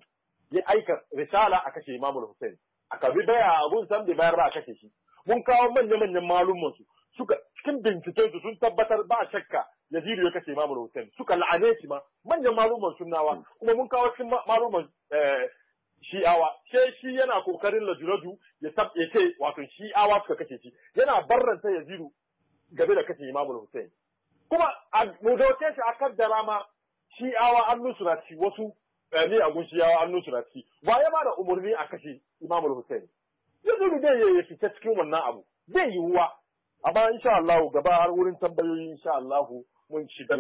ya aika risala a kashe imamul hussein a kabi baya abun san bai bayar ba a kashe shi mun kawo manya-manyan malumman su suka cikin binciken su sun tabbatar ba shakka yazidu ya kashe imamul hussein suka la'ane shi ma manyan malumman nawa, kuma mun kawo cikin malumman eh, shi'awa sai shi yana kokarin lajuraju ya tab ce wato shi'awa suka kashe shi yana barranta yazidu game da kashe Imam Hussein kuma a mudauke shi a kaddara ma shi'awa an nusura ci wasu ne eh, a gun awa an ci ba ya ba da umarni a kashe Imam Hussein yanzu zai yi fita cikin wannan abu zai yiwuwa amma insha Allah gaba har wurin tambayoyi insha Allah mun shiga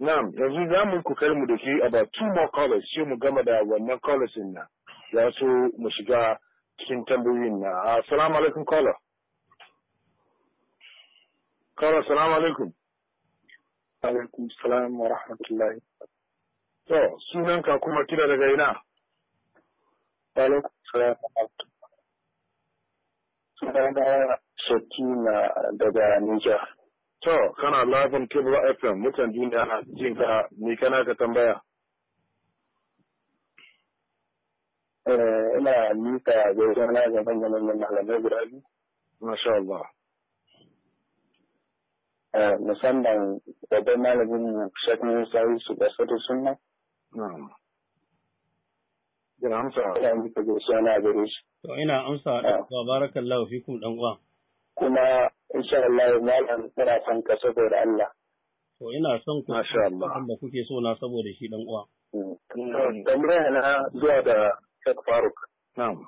Na'am, yanzu za mu kokari mu doki about two more callers sai mu gama da wannan callers din na? Ya so mu shiga cikin tambayoyin na. Assalamu alaikum caller. قال السلام عليكم عليكم السلام ورحمة الله تو سنن کا کما کیلا لگاینا وعليكم السلام ورحمة الله سنن دارا شتینا دادا نیجا تو کانا لابن کبرا افم متن دنیا جنگا نیکنا کا تنبایا ina nika ga jama'a ga bangaren nan Allah ne gura ni masha Allah Eh, musamman babban malamin mu shafin Musa su da Sadu Sunna. Ina amsa. Ina amsa gaisuwa na gare shi. To ina amsa da kuma ah. barakallahu fikum dan uwa. Kuma insha Allah malam tana son ka saboda Allah. To ina son ku masha Allah da kuke so na saboda shi dan uwa. Mm. Tambaya na zuwa da Sheikh Faruk. Na'am.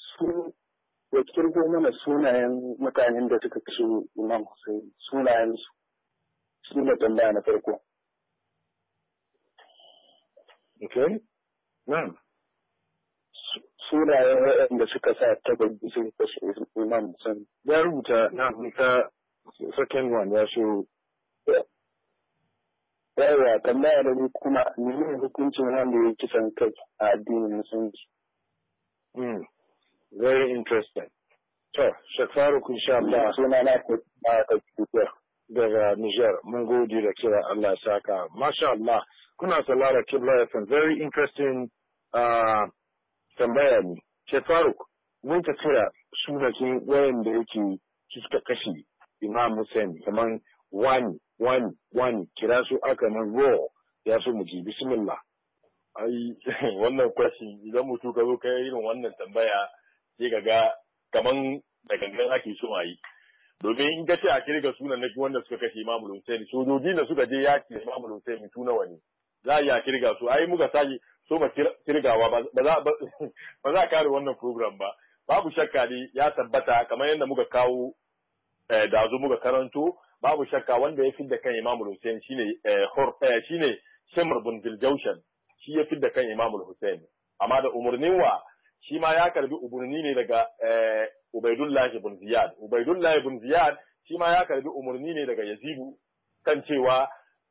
Su ya kirgo mana sunayen mutanen da suka kashe imam Hussein sunayen su shi ne tambaya na farko okay na'am sunayen waɗanda suka sa tabbabi sun kashe imam Hussein ya rubuta na rubuta second one ya shiro yawa tambaya da kuma menene hukuncin wanda ya kisan kai a addinin musulunci hmm. very interesting to shek faruk insha Allah suna na ko daga Niger mun gode da kira Allah saka masha Allah kuna salara kibla fm very interesting uh, tambaya ne shek faruk mun ka kira sunakin wayanda yake suka kashe imam Hussein kamar wani wani wani kira su aka nan raw ya so mu ji bismillah ai *laughs* wannan kwashi idan mutu ka zo ka irin wannan tambaya sai ka ga kaman da gangan ake so a yi domin in ka ce a kirga sunan na wanda suka kashe Imam Hussein sojoji da suka je yaki da Imam Hussein su nawa ne za a a kirga su ai muka sake so ba kirgawa ba za ba *laughs* za kare wannan program ba babu shakka ne ya tabbata kamar yadda muka kawo eh, da zo muka karanto babu shakka wanda ya fidda kan Imam Hussein shine eh, eh, shine Shimr bin Diljaushan shi ya fidda kan Imam Hussein amma da umarnin wa shi ma ya karbi umarni ne daga eh, Ubaidullah ibn Ziyad Ubaidullah ibn Ziyad shi ma ya karbi umarni ne daga Yazidu kan cewa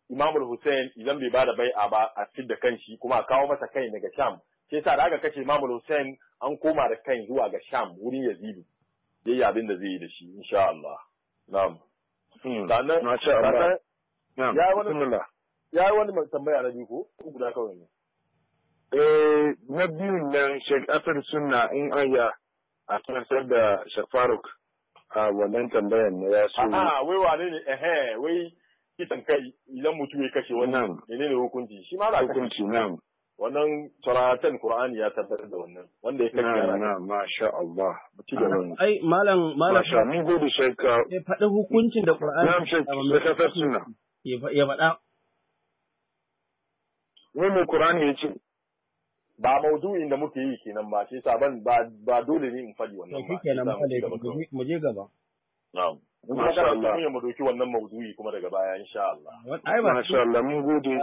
Imam Hussein idan bai bada bai'a ba a fidda kanshi kuma a kawo masa kai daga Sham sai sa da aka kace Imam Hussein an koma da kai zuwa ga Sham wurin Yazidu yayi abin da zai yi da shi insha Allah na'am hmm. sannan ya wani ya wani tambaya na biyu ko guda kawai ne eh na biyun nan Sheikh Asad Sunna in an ya a tunasar da Sheikh Faruk a wannan tambayan ne ya so. Aha, wai wane ne ehe wai kitan kai idan mutum ya kashe wannan ne hukunci shi ma da hukunci na'am. Wannan taratan Kur'ani ya tabbatar da wannan wanda ya kashe na'am na'am masha Allah mutu da wannan. Ai malam malam masha mun gode Sheikh. Ya faɗi hukuncin da Kur'ani. Na'am Sheikh Asad Sunna. Ya faɗa. Wai mai Qur'ani ya ce ba maudu'in da muke yi kenan ba shi yasa ban ba dole ne in faɗi wannan ba shi kenan mu je gaba na'am kuma Allah mu ya mu doki wannan maudu'i kuma daga baya insha Allah ai ba insha Allah mun gode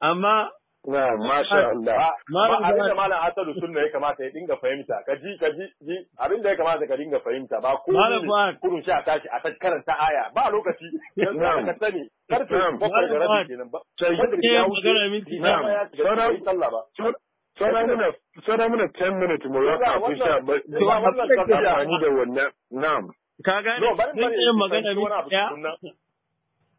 amma na masha Allah da malam Hassan sunna ya kamata ya dinga fahimta ka ji ka ji ji da ya kamata ka dinga fahimta ba ku kurun sha tashi a karanta aya ba lokaci ka sani karfe bakwai da rabi kenan ba sai ya magana minti na sallah 10 minutes mu sha ba amfani da wannan na'am ka gane magana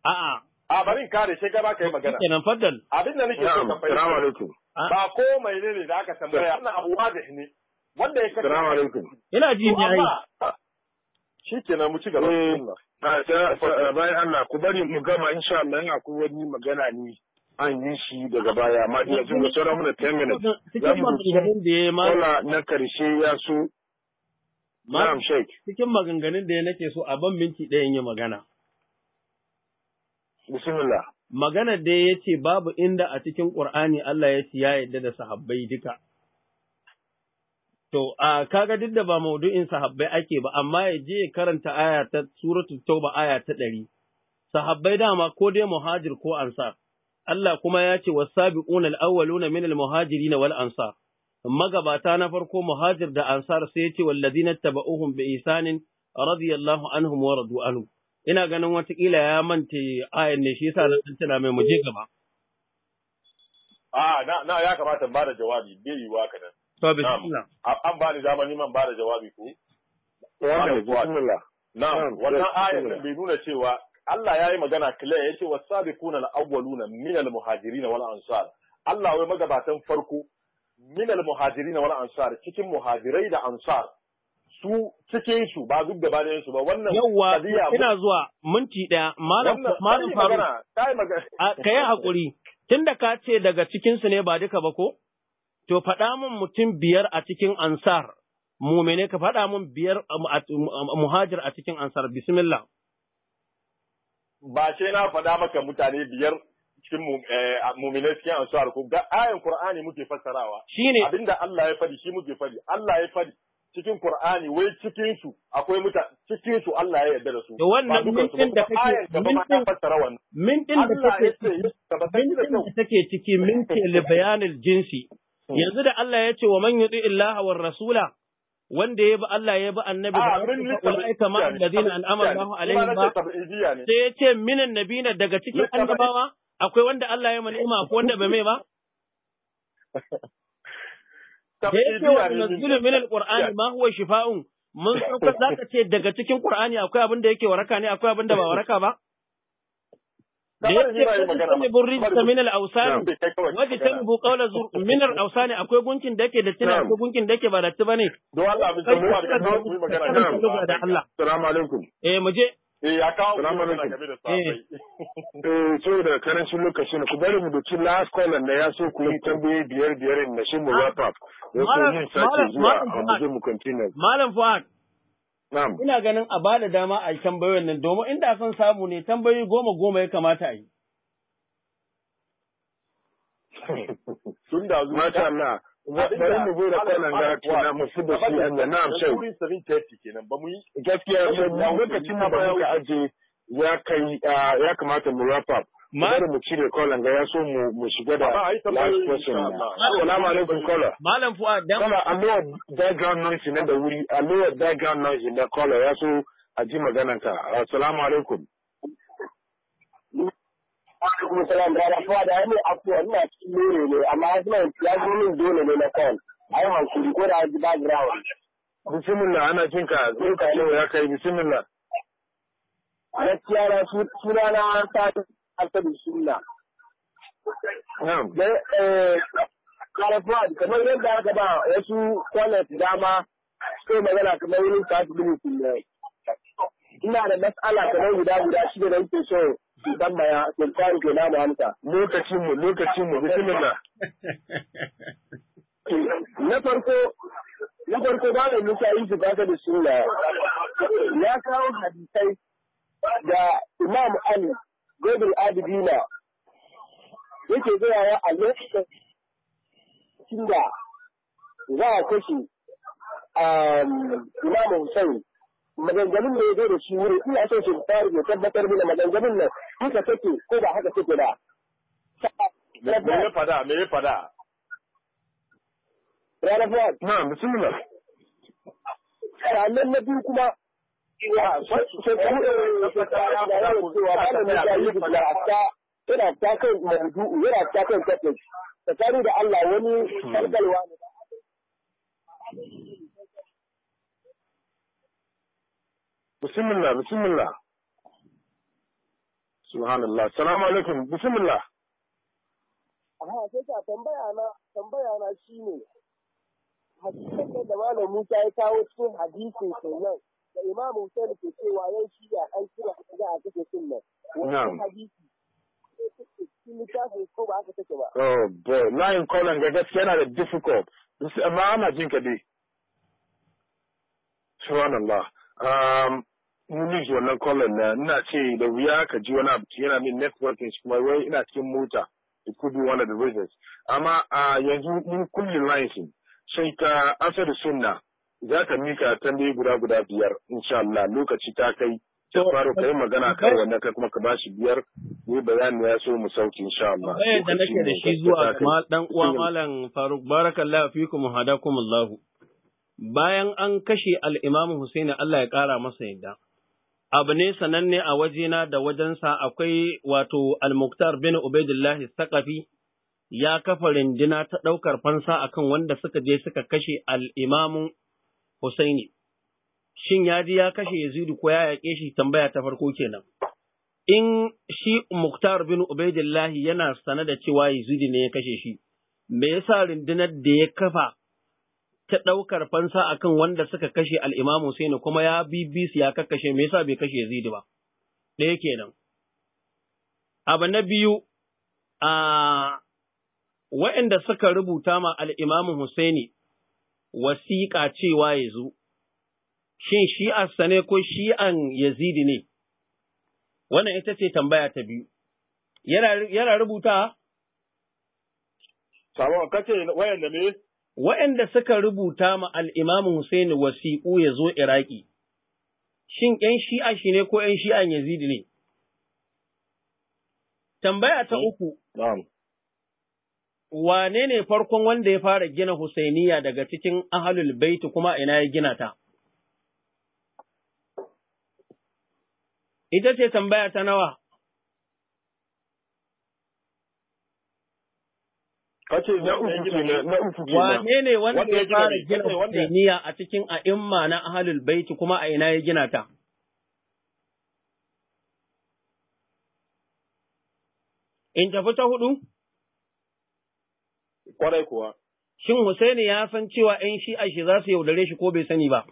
a'a A barin kare sai ka ka yi magana. Kenan faddal. Abin da nake so ka fahimta. Ah. Ba ko mai ne ne da aka tambaya wannan abu wazih ne. Wanda ya kace. Assalamu alaikum. Ina ji ni ai. Shikenan mu ci gaba. Eh, bayan Allah ku bari mu gama insha Allah ina ku wani magana ni. an yi shi daga baya ma iya jin da ramu mu da 10 minutes. Cikin maganganun da ya ma. Kola na karshe ya so. Ma'am Sheikh. Cikin maganganun da ya nake so a ban minti ɗayan ya magana. Bismillah. Magana dai ya ce babu inda a cikin Ƙur'ani Allah ya ce ya yadda da sahabbai duka. To, a kaga duk da ba maudu'in sahabbai ake ba, amma ya je karanta aya ta suratu tauba aya ta ɗari. Sahabbai dama ko dai muhajir ko ansar. Allah kuma ya ce wasabiquna al-awwaluna min al na wal ansar. Magabata na farko muhajir da ansar sai ya ce wallazina tabauhum bi isanin radiyallahu anhum wa radu anhu. ina ganin watakila ya manta ayan ne shi yasa na tana mai muje gaba a na na ya kamata ba da jawabi bai yiwa wa nan to bismillah an ba ni zamani man ba da jawabi ko wannan na'am wannan ayan bai nuna cewa Allah ya yi magana clear ya ce wasabiquna al-awwaluna min al-muhajirin wal ansar Allah wai magabatan farko min al-muhajirin wal ansar cikin muhajirai da ansar su cikin su ba duk da bayan su ba wannan yawa ina zuwa minti daya malam malam faru ka yi hakuri tunda ka ce daga cikin su ne ba duka ba ko to faɗa min mutum biyar a cikin ansar mene ka faɗa mun biyar um, um, um, muhajir a cikin ansar bismillah ba ce na faɗa maka mutane biyar cikin eh, mumine cikin ansar ko ga ayan qur'ani muke fassarawa shine abinda Allah ya faɗi shi muke faɗi Allah ya faɗi cikin Qur'ani wai cikin su akwai muta cikin su Allah ya yarda da su. wannan mintin da kake mintin mintin da kake mintin da take ciki mintin li bayanil jinsi. Hmm. Yanzu da Allah ya ce wa man yudi illaha war rasula wanda ya bi Allah ya bi annabi ah, da ulaika ma alladhina an'ama Allahu alaihim ba. Sai ya ce minan nabina daga cikin annabawa akwai wanda Allah ya manima akwai wanda bai mai ba. *laughs* da yake wa nasilu min alqur'ani ma huwa shifa'un mun sauka ka ce daga cikin qur'ani akwai abin da yake waraka ne akwai abin da ba waraka ba da yake tajibur rijsa min al-awsan wa tajibur qawla zur min al-awsan akwai gunkin da yake da tina akwai gunkin da yake ba da tiba ne don Allah mu magana da Allah assalamu alaikum eh mu je Eh ya kawo magana game da sabai. Eh so *laughs* eh, da karancin lokaci ne ku bari mu doki last call da ya so ku yi eh. tambaye biyar biyar na shi mu wrap up. Wato yin sake zuwa a je mu continue. Malam Fuad. Na'am. Ina ganin a bada dama a yi tambayoyin nan domin inda son samu ne tambayoyi goma goma ya kamata a yi. *laughs* Tun da zuwa. Masha Allah. bari mu bude kwanan ga tuna da shi ba lokacin ba muka aje ya kai ya kamata mu wrap up Bari mu cire so mu mu shiga da last question. alaikum kola. Malam dan kola a lower background noise da wuri a lower background noise da kola ya so a ji ka. Assalamu alaikum. Aka kuma salam da rafuwa da wani afuwa ina cikin lore ne amma hasinan ya zo min dole ne na kan. Ai hankuri ko da ya ji background. Bismillah ana jinka zo ka ce ya kai bismillah. Gaskiya na suna na ta ta bismillah. Na'am. Karafuwa kamar yadda aka ba wasu kwanan dama sai magana kamar wurin ta minutes ne. Ina da matsala kamar guda guda shida da yake so dan sun sultan ke namu hamsa lokacin mu lokacin mu bismillah na farko na farko ba da musa yi su ba da sunna ya kawo hadisai da imam ali gobir abidina yake wa a lokacin da za a kashe um, imam hussein maganganun da ya zo da shi wuri ina so su fara ya tabbatar mana maganganun nan haka take ko ba haka take ba. Me ya fada, me ya fada? Rarrafuwan. Na, bismillah. Sannan na biyu kuma, yana ta kan maudu'u, yana ta kan topic. Tsakani da Allah wani karkarwa hmm. ne. Bismillah, bismillah. subhanallah salamu alaikum bismillah aha sai ka tambaya na tambaya na shi ne, hadisin da malam Musa ya kawo cikin hadisin sunan da Imam Hussein ke cewa yan shi ya an kira da a cikin nan. wannan hadisi ko ba haka take ba oh boy line calling ga gaskiya yana da difficult amma ana jin ka dai subhanallah um munich wannan kwallon na ina ce da wuya ka ji wani abu yana min networking kuma wai ina cikin mota it could be one of the reasons amma a yanzu mun kulle lines sai ta asar sunna za ka mika tambayi guda guda biyar insha Allah lokaci ta kai Faru ka yi magana kan wannan kai kuma ka ba shi biyar ne bayani ya so mu sauki insha Allah. Bayan da nake da shi zuwa dan uwa malam Faruk barakallahu fikum hadakum Allah. Bayan an kashe al-Imam Husaini Allah ya kara masa yadda. abu ne sananne a wajena da wajensa akwai wato almuktar bin Ubaidullahi Sakafi ya kafa rindina ta ɗaukar fansa akan wanda suka je suka kashe al'imamun Husaini. Shin ya ji ya kashe Yazidu ko ya yaƙe shi tambaya ta farko kenan. In shi Muktar bin Ubaidullahi yana sane da cewa Yazidu ne ya kashe shi, me yasa rindinar da ya kafa ta ɗaukar fansa akan wanda suka kashe al'imam Husaini kuma ya bibi su ya kakkashe me yasa bai kashe Yazidi ba ɗaya kenan abu na biyu a waɗanda suka rubuta ma al'imamin Husaini wasiƙa cewa ya zo, shin shi'arsa ne ko shi'an Yazidi ne, wannan ita ce tambaya ta biyu. Yana rubuta? Sabon kace wayanda ne? waɗanda suka rubuta ma al'imamin Hussein wasiƙu ya zo Iraki, shin ‘yan shi'a shi ne ko ‘yan shi'an Yazidi ne? Tambaya ta uku, wane ne farkon wanda ya fara gina Husainiya daga cikin ahalul baiti kuma ina ya gina ta? Ita ce tambaya ta nawa. Kace na uku ne na uku ne wane ne wanda ya fara gina Husainiya a cikin a'imma na ahlul baiti kuma a ina ya gina ta In tafi ta hudu? Kwarai kuwa. Shin Husaini ya san cewa shi a shi za su yaudare shi ko bai sani ba?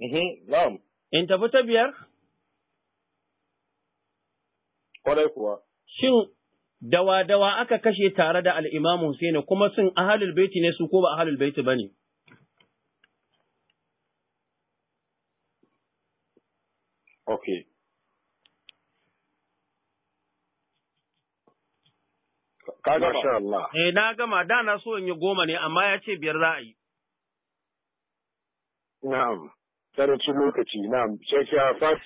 Mhm, In tafi ta biyar? Kwarai kuwa. Shin dawa-dawa aka kashe tare da al'imamu Hussein kuma sun ahalul baiti ne su ko ba ahalul baiti ba ne? Ok. Ka Allah? Eh, na gama, da na so in yi goma ne, amma ya ce biyar za a yi. Na'am, lokaci, na'am,